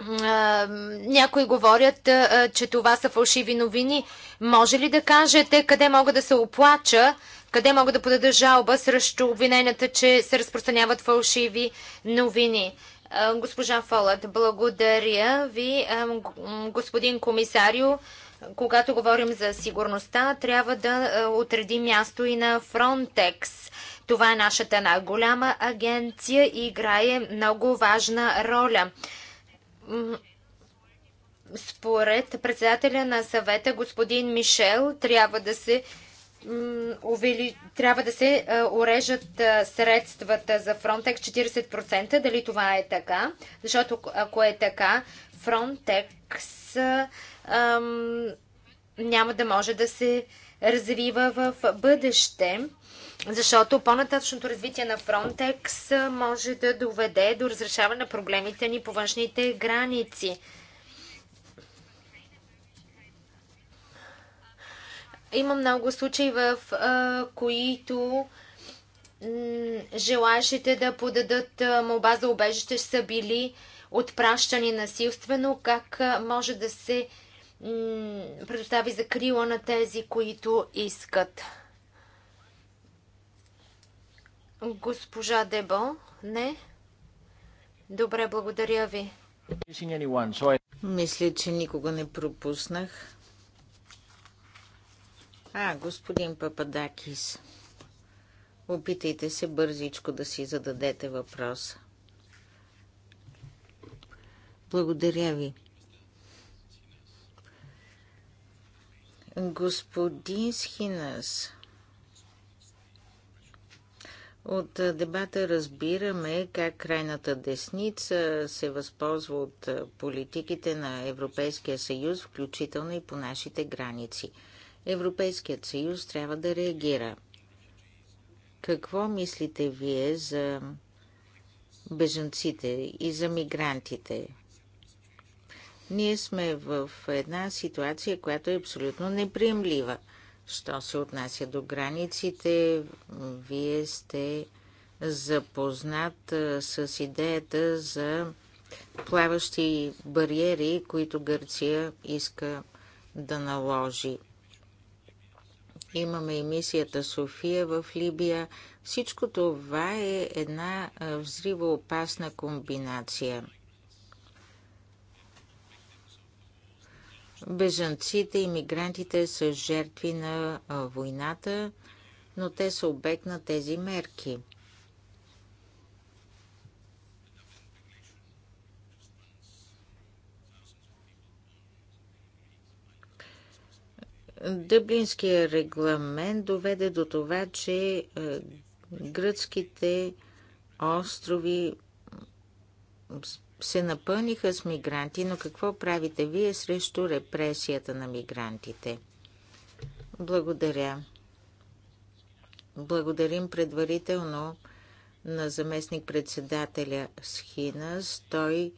някои говорят, че това са фалшиви новини. Може ли да кажете къде мога да се оплача, къде мога да подада жалба срещу обвиненията, че се разпространяват фалшиви новини? Госпожа Фолът, благодаря ви, господин комисарио. Когато говорим за сигурността, трябва да отреди място и на Frontex. Това е нашата най-голяма агенция и играе много важна роля според председателя на съвета господин Мишел трябва да се трябва да се урежат средствата за Frontex 40%. Дали това е така? Защото ако е така, Frontex ам, няма да може да се развива в бъдеще защото по-нататъчното развитие на Frontex може да доведе до разрешаване на проблемите ни по външните граници. Има много случаи, в които желаящите да подадат молба за убежище са били отпращани насилствено. Как може да се предостави закрила на тези, които искат? Госпожа Дебо? Не? Добре, благодаря ви.
Мисля, че никога не пропуснах. А, господин Пападакис, опитайте се бързичко да си зададете въпроса. Благодаря ви. Господин Схинас, от дебата разбираме как крайната десница се възползва от политиките на Европейския съюз, включително и по нашите граници. Европейският съюз трябва да реагира. Какво мислите вие за бежанците и за мигрантите? Ние сме в една ситуация, която е абсолютно неприемлива – Що се отнася до границите, вие сте запознат с идеята за плаващи бариери, които Гърция иска да наложи. Имаме и мисията София в Либия. Всичко това е една взривоопасна комбинация – Бежанците и мигрантите са жертви на войната, но те са обект на тези мерки. Дъблинския регламент доведе до това, че гръцките острови се напълниха с мигранти, но какво правите вие срещу репресията на мигрантите? Благодаря. Благодарим предварително на заместник-председателя Схинас. Той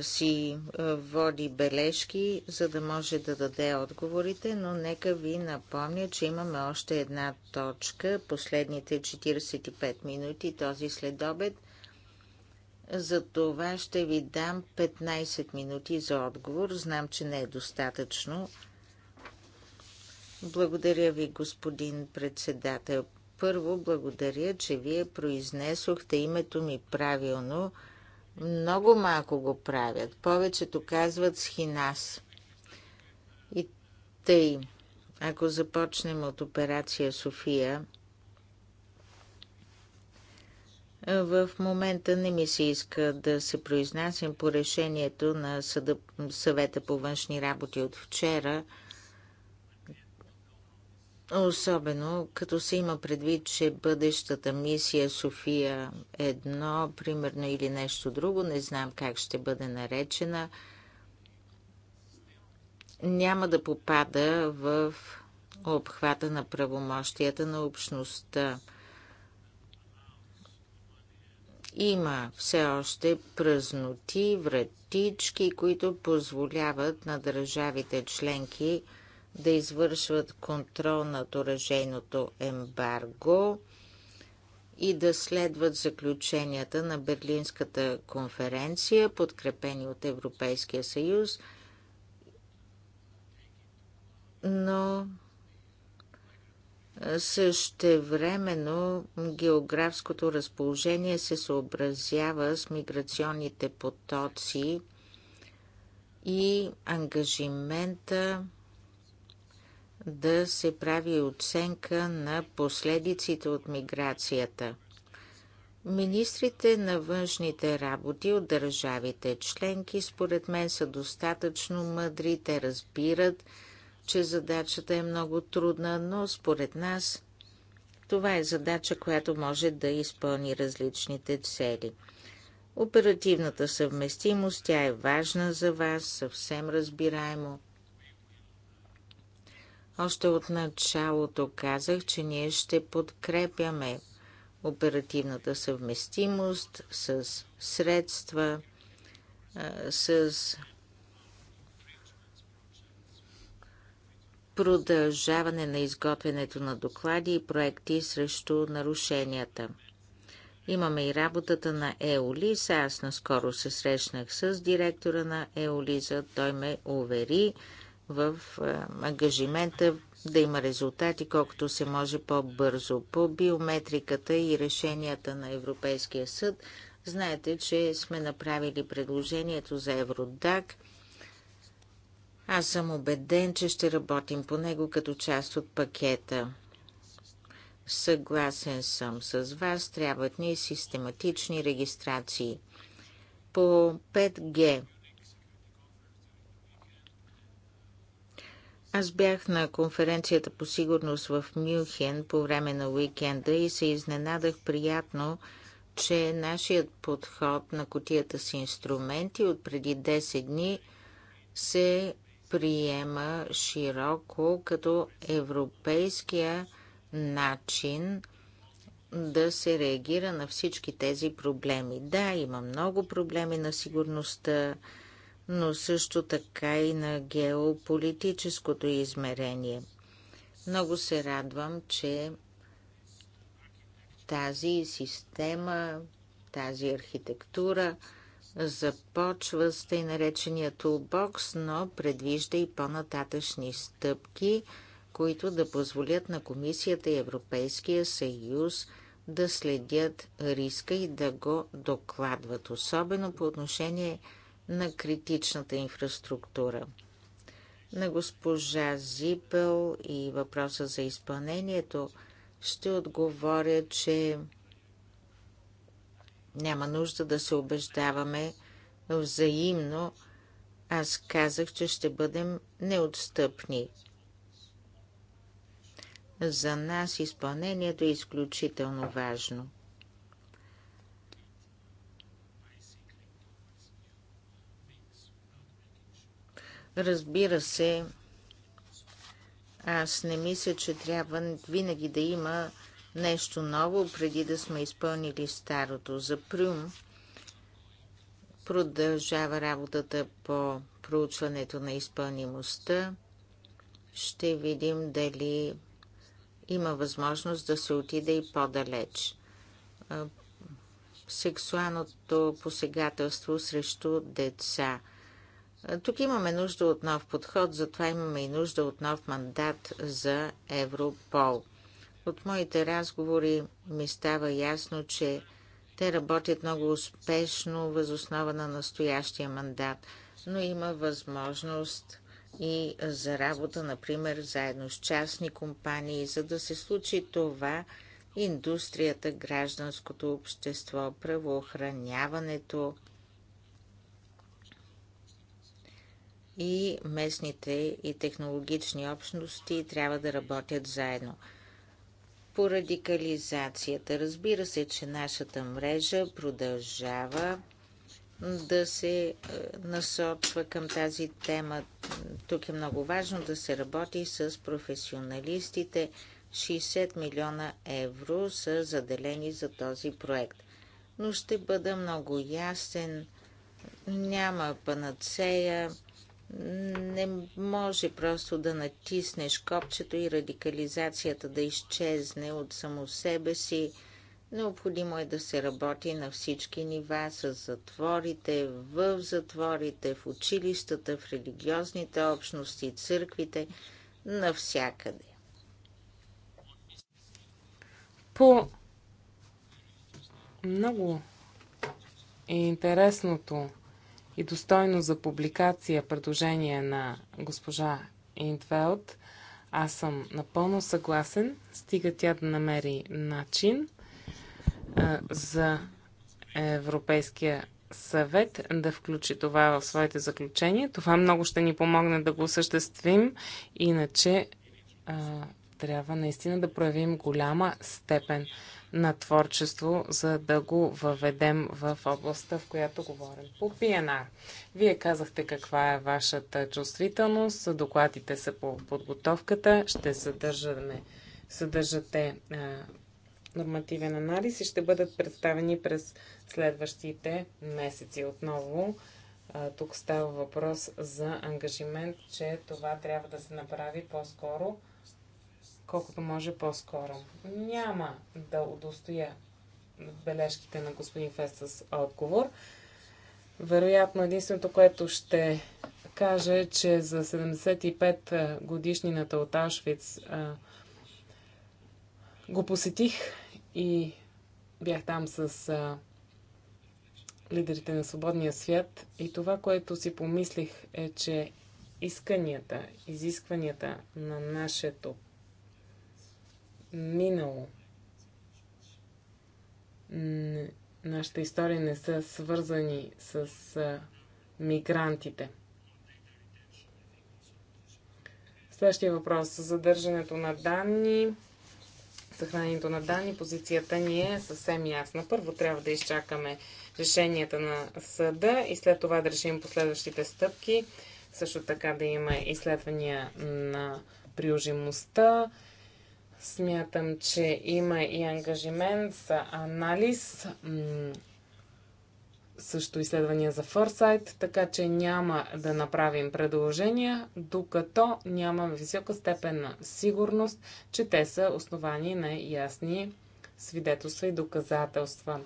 си води бележки, за да може да даде отговорите, но нека ви напомня, че имаме още една точка, последните 45 минути този следобед. За това ще ви дам 15 минути за отговор. Знам, че не е достатъчно. Благодаря ви, господин председател. Първо, благодаря, че вие произнесохте името ми правилно. Много малко го правят. Повечето казват схинас. И тъй, ако започнем от операция София, в момента не ми се иска да се произнасям по решението на съда, съвета по външни работи от вчера, Особено като се има предвид, че бъдещата мисия София едно, примерно, или нещо друго, не знам как ще бъде наречена, няма да попада в обхвата на правомощията на общността. Има все още празноти, вратички, които позволяват на държавите членки да извършват контрол над оръжейното ембарго и да следват заключенията на Берлинската конференция, подкрепени от Европейския съюз, но Същевременно географското разположение се съобразява с миграционните потоци и ангажимента да се прави оценка на последиците от миграцията. Министрите на външните работи от държавите членки според мен са достатъчно мъдри, те разбират, че задачата е много трудна, но според нас това е задача, която може да изпълни различните цели. Оперативната съвместимост, тя е важна за вас, съвсем разбираемо. Още от началото казах, че ние ще подкрепяме оперативната съвместимост с средства, с продължаване на изготвянето на доклади и проекти срещу нарушенията. Имаме и работата на Еолис. Аз наскоро се срещнах с директора на Еолиза. Той ме увери в е, ангажимента да има резултати колкото се може по-бързо. По биометриката и решенията на Европейския съд, знаете, че сме направили предложението за Евродак – аз съм убеден, че ще работим по него като част от пакета. Съгласен съм с вас, трябват ни систематични регистрации. По 5G. Аз бях на конференцията по сигурност в Мюнхен по време на уикенда и се изненадах приятно, че нашият подход на котията с инструменти от преди 10 дни се приема широко като европейския начин да се реагира на всички тези проблеми. Да, има много проблеми на сигурността, но също така и на геополитическото измерение. Много се радвам, че тази система, тази архитектура – започва с тъй наречения тулбокс, но предвижда и по-нататъчни стъпки, които да позволят на Комисията и Европейския съюз да следят риска и да го докладват, особено по отношение на критичната инфраструктура. На госпожа Зипел и въпроса за изпълнението ще отговоря, че няма нужда да се убеждаваме взаимно. Аз казах, че ще бъдем неотстъпни. За нас изпълнението е изключително важно. Разбира се, аз не мисля, че трябва винаги да има нещо ново, преди да сме изпълнили старото. За Прюм продължава работата по проучването на изпълнимостта. Ще видим дали има възможност да се отиде и по-далеч. Сексуалното посегателство срещу деца. Тук имаме нужда от нов подход, затова имаме и нужда от нов мандат за Европол – от моите разговори ми става ясно, че те работят много успешно възоснова на настоящия мандат, но има възможност и за работа, например, заедно с частни компании, за да се случи това, индустрията, гражданското общество, правоохраняването и местните и технологични общности трябва да работят заедно по радикализацията. Разбира се, че нашата мрежа продължава да се е, насочва към тази тема. Тук е много важно да се работи с професионалистите. 60 милиона евро са заделени за този проект. Но ще бъда много ясен. Няма панацея не може просто да натиснеш копчето и радикализацията да изчезне от само себе си. Необходимо е да се работи на всички нива, с затворите, в затворите, в училищата, в религиозните общности, църквите, навсякъде. По
много интересното и достойно за публикация предложение на госпожа Интвелд, аз съм напълно съгласен, стига тя да намери начин за Европейския съвет да включи това в своите заключения. Това много ще ни помогне да го осъществим, иначе трябва наистина да проявим голяма степен на творчество, за да го въведем в областта, в която говорим. По PNR. Вие казахте каква е вашата чувствителност, докладите са по подготовката, ще съдържаме, съдържате е, нормативен анализ и ще бъдат представени през следващите месеци отново. е, тук става въпрос за ангажимент, че това трябва да се направи по-скоро колкото може по-скоро. Няма да удостоя бележките на господин Фест с отговор. Вероятно, единственото, което ще кажа е, че за 75 годишнината от Аушвиц а, го посетих и бях там с а, лидерите на свободния свят. И това, което си помислих е, че исканията, изискванията на нашето минало. Нашите истории не са свързани с мигрантите. Следващия въпрос. Задържането на данни, съхранението на данни, позицията ни е съвсем ясна. Първо трябва да изчакаме решенията на съда и след това да решим последващите стъпки. Също така да има изследвания на приложимостта Смятам, че има и ангажимент за анализ, също изследвания за форсайт, така че няма да направим предложения, докато няма висока степен на сигурност, че те са основани на ясни свидетелства и доказателства.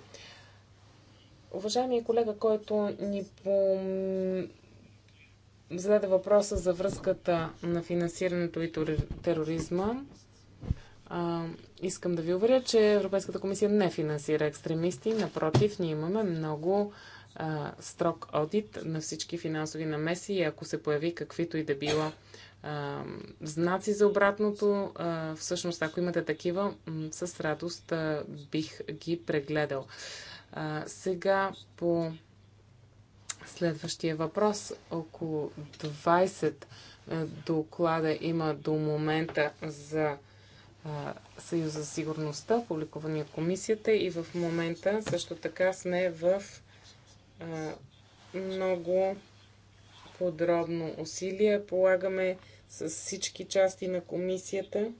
Уважаеми колега, който ни по... зададе въпроса за връзката на финансирането и тероризма, а, искам да ви уверя, че Европейската комисия не финансира екстремисти. Напротив, ние имаме много а, строг одит на всички финансови намеси и ако се появи каквито и да било а, знаци за обратното, а, всъщност ако имате такива, с радост а, бих ги прегледал. А, сега по следващия въпрос. Около 20 доклада има до момента за Съюза за сигурността, публикувани от комисията и в момента също така сме в а, много подробно усилие. Полагаме с всички части на комисията,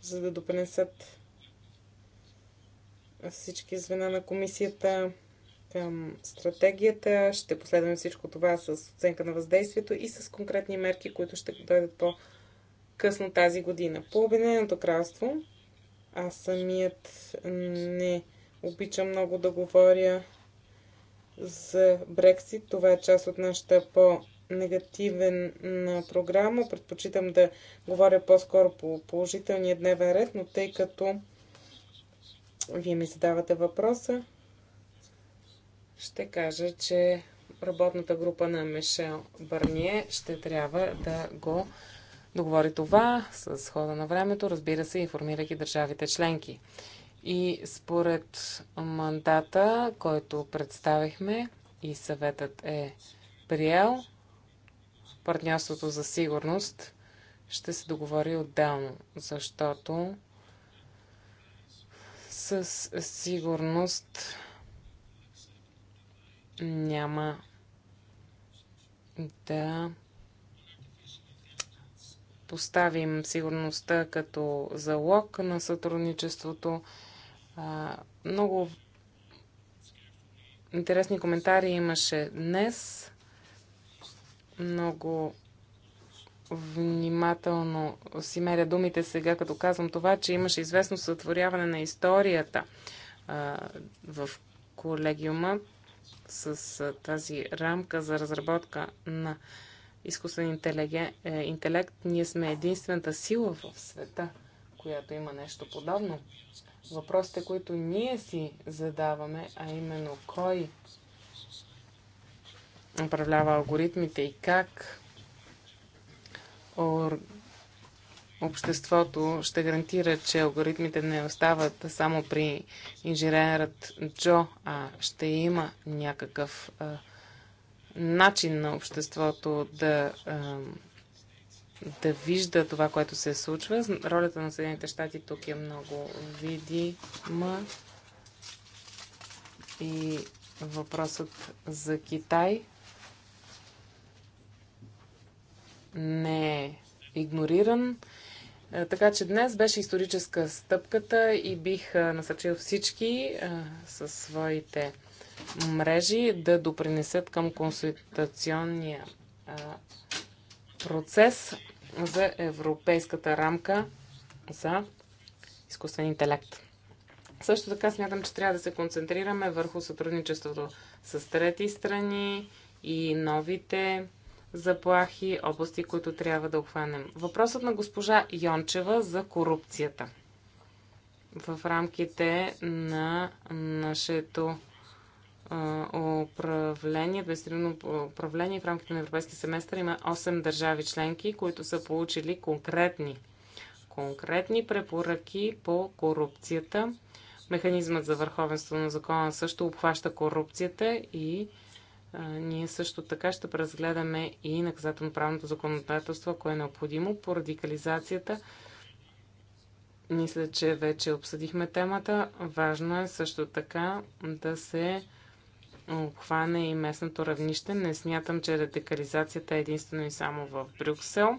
за да допренесат всички звена на комисията към стратегията. Ще последваме всичко това с оценка на въздействието и с конкретни мерки, които ще дойдат по късно тази година. По Обединеното кралство, аз самият не обичам много да говоря за Брексит. Това е част от нашата по-негативен програма. Предпочитам да говоря по-скоро по положителния дневен ред, но тъй като вие ми задавате въпроса, ще кажа, че работната група на Мишел Бърние ще трябва да го договори това с хода на времето, разбира се, информирайки държавите членки. И според мандата, който представихме и съветът е приел, партньорството за сигурност ще се договори отделно, защото със сигурност няма да поставим сигурността като залог на сътрудничеството. Много интересни коментари имаше днес. Много внимателно си меря думите сега, като казвам това, че имаше известно сътворяване на историята в колегиума с тази рамка за разработка на изкуствен е, интелект, ние сме единствената сила в света, която има нещо подобно. Въпросите, които ние си задаваме, а именно кой управлява алгоритмите и как обществото ще гарантира, че алгоритмите не остават само при инженерът Джо, а ще има някакъв а, начин на обществото да, да вижда това, което се случва. Ролята на Съединените щати тук е много видима. И въпросът за Китай не е игнориран. Така че днес беше историческа стъпката и бих насърчил всички със своите мрежи да допринесат към консултационния процес за европейската рамка за изкуствен интелект. Също така смятам, че трябва да се концентрираме върху сътрудничеството с трети страни и новите заплахи, области, които трябва да обхванем. Въпросът на госпожа Йончева за корупцията в рамките на нашето управление, административно управление в рамките на Европейския семестър има 8 държави членки, които са получили конкретни, конкретни препоръки по корупцията. Механизмът за върховенство на закона също обхваща корупцията и а, ние също така ще преразгледаме и наказателно-правното законодателство, ако е необходимо по радикализацията. Мисля, че вече обсъдихме темата. Важно е също така да се обхване и местното равнище. Не смятам, че радикализацията е единствено и само в Брюксел.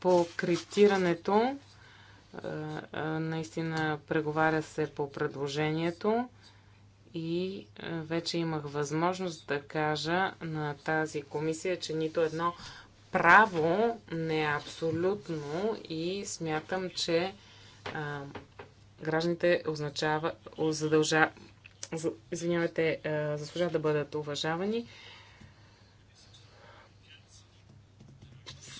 По криптирането наистина преговаря се по предложението и вече имах възможност да кажа на тази комисия, че нито едно право не е абсолютно и смятам, че гражданите означава, задължа, извинявайте, е, заслужават да бъдат уважавани.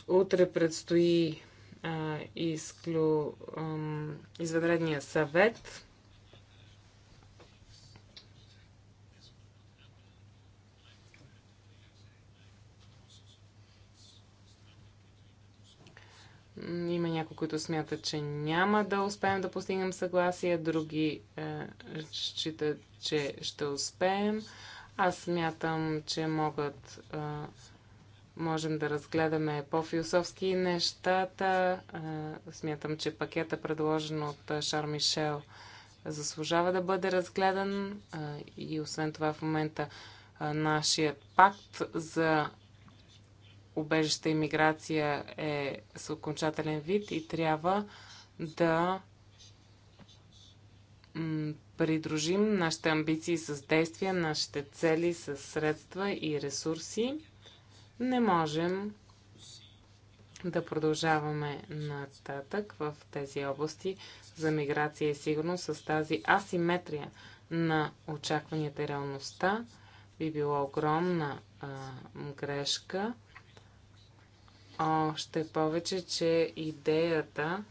Утре предстои е, изклю, извънредния съвет. Има някои, които смятат, че няма да успеем да постигнем съгласие, други е, считат, че ще успеем. Аз смятам, че могат, е, можем да разгледаме по-философски нещата. Е, смятам, че пакета, предложен от е, Шар Мишел, заслужава да бъде разгледан. Е, и освен това, в момента е, нашият пакт за убежище и миграция е с окончателен вид и трябва да придружим нашите амбиции с действия, нашите цели с средства и ресурси. Не можем да продължаваме нататък в тези области за миграция и сигурност с тази асиметрия на очакванията и реалността би било огромна а, грешка още повече, че идеята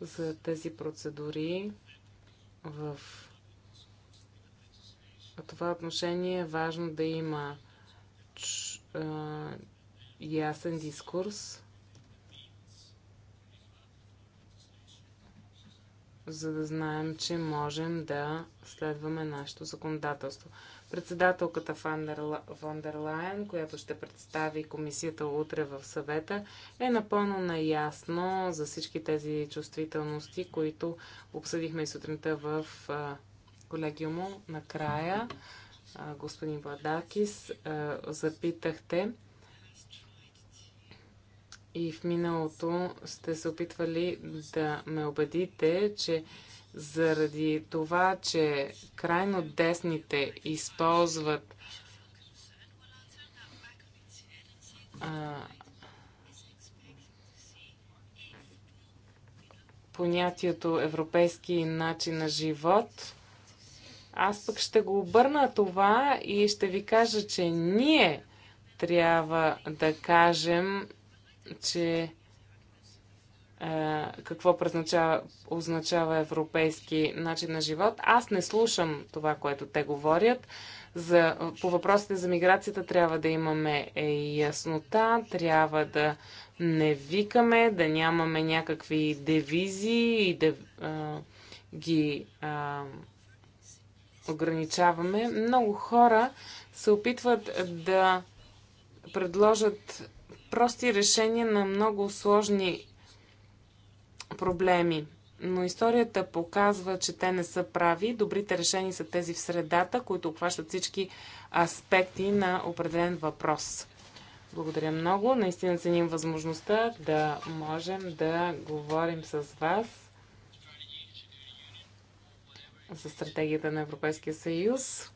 за тези процедури в това отношение е важно да има ч... а... ясен дискурс, за да знаем, че можем да следваме нашето законодателство. Председателката Фон дер Лайен, която ще представи комисията утре в съвета, е напълно наясно за всички тези чувствителности, които обсъдихме и сутринта в колегиума. Накрая, господин Бладакис, запитахте и в миналото сте се опитвали да ме убедите, че заради това, че крайно десните използват а, понятието европейски начин на живот, аз пък ще го обърна това и ще ви кажа, че ние трябва да кажем, че е, какво означава, означава европейски начин на живот. Аз не слушам това, което те говорят. За, по въпросите за миграцията трябва да имаме е, яснота, трябва да не викаме, да нямаме някакви девизии и да а, е, ги а, ограничаваме. Много хора се опитват да предложат прости решения на много сложни проблеми. Но историята показва, че те не са прави. Добрите решения са тези в средата, които обхващат всички аспекти на определен въпрос. Благодаря много. Наистина ценим възможността да можем да говорим с вас за стратегията на Европейския съюз.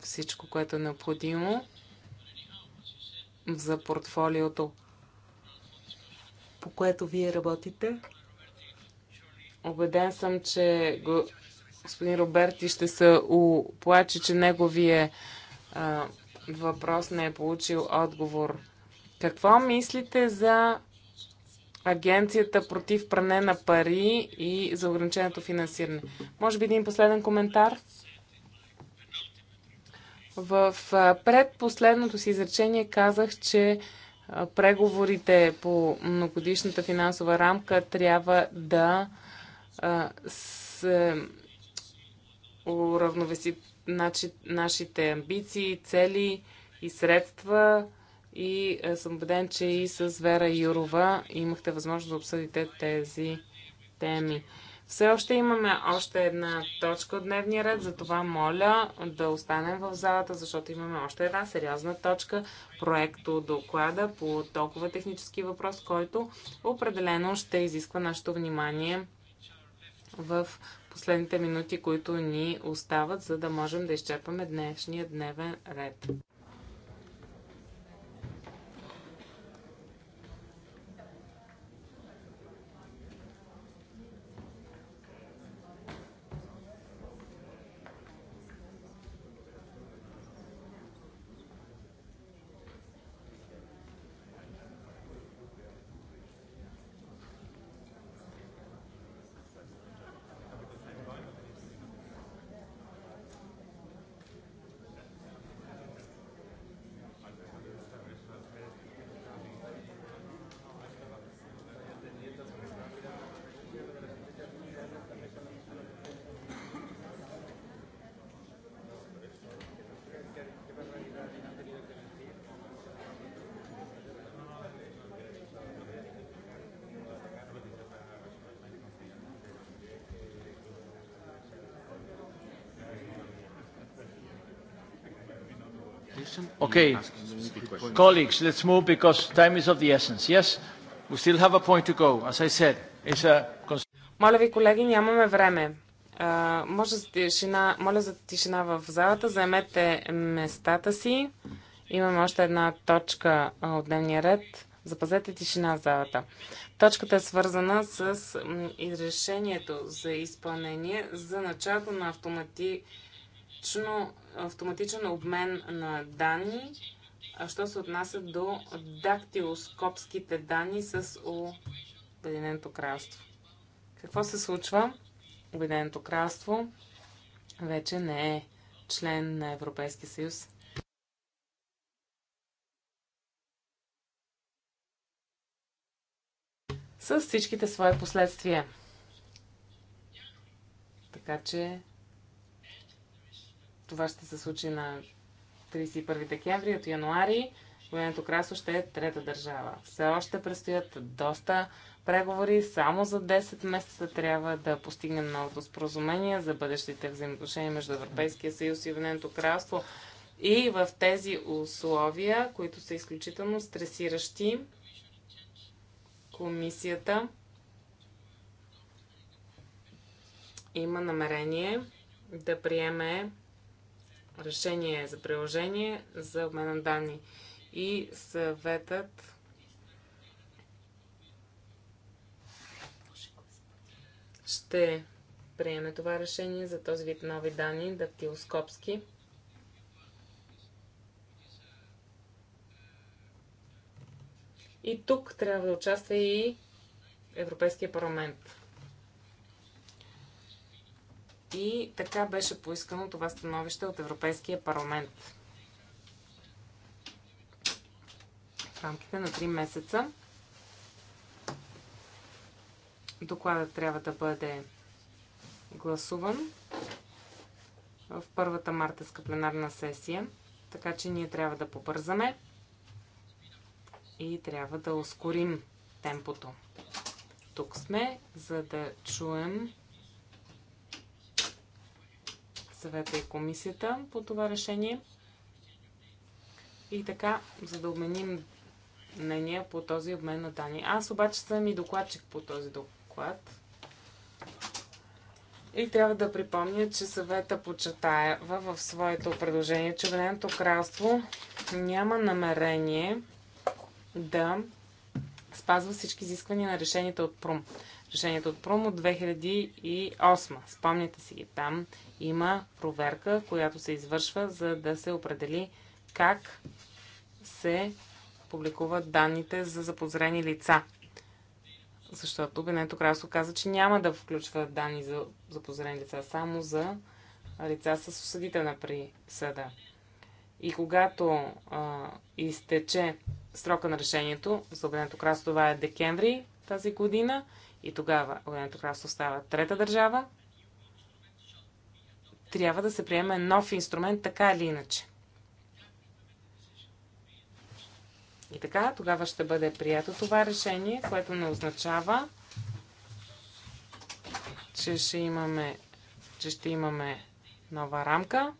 Всичко, което е необходимо за портфолиото по което вие работите. Обеден съм, че го, господин Роберти ще се оплаче, че неговия а, въпрос не е получил отговор. Какво мислите за Агенцията против пране на пари и за ограниченото финансиране? Може би един последен коментар? В предпоследното си изречение казах, че преговорите по многодишната финансова рамка трябва да се уравновеси нашите амбиции, цели и средства. И съм убеден, че и с Вера Юрова имахте възможност да обсъдите тези теми. Все още имаме още една точка от дневния ред, затова моля да останем в залата, защото имаме още една сериозна точка, проекто доклада по толкова технически въпрос, който определено ще изисква нашето внимание в последните минути, които ни остават, за да можем да изчерпаме днешния дневен ред.
Okay, colleagues, let's move because time is of the essence. Yes, we still have a point to go. As I said, it's a... Моля ви, колеги, нямаме
време. А, може за тишина, моля за тишина в залата. Заемете местата си. Имаме още една точка от дневния ред. Запазете тишина в залата. Точката е свързана с решението за изпълнение за началото на автомати автоматично, автоматичен обмен на данни, що се отнася до дактилоскопските данни с Обединеното кралство. Какво се случва? Обединеното кралство вече не е член на Европейския съюз. С всичките свои последствия. Така че това ще се случи на 31 декември от януари. Обединеното красо ще е трета държава. Все още предстоят доста преговори. Само за 10 месеца трябва да постигнем новото споразумение за бъдещите взаимоотношения между Европейския съюз и Обединеното кралство. И в тези условия, които са изключително стресиращи, комисията има намерение да приеме решение за приложение за обмен на данни. И съветът ще приеме това решение за този вид нови данни, дактилоскопски. И тук трябва да участва и Европейския парламент. И така беше поискано това становище от Европейския парламент. В рамките на 3 месеца докладът трябва да бъде гласуван в първата мартеска пленарна сесия, така че ние трябва да побързаме и трябва да ускорим темпото. Тук сме, за да чуем съвета и комисията по това решение. И така, за да обменим мнения по този обмен на данни. Аз обаче съм и докладчик по този доклад. И трябва да припомня, че съвета почетаява в своето предложение, че Обединеното кралство няма намерение да спазва всички изисквания на решенията от ПРУМ решението от Промо 2008. Спомняте си ги. Там има проверка, която се извършва, за да се определи как се публикуват данните за запозрени лица. Защото Обединеното кралство каза, че няма да включва данни за запозрени лица, само за лица с осъдителна присъда. И когато а, изтече срока на решението за Обединеното кралство, това е декември тази година, и тогава Обединеното кралство става трета държава, трябва да се приеме нов инструмент, така или иначе. И така, тогава ще бъде прието това решение, което не означава, че ще имаме, че ще имаме нова рамка,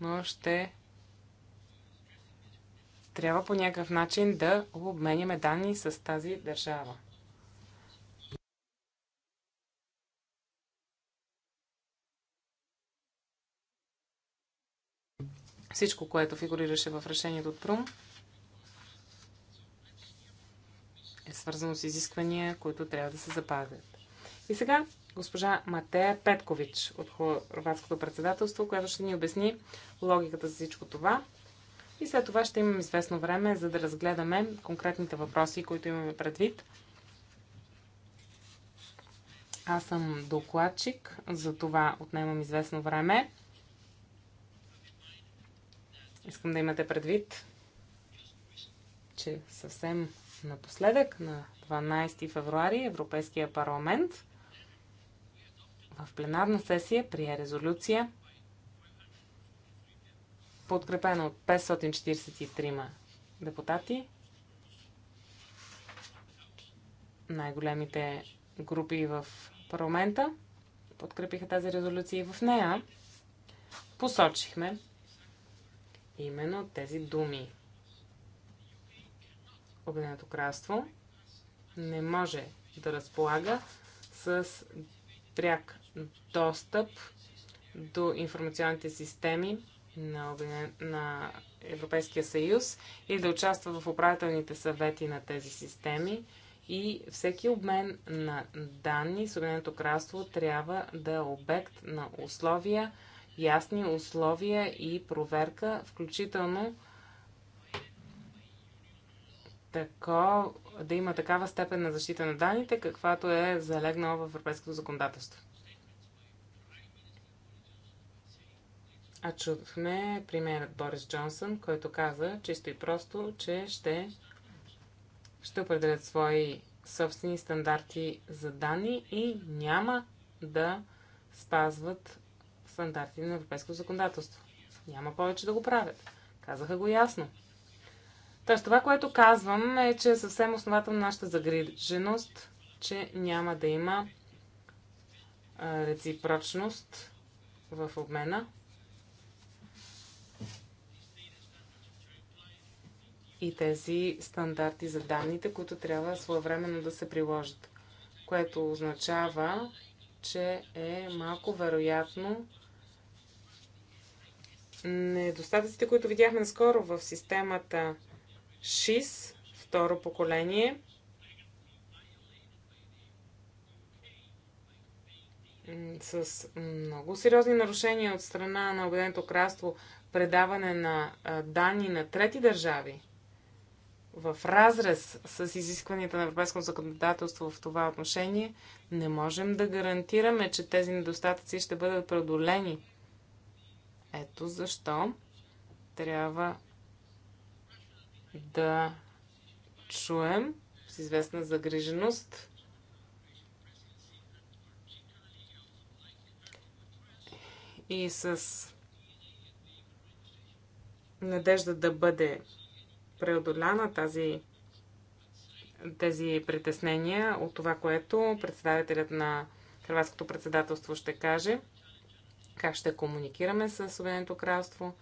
но ще трябва по някакъв начин да обменяме данни с тази държава. всичко, което фигурираше в решението от Прум, е свързано с изисквания, които трябва да се запазят. И сега госпожа Матея Петкович от Хорватското председателство, която ще ни обясни логиката за всичко това. И след това ще имам известно време, за да разгледаме конкретните въпроси, които имаме предвид. Аз съм докладчик, за това отнемам известно време. Искам да имате предвид, че съвсем напоследък, на 12 февруари, Европейския парламент в пленарна сесия прие резолюция, подкрепена от 543 депутати, най-големите групи в парламента подкрепиха тази резолюция и в нея посочихме, именно тези думи. Обединеното кралство не може да разполага с пряк достъп до информационните системи на, на Европейския съюз и да участва в управителните съвети на тези системи. И всеки обмен на данни с Обединеното кралство трябва да е обект на условия, ясни условия и проверка, включително тако, да има такава степен на защита на данните, каквато е залегнала в европейското законодателство. А чухме примерът Борис Джонсън, който каза чисто и просто, че ще, ще определят свои собствени стандарти за данни и няма да спазват стандарти на европейското законодателство. Няма повече да го правят. Казаха го ясно. Тоест, това, което казвам, е, че е съвсем основателна нашата загриженост, че няма да има реципрочност в обмена. И тези стандарти за данните, които трябва своевременно да се приложат. Което означава, че е малко вероятно недостатъците, които видяхме наскоро в системата ШИС, второ поколение, с много сериозни нарушения от страна на Обеденото кралство предаване на данни на трети държави в разрез с изискванията на европейското законодателство в това отношение, не можем да гарантираме, че тези недостатъци ще бъдат преодолени ето защо трябва да чуем с известна загриженост и с надежда да бъде преодоляна тази, тези притеснения от това, което председателят на Хрватското председателство ще каже – как ще комуникираме с Обединеното кралство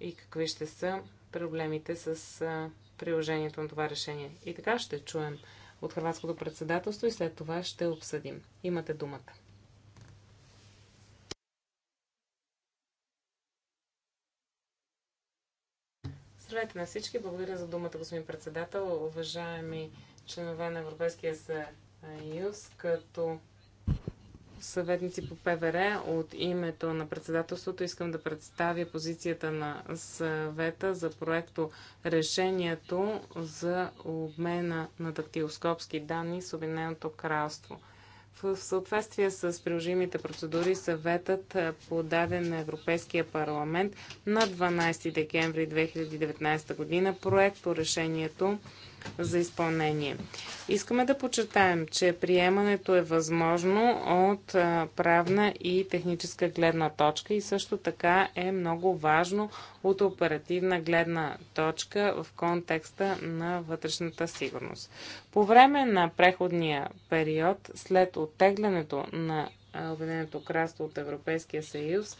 и какви ще са проблемите с приложението на това решение. И така ще чуем от Хрватското председателство и след това ще обсъдим. Имате думата. Здравейте на всички. Благодаря за думата, господин председател. Уважаеми членове на Европейския съюз, като съветници по ПВР, от името на председателството искам да представя позицията на съвета за проекто решението за обмена на дактилоскопски данни с Обединеното кралство. В съответствие с приложимите процедури, съветът подаде на Европейския парламент на 12 декември 2019 година проекто решението за изпълнение. Искаме да подчертаем, че приемането е възможно от правна и техническа гледна точка и също така е много важно от оперативна гледна точка в контекста на вътрешната сигурност. По време на преходния период, след оттеглянето на Обединеното кралство от Европейския съюз,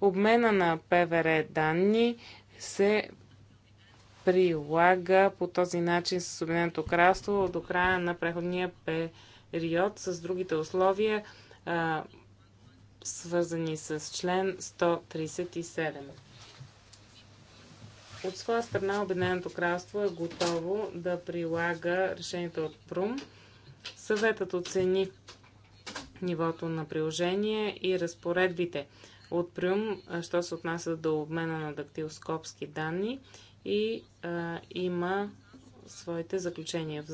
обмена на ПВР данни се прилага по този начин с Обединеното кралство до края на преходния период с другите условия, а, свързани с член 137. От своя страна Обединеното кралство е готово да прилага решението от ПРУМ. Съветът оцени нивото на приложение и разпоредбите от ПРУМ, що се отнася до обмена на дактилоскопски данни и а, има своите заключения.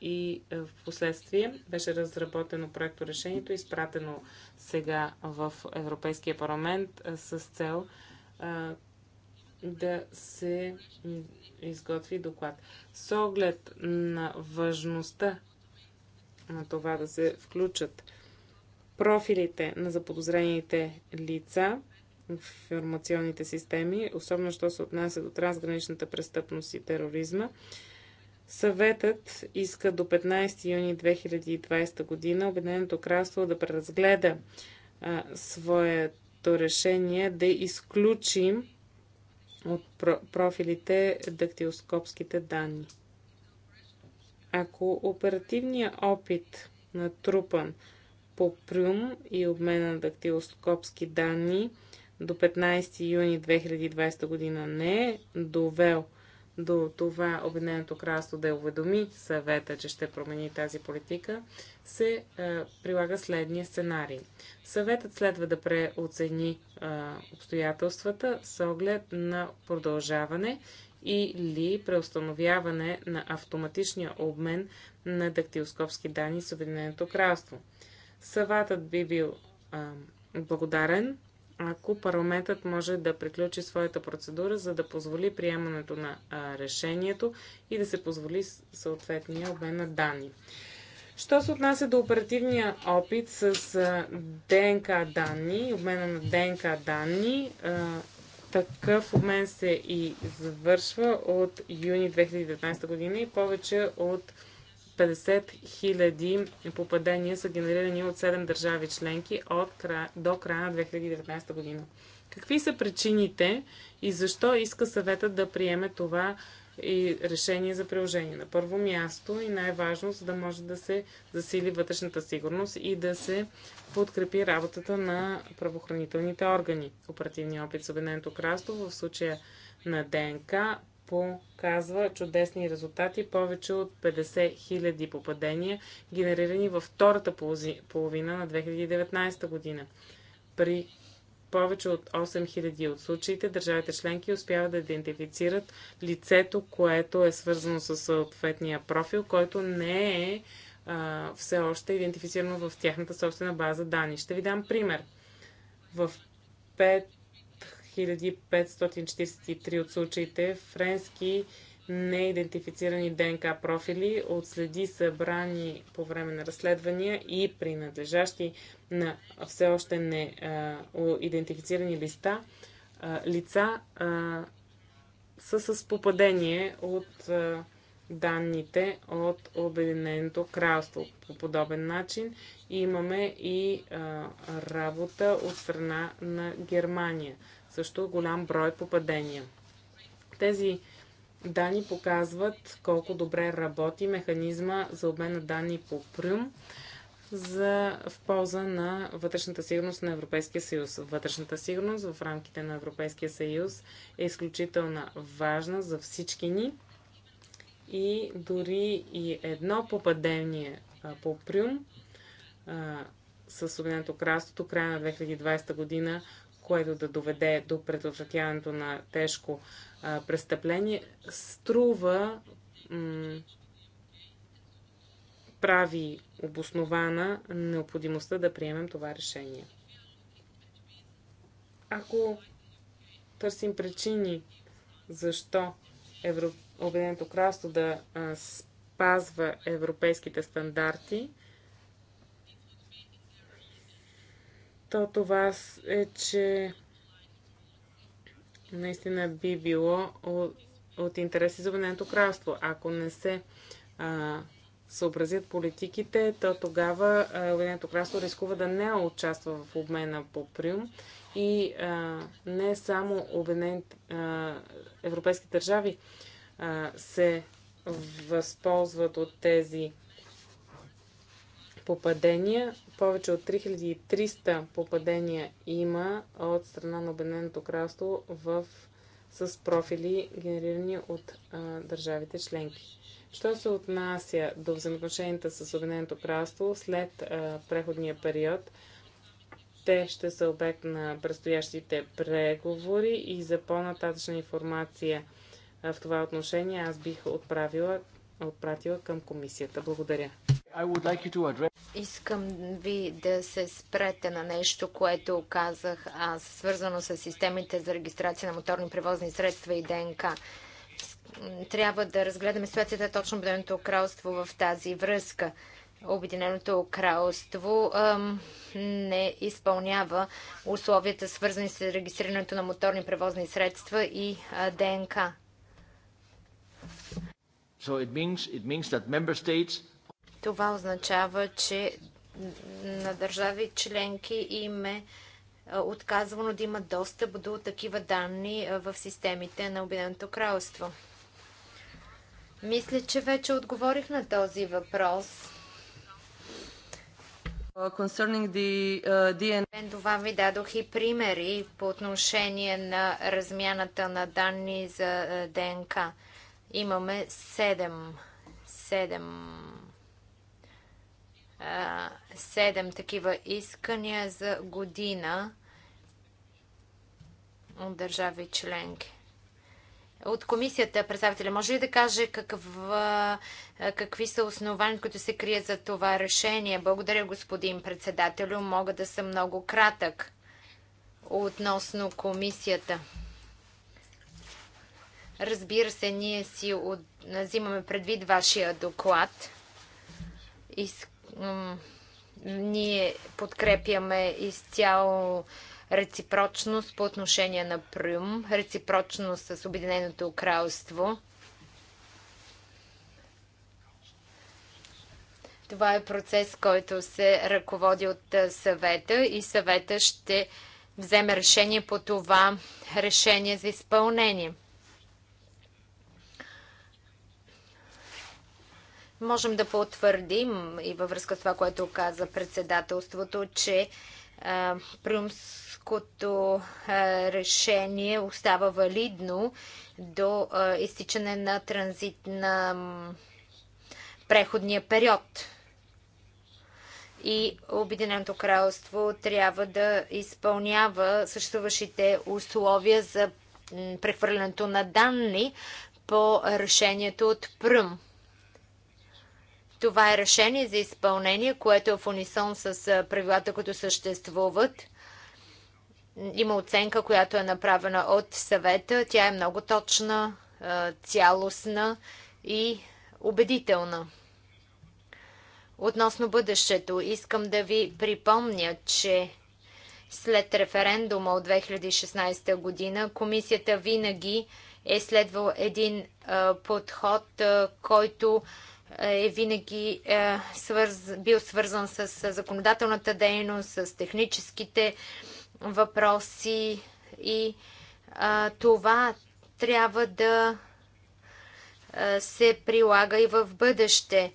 И в последствие беше разработено проекто решението, изпратено сега в Европейския парламент с цел а, да се изготви доклад. С оглед на важността на това да се включат профилите на заподозрените лица, информационните системи, особено що се отнася до трансграничната престъпност и тероризма. Съветът иска до 15 юни 2020 година Обединеното кралство да преразгледа а, своето решение да изключим от профилите дактилоскопските данни. Ако оперативният опит натрупан по Прюм и обмена на дактилоскопски данни – до 15 юни 2020 година не е довел до това Обединеното кралство да уведоми съвета, че ще промени тази политика, се е, прилага следния сценарий. Съветът следва да преоцени е, обстоятелствата с оглед на продължаване или преустановяване на автоматичния обмен на дактилоскопски данни с Обединеното кралство. Съветът би бил е, благодарен ако парламентът може да приключи своята процедура, за да позволи приемането на а, решението и да се позволи съответния обмен на данни. Що се отнася до оперативния опит с а, ДНК данни, обмена на ДНК данни, а, такъв обмен се и завършва от юни 2019 година и повече от 50 000 попадения са генерирани от 7 държави членки от кра... до края на 2019 година. Какви са причините и защо иска съветът да приеме това и решение за приложение? На първо място и най-важно, за да може да се засили вътрешната сигурност и да се подкрепи работата на правоохранителните органи. Оперативния опит с Обединеното кралство в случая на ДНК показва чудесни резултати. Повече от 50 000 попадения, генерирани във втората половина на 2019 година. При повече от 8000 от случаите държавите членки успяват да идентифицират лицето, което е свързано с съответния профил, който не е а, все още идентифицирано в тяхната собствена база данни. Ще ви дам пример. В 1543 от случаите френски неидентифицирани ДНК профили от следи събрани по време на разследвания и принадлежащи на все още не а, идентифицирани листа, а, лица а, са с попадение от а, данните от Обединеното кралство. По подобен начин имаме и а, работа от страна на Германия също голям брой попадения. Тези данни показват колко добре работи механизма за обмен на данни по Прюм за, в полза на вътрешната сигурност на Европейския съюз. Вътрешната сигурност в рамките на Европейския съюз е изключително важна за всички ни и дори и едно попадение по Прюм с Огненото кралство до края на 2020 година което да доведе до предотвратяването на тежко а, престъпление, струва прави обоснована необходимостта да приемем това решение. Ако търсим причини защо Евро... Обединеното кралство да а, спазва европейските стандарти, то това е, че наистина би било от, от интерес и за Обединеното кралство. Ако не се а, съобразят политиките, то тогава Обединеното кралство рискува да не участва в обмена по Прим и а, не само обединен, а, европейски държави а, се възползват от тези попадения. Повече от 3300 попадения има от страна на Обединеното кралство в, с профили, генерирани от а, държавите членки. Що се отнася до взаимоотношенията с Обединеното кралство след а, преходния период, те ще са обект на предстоящите преговори и за по-нататъчна информация а, в това отношение аз бих отправила, отпратила към комисията. Благодаря.
Like Искам ви да се спрете на нещо, което казах аз, свързано с системите за регистрация на моторни превозни средства и ДНК. Трябва да разгледаме ситуацията точно Обединеното кралство в тази връзка. Обединеното кралство ам, не изпълнява условията, свързани с регистрирането на моторни превозни средства и а, ДНК.
So it means, it means that member states
това означава, че на държави членки им е, е отказвано да имат достъп до такива данни е, в системите на Обединеното кралство. Мисля, че вече отговорих на този въпрос.
Uh, uh,
това ви дадох и примери по отношение на размяната на данни за е, ДНК. Имаме 7, 7 7 такива искания за година от държави членки. От комисията, представителя, може ли да каже каква, какви са основания, които се крият за това решение? Благодаря, господин председателю. Мога да съм много кратък относно комисията. Разбира се, ние си от... взимаме предвид вашия доклад. Искам ние подкрепяме изцяло реципрочност по отношение на Прюм, реципрочност с Обединеното кралство. Това е процес, който се ръководи от съвета и съвета ще вземе решение по това решение за изпълнение. Можем да потвърдим и във връзка с това, което каза председателството, че е, Прюмското е, решение остава валидно до е, изтичане на транзит на преходния период. И Обединеното кралство трябва да изпълнява съществуващите условия за прехвърлянето на данни по решението от Пръм. Това е решение за изпълнение, което е в унисон с правилата, които съществуват. Има оценка, която е направена от съвета. Тя е много точна, цялостна и убедителна. Относно бъдещето, искам да ви припомня, че след референдума от 2016 година, комисията винаги е следвал един подход, който е винаги е, свърз, бил свързан с, с законодателната дейност, с техническите въпроси и е, това трябва да се прилага и в бъдеще.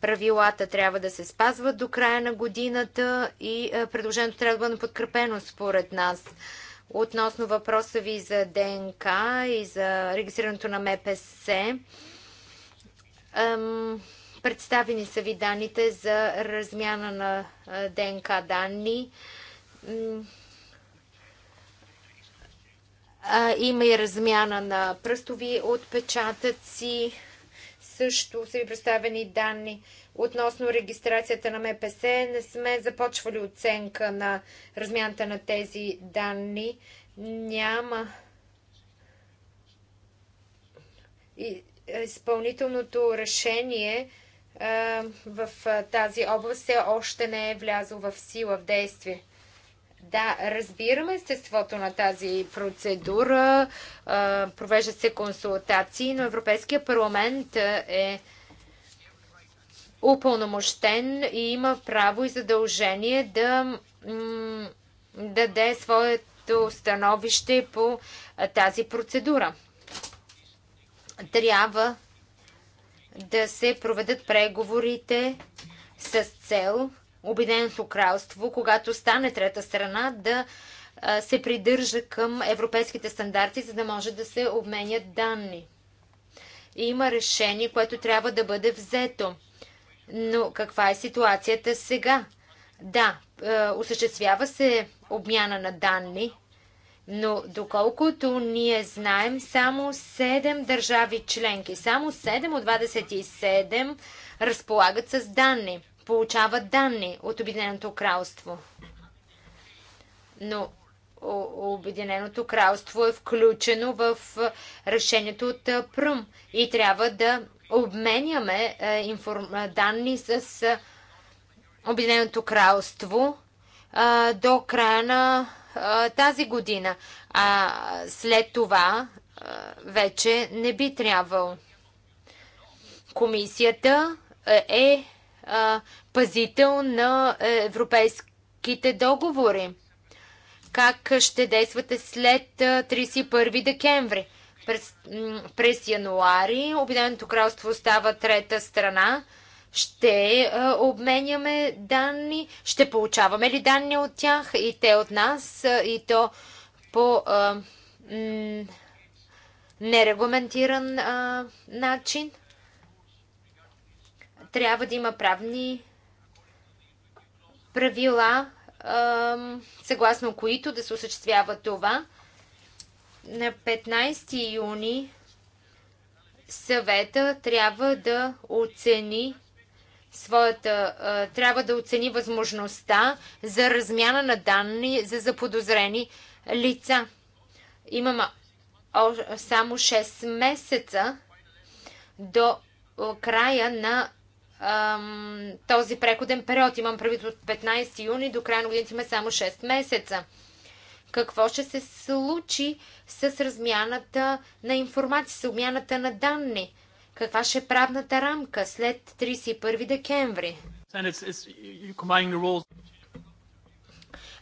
Правилата трябва да се спазват до края на годината и предложението трябва да бъде подкрепено според нас. Относно въпроса ви за ДНК и за регистрирането на МПС, Представени са ви данните за размяна на ДНК данни. Има и размяна на пръстови отпечатъци. Също са ви представени данни относно регистрацията на МПС. Не сме започвали оценка на размяната на тези данни. Няма. И изпълнителното решение в тази област все още не е влязло в сила, в действие. Да, разбираме естеството на тази процедура. Провеждат се консултации, но Европейския парламент е упълномощен и има право и задължение да даде своето становище по тази процедура трябва да се проведат преговорите с цел Обединеното кралство, когато стане трета страна, да се придържа към европейските стандарти, за да може да се обменят данни. И има решение, което трябва да бъде взето. Но каква е ситуацията сега? Да, осъществява се обмяна на данни, но доколкото ние знаем, само 7 държави членки, само 7 от 27 разполагат с данни, получават данни от Обединеното кралство. Но Обединеното кралство е включено в решението от Пръм и трябва да обменяме данни с Обединеното кралство до края на тази година. А след това вече не би трябвало. Комисията е пазител на европейските договори. Как ще действате след 31 декември? През, през януари Обединеното кралство става трета страна. Ще обменяме данни, ще получаваме ли данни от тях и те от нас, и то по нерегламентиран а, начин. Трябва да има правни правила, а, съгласно които да се осъществява това. На 15 юни съвета трябва да оцени своята, трябва да оцени възможността за размяна на данни за заподозрени лица. Имаме само 6 месеца до края на ам, този преходен период. Имам правит от 15 юни до края на годината има само 6 месеца. Какво ще се случи с размяната на информация, с обмяната на данни? Каква ще е правната рамка след 31 декември?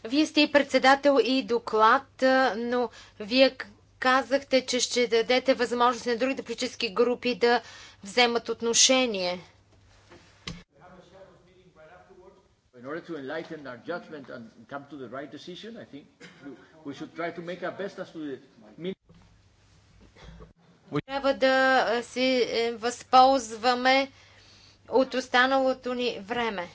Вие сте и председател и доклад, но вие казахте, че ще дадете възможност на другите политически групи да вземат отношение.
right decision, we
трябва да се възползваме от останалото ни време.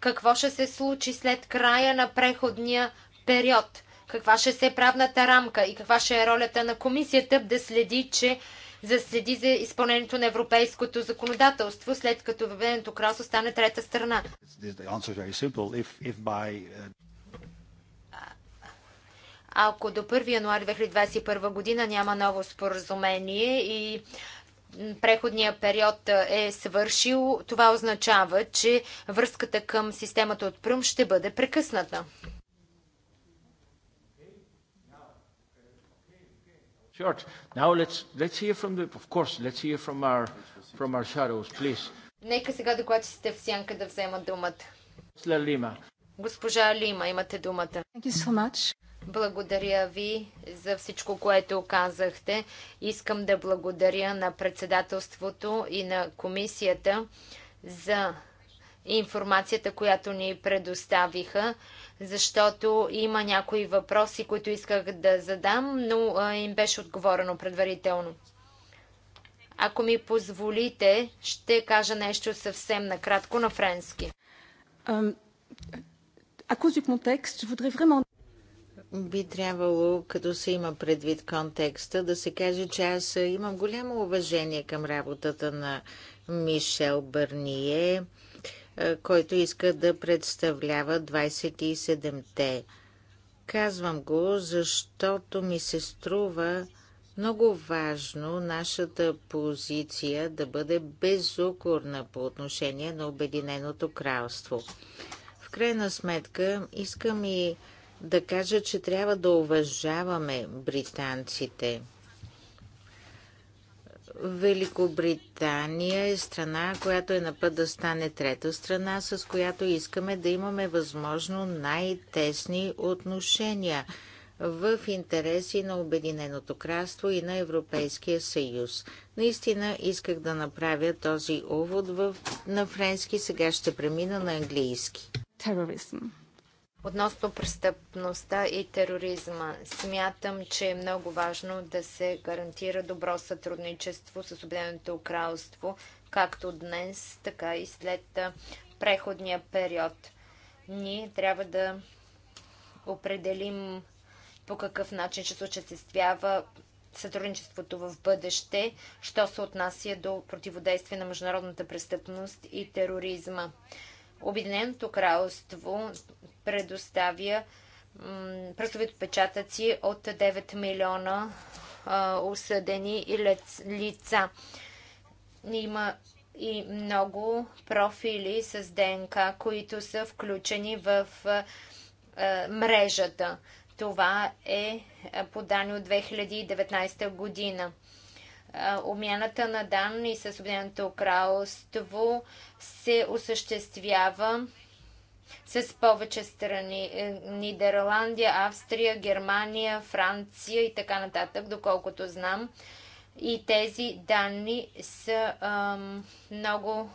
Какво ще се случи след края на преходния период? Каква ще се е правната рамка и каква ще е ролята на комисията да следи, че за следи за изпълнението на европейското законодателство, след като Въведеното кралство стане трета страна. Ако до 1 януари 2021 година няма ново споразумение и преходният период е свършил, това означава, че връзката към системата от Пръм ще бъде прекъсната. Нека сега докладчиците в сянка да вземат
думата.
Госпожа Лима, имате думата. Thank you so much. Благодаря ви за всичко, което казахте. Искам да благодаря на председателството и на комисията за информацията, която ни предоставиха, защото има някои въпроси, които исках да задам, но им беше отговорено предварително. Ако ми позволите, ще кажа нещо съвсем накратко на френски.
Um,
à cause du contexte, je voudrais vraiment би трябвало, като се има предвид контекста, да се каже, че аз имам голямо уважение към работата на Мишел Бърние, е, който иска да представлява 27-те. Казвам го, защото ми се струва много важно нашата позиция да бъде безукорна по отношение на Обединеното кралство. В крайна сметка искам и да кажа, че трябва да уважаваме британците. Великобритания е страна, която е на път да стане трета страна, с която искаме да имаме възможно най-тесни отношения в интереси на Обединеното кралство и на Европейския съюз. Наистина исках да направя този увод в... на френски, сега ще премина на английски. Тероризъм.
Относно престъпността и тероризма, смятам, че е много важно да се гарантира добро сътрудничество с Обединеното кралство, както днес, така и след преходния период. Ние трябва да определим по какъв начин ще се осъществява сътрудничеството в бъдеще, що се отнася до противодействие на международната престъпност и тероризма. Обединеното кралство предоставя пръстови отпечатъци от 9 милиона осъдени лица. Има и много профили с ДНК, които са включени в мрежата. Това е подани от 2019 година. Обмяната на данни с Обединеното кралство се осъществява с повече страни е, Нидерландия, Австрия, Германия, Франция и така нататък, доколкото знам. И тези данни са ам, много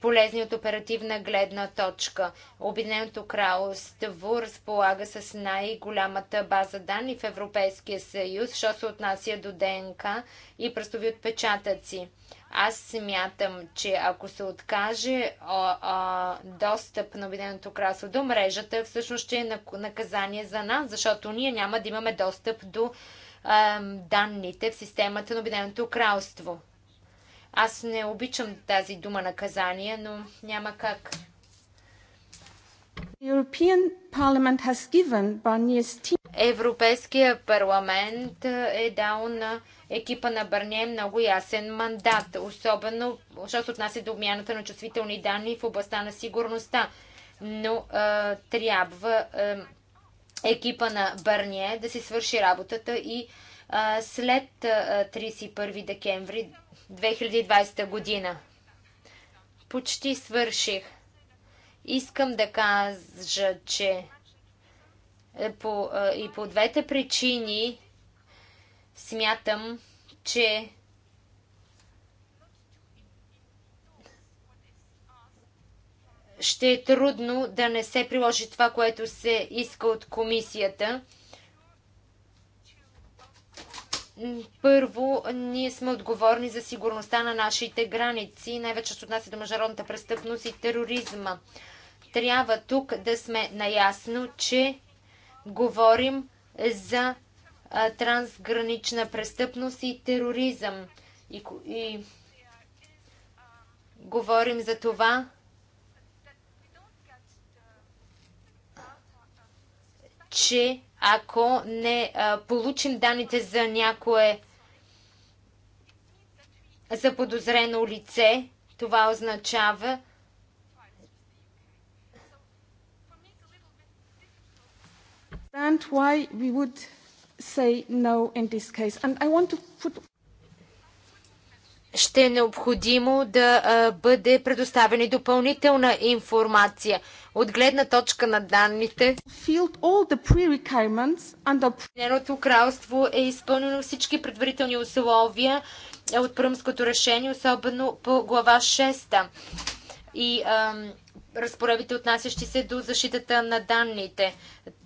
полезни от оперативна гледна точка. Обединеното кралство разполага с най-голямата база данни в Европейския съюз, що се отнася до ДНК и пръстови отпечатъци. Аз смятам, че ако се откаже а, а, достъп на Обединеното кралство до мрежата, всъщност ще е наказание за нас, защото ние няма да имаме достъп до а, данните в системата на Обединеното кралство. Аз не обичам тази дума наказание, но няма как. Европейския парламент е дал на екипа на Бърние много ясен мандат, особено, защото отнася до обмяната на чувствителни данни в областта на сигурността. Но е, трябва е, екипа на Бърние да си свърши работата и е, след 31 декември 2020 година. Почти свърших. Искам да кажа, че е, по, е, и по двете причини смятам, че ще е трудно да не се приложи това, което се иска от комисията. Първо, ние сме отговорни за сигурността на нашите граници, най-вече се отнася до международната престъпност и тероризма. Трябва тук да сме наясно, че говорим за а, трансгранична престъпност и тероризъм. И, и говорим за това, че ако не получим данните за някое заподозрено лице, това означава,
understand why we would say no in
this case. And I want to put ще е необходимо да бъде предоставена допълнителна информация от гледна точка на данните. Обединеното кралство е изпълнено всички предварителни условия е, от Пръмското решение, особено по глава 6 и ам, разпоредбите, отнасящи се до защитата на данните.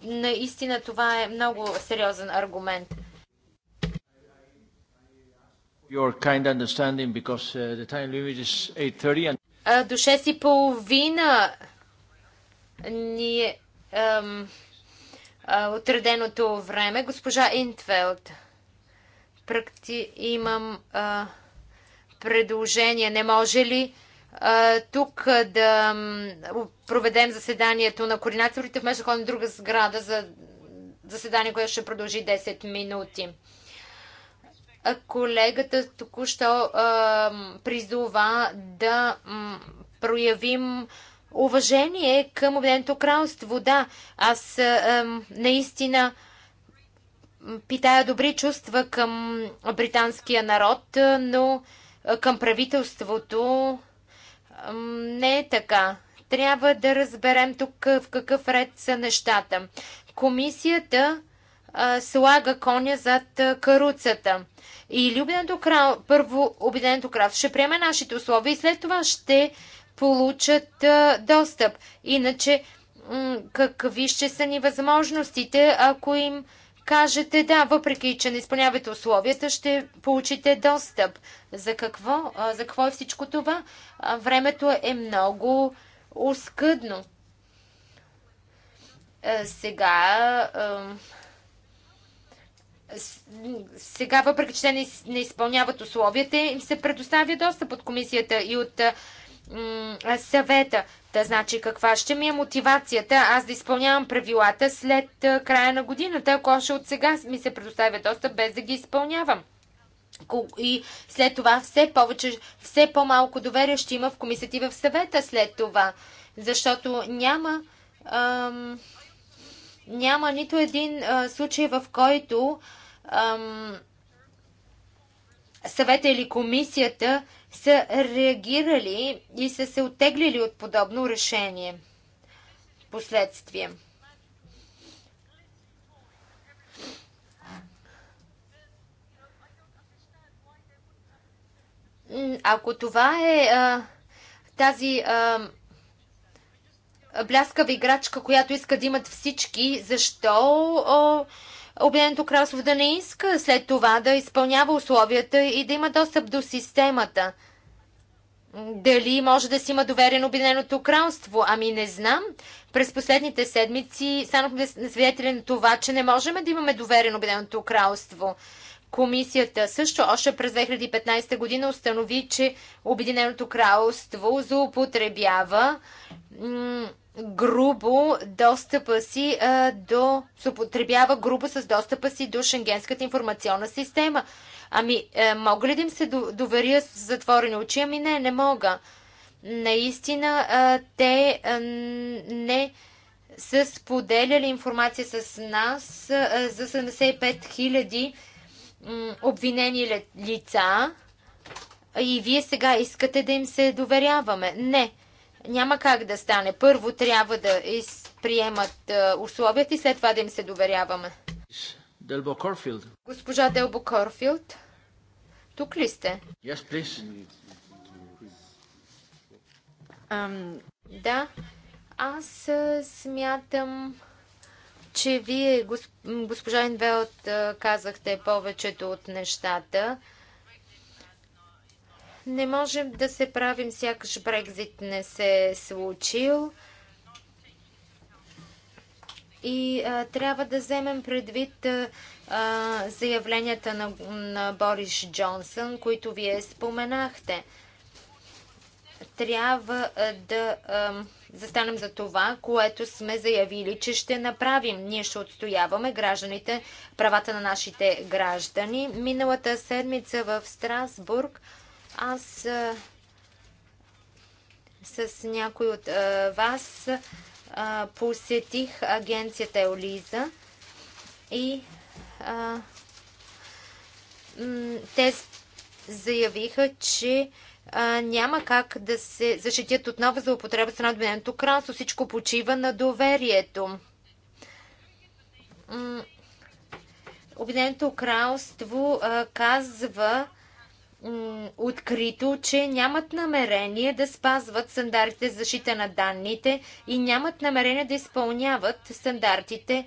Наистина това е много сериозен аргумент
your kind understanding because uh, the time limit is 8.30
and... до 6 и половина ни е, ам, отреденото време. Госпожа Интфелд, практи... имам а, предложение. Не може ли тук да проведем заседанието на координаторите вместо да ходим в друга сграда за заседание, което ще продължи 10 минути? Колегата току-що призова да проявим уважение към Обединеното кралство. Да, аз наистина питая добри чувства към британския народ, но към правителството не е така. Трябва да разберем тук в какъв ред са нещата. Комисията слага коня зад каруцата. И Обединеното крал, първо Обединеното кралство ще приеме нашите условия и след това ще получат а, достъп. Иначе, какви ще са ни възможностите, ако им кажете да, въпреки че не изпълнявате условията, ще получите достъп. За какво? За какво е всичко това? Времето е много оскъдно. Е, сега сега, въпреки че те не, не изпълняват условията, им се предоставя достъп от комисията и от съвета. Та значи каква ще ми е мотивацията аз да изпълнявам правилата след края на годината, ако още от сега ми се предоставя достъп без да ги изпълнявам. И след това все повече, все по-малко доверие ще има в комисията и в съвета след това. Защото няма, ам, няма нито един а, случай, в който а, ам, съвета или комисията са реагирали и са се отеглили от подобно решение. Последствие. Ако това е а, тази а, бляскава играчка, която иска да имат всички, защо а, Обединеното кралство да не иска след това да изпълнява условията и да има достъп до системата. Дали може да си има доверие на Обединеното кралство? Ами не знам. През последните седмици станахме свидетели на това, че не можем да имаме доверие на Обединеното кралство. Комисията също още през 2015 година установи, че Обединеното кралство злоупотребява грубо достъпа си а, до... се употребява грубо с достъпа си до Шенгенската информационна система. Ами, а, е, мога ли да им се доверя с затворени очи? Ами не, не мога. Наистина, а, те а, не са споделяли информация с нас а, за 75 000 обвинени лица и вие сега искате да им се доверяваме. Не няма как да стане. Първо трябва да приемат е, условията и след това да им се доверяваме.
Делбо Корфилд.
Госпожа Делбо Корфилд. Тук ли сте? Yes, please. Um, да, аз е, смятам, че вие, госпожа Инвелт, е, казахте повечето от нещата. Не можем да се правим сякаш Брекзит не се е случил. И а, трябва да вземем предвид а, заявленията на, на Борис Джонсън, които вие споменахте. Трябва а, да а, застанем за това, което сме заявили, че ще направим. Ние ще отстояваме гражданите, правата на нашите граждани. Миналата седмица в Страсбург аз а, с някой от а, вас а, посетих агенцията Елиза и а, те заявиха, че а, няма как да се защитят отново за употреба с надмененото кралство. Всичко почива на доверието. Обединеното кралство а, казва, открито, че нямат намерение да спазват стандартите за защита на данните и нямат намерение да изпълняват стандартите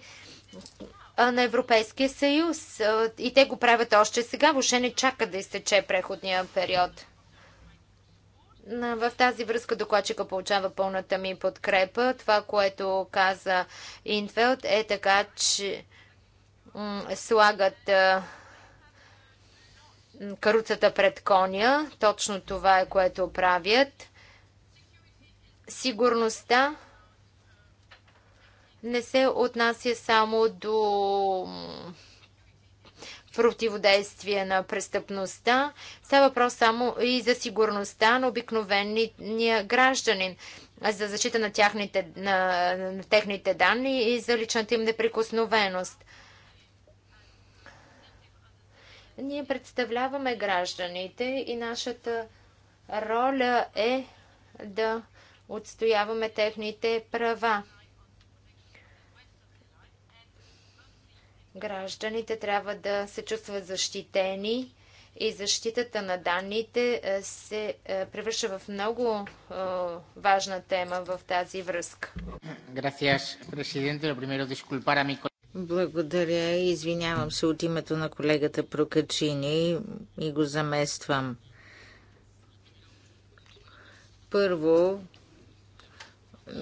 на Европейския съюз. И те го правят още сега, въобще не чакат да изтече преходния период. В тази връзка докладчика получава пълната ми подкрепа. Това, което каза Инфелд е така, че слагат каруцата пред коня. Точно това е, което правят. Сигурността не се отнася само до противодействие на престъпността. Става въпрос само и за сигурността на обикновения гражданин, за защита на, тяхните, на, на техните данни и за личната им неприкосновеност. Ние представляваме гражданите и нашата роля е да отстояваме техните права. Гражданите трябва да се чувстват защитени и защитата на данните е, се е, превръща в много е, важна тема в тази връзка.
Gracias, presidente. Lo primero, disculpar a mi благодаря. Извинявам се от името на колегата Прокачини и го замествам. Първо,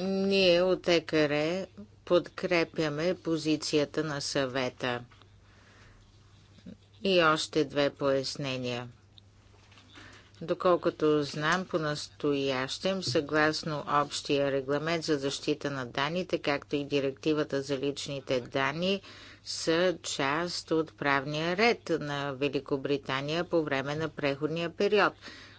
ние от ЕКР подкрепяме позицията на съвета. И още две пояснения – Доколкото знам, по-настоящем, съгласно общия регламент за защита на данните, както и директивата за личните данни, са част от правния ред на Великобритания по време на преходния период.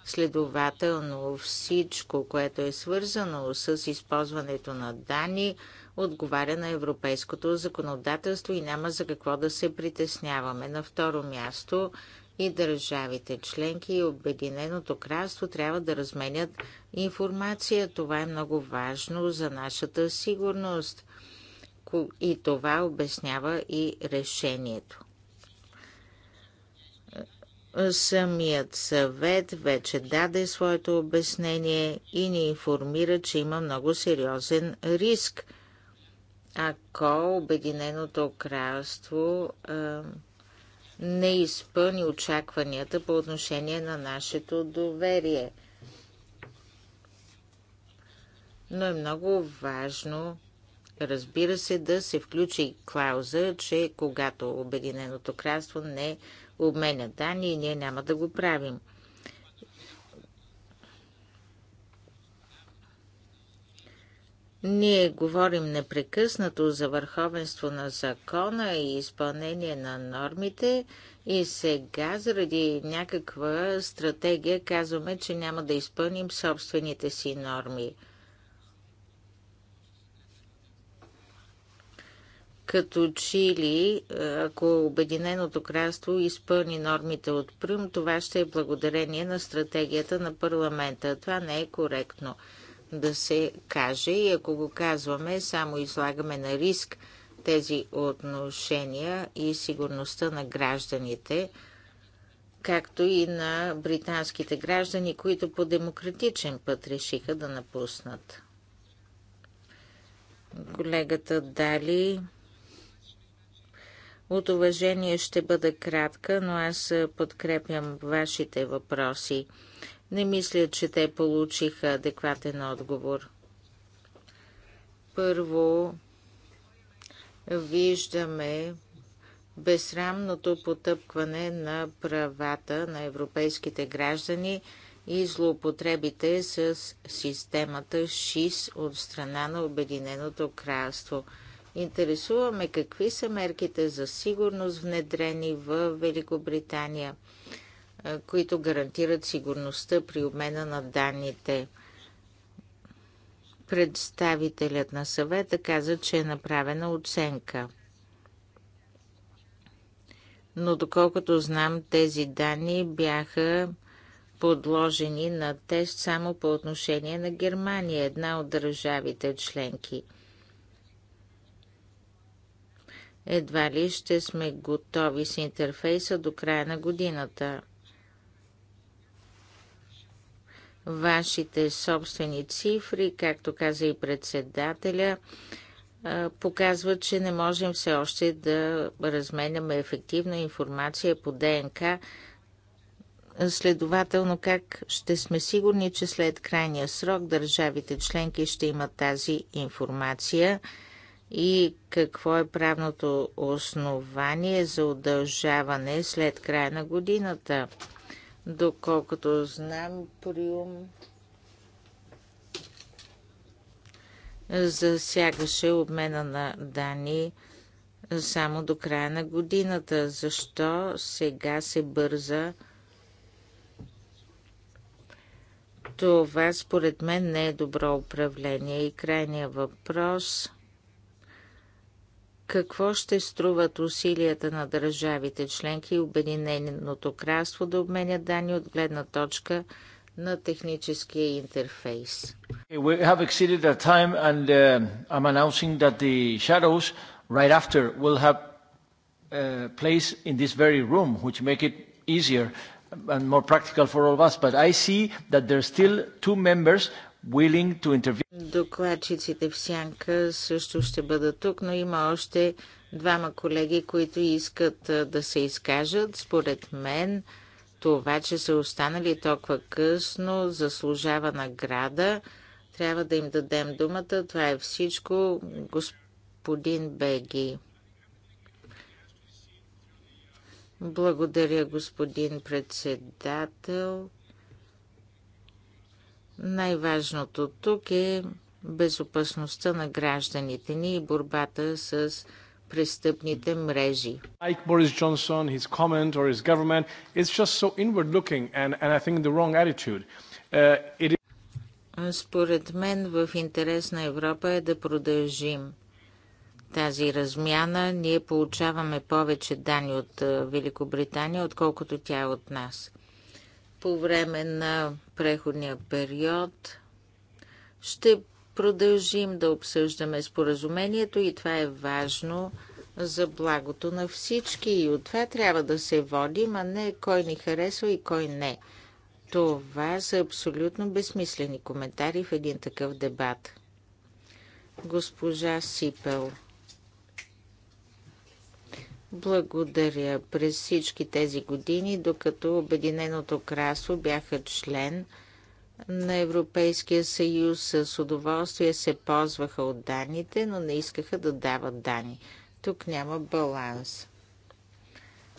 Следователно всичко, което е свързано с използването на данни, отговаря на европейското законодателство и няма за какво да се притесняваме. На второ място и държавите членки и Обединеното кралство трябва да разменят информация. Това е много важно за нашата сигурност. И това обяснява и решението. Самият съвет вече даде своето обяснение и ни информира, че има много сериозен риск, ако Обединеното кралство не изпълни очакванията по отношение на нашето доверие. Но е много важно, разбира се, да се включи клауза, че когато Обединеното кралство не обменя данни, ние няма да го правим – Ние говорим непрекъснато за върховенство на закона и изпълнение на нормите и сега заради някаква стратегия казваме, че няма да изпълним собствените си норми. като Чили, ако Обединеното кралство изпълни нормите от Прим, това ще е благодарение на стратегията на парламента. Това не е коректно да се каже и ако го казваме, само излагаме на риск тези отношения и сигурността на гражданите, както и на британските граждани, които по демократичен път решиха да напуснат. Колегата Дали от уважение ще бъда кратка, но аз подкрепям вашите въпроси. Не мисля, че те получиха адекватен отговор. Първо, виждаме безсрамното потъпкване на правата на европейските граждани и злоупотребите с системата ШИС от страна на Обединеното кралство. Интересуваме какви са мерките за сигурност внедрени в Великобритания които гарантират сигурността при обмена на данните. Представителят на съвета каза, че е направена оценка. Но доколкото знам, тези данни бяха подложени на тест само по отношение на Германия, една от държавите членки. Едва ли ще сме готови с интерфейса до края на годината. вашите собствени цифри, както каза и председателя, показват, че не можем все още да разменяме ефективна информация по ДНК. Следователно, как ще сме сигурни, че след крайния срок държавите членки ще имат тази информация и какво е правното основание за удължаване след края на годината? Доколкото знам, Приум засягаше обмена на данни само до края на годината. Защо сега се бърза? Това според мен не е добро управление. И крайния въпрос какво ще струват усилията на държавите членки и Обединеното кралство да обменят данни от гледна точка на техническия интерфейс.
And, uh, shadows, right after, will have uh, place in this very room, which make it easier and more practical for all of us. But I see that there are still two members
Докладчиците
в сянка също ще бъдат тук,
но има още двама колеги, които искат да се изкажат. Според мен, това, че са останали толкова късно, заслужава награда. Трябва да им дадем думата. Това е всичко, господин Беги. Благодаря, господин председател. Най-важното тук е безопасността на гражданите ни и борбата с престъпните мрежи.
Like Boris Johnson, his comment or his government, just so inward looking and, and I think the wrong attitude. Uh, it
Според мен в интерес на Европа е да продължим тази размяна. Ние получаваме повече данни от Великобритания, отколкото тя е от нас по време на преходния период ще продължим да обсъждаме споразумението и това е важно за благото на всички и от това трябва да се водим, а не кой ни харесва и кой не. Това са абсолютно безсмислени коментари в един такъв дебат. Госпожа Сипел. Благодаря. През всички тези години, докато Обединеното кралство бяха член на Европейския съюз, с удоволствие се ползваха от данните, но не искаха да дават данни. Тук няма баланс.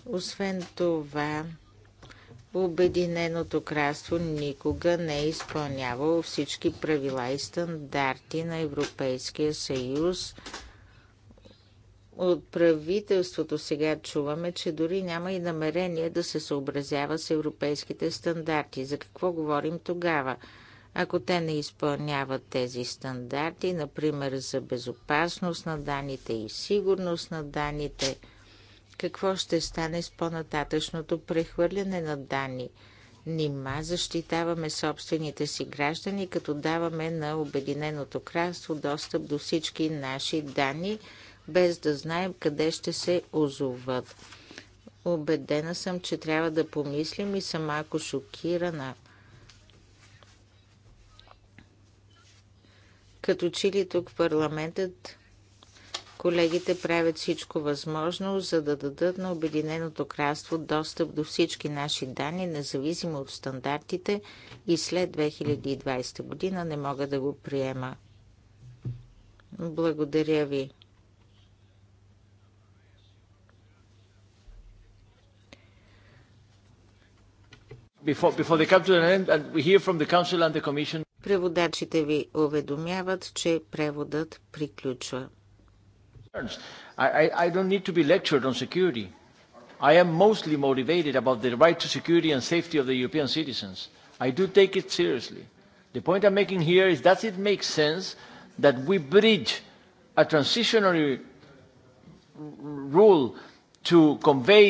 Освен това, Обединеното кралство никога не е изпълнявало всички правила и стандарти на Европейския съюз – от правителството сега чуваме, че дори няма и намерение да се съобразява с европейските стандарти. За какво говорим тогава? Ако те не изпълняват тези стандарти, например за безопасност на данните и сигурност на данните, какво ще стане с по-нататъчното прехвърляне на данни? Нима защитаваме собствените си граждани, като даваме на Обединеното кралство достъп до всички наши данни – без да знаем къде ще се озоват. Обедена съм, че трябва да помислим и съм малко шокирана. Като че ли тук в парламентът колегите правят всичко възможно, за да дадат на Обединеното кралство достъп до всички наши данни, независимо от стандартите и след 2020 година не мога да го приема. Благодаря ви.
Before, before they come to an end, and we hear from the Council and the Commission.
Преводачите ви уведомяват, че преводът приключва.
I am mostly motivated about the right to security and safety of the European citizens. I do take it seriously. The point I'm making here is does it make sense that we bridge a transitionary rule to convey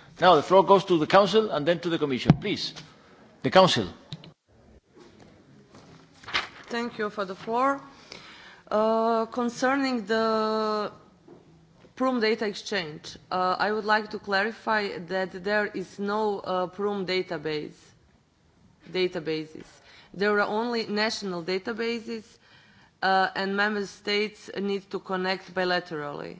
Now the floor goes to the Council and then to the Commission. Please, the Council.
Thank you for the floor. Uh, concerning the PRUM data exchange, uh, I would like to clarify that there is no uh, PRUM database, databases. There are only national databases uh, and member states need to connect bilaterally.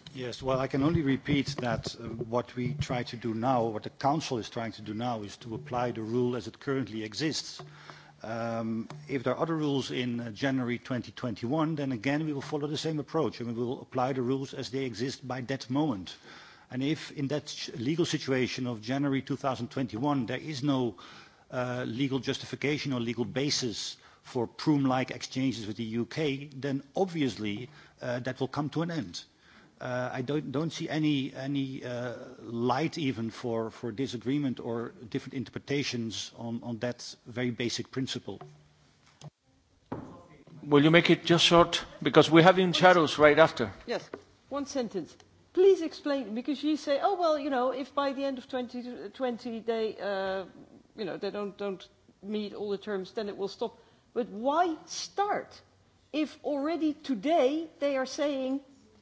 Yes. Well, I can only repeat that what we try to do now, what the council is trying to do now, is to apply the rule as it currently exists. If there are other rules in January 2021, then again, we will follow the same approach, and we will apply the rules as they exist by that moment. And If in that legal situation of January 2021, there is no legal justification or legal basis for Prüm-like exchanges with the U.K., then obviously, that will come to an end I don't don't see any any uh light even for for disagreement or different interpretations on on that very basic principle. Will you make it just short? Because we're having shadows right after.
Yes, one sentence. Please explain, because you say, oh, well, you know, if by the end of 2020 they, uh, you know, they don't, don't meet all the terms, then it will stop. But why start if already today they are saying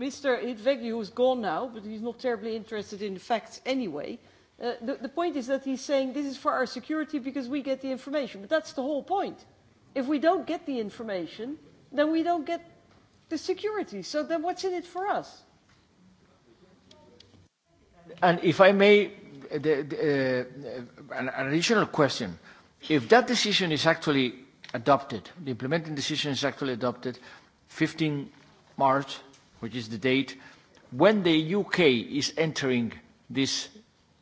Mr. Hidvegi, who's gone now, but he's not terribly interested in the facts anyway, uh, the, the point is that he's saying this is for our security because we get the information. But that's the whole point. If we don't get the information, then we don't get the security. So then what's in it for us?
And if I may, the, the, uh, an, an additional question. If that decision is actually adopted, the implementing decision is actually adopted 15 March which is the date when the UK is entering this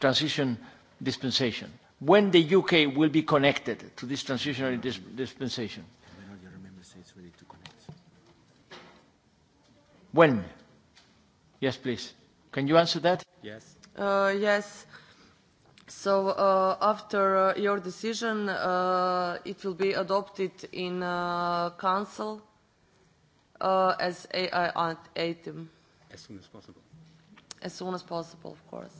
transition dispensation, when the UK will be connected to this transitional dis- dispensation. When? Yes, please. Can you answer that? Yes.
Uh, yes. So uh, after uh, your decision, uh, it will be adopted in uh, Council uh, as AI item? As soon as possible. As soon as possible, of course.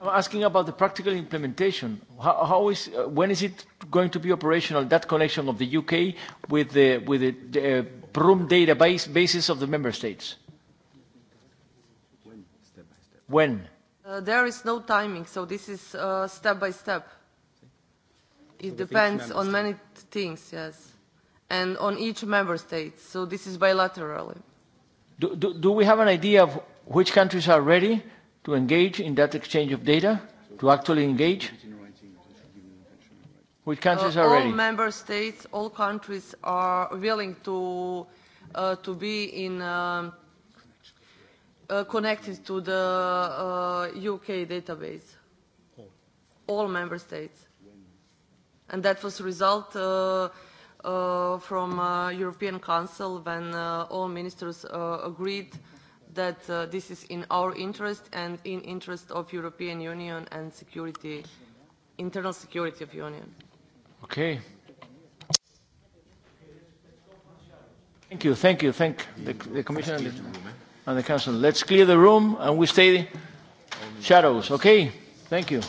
I'm asking about the practical implementation. How, how is, uh, when is it going to be operational, that connection of the UK with the, with the, the uh, PRUM database basis of the member states?
When? Step by
step. When?
Uh, there is no timing, so this is uh, step by step. It depends on many things, yes and on each member state. So this is bilaterally.
Do, do, do we have an idea of which countries are ready to engage in that exchange of data, to actually engage? Which countries uh, are all ready? All
member states, all countries are willing to uh, to be in um, uh, connected to the uh, UK database. All member states, and that was result. Uh, uh, from uh, European Council when uh, all ministers uh, agreed that uh, this is in our interest and in interest of European Union and security, internal security of Union.
Okay. Thank you, thank you, thank the, the Commission and the, and the Council. Let's clear the room and we stay shadows, okay? Thank you.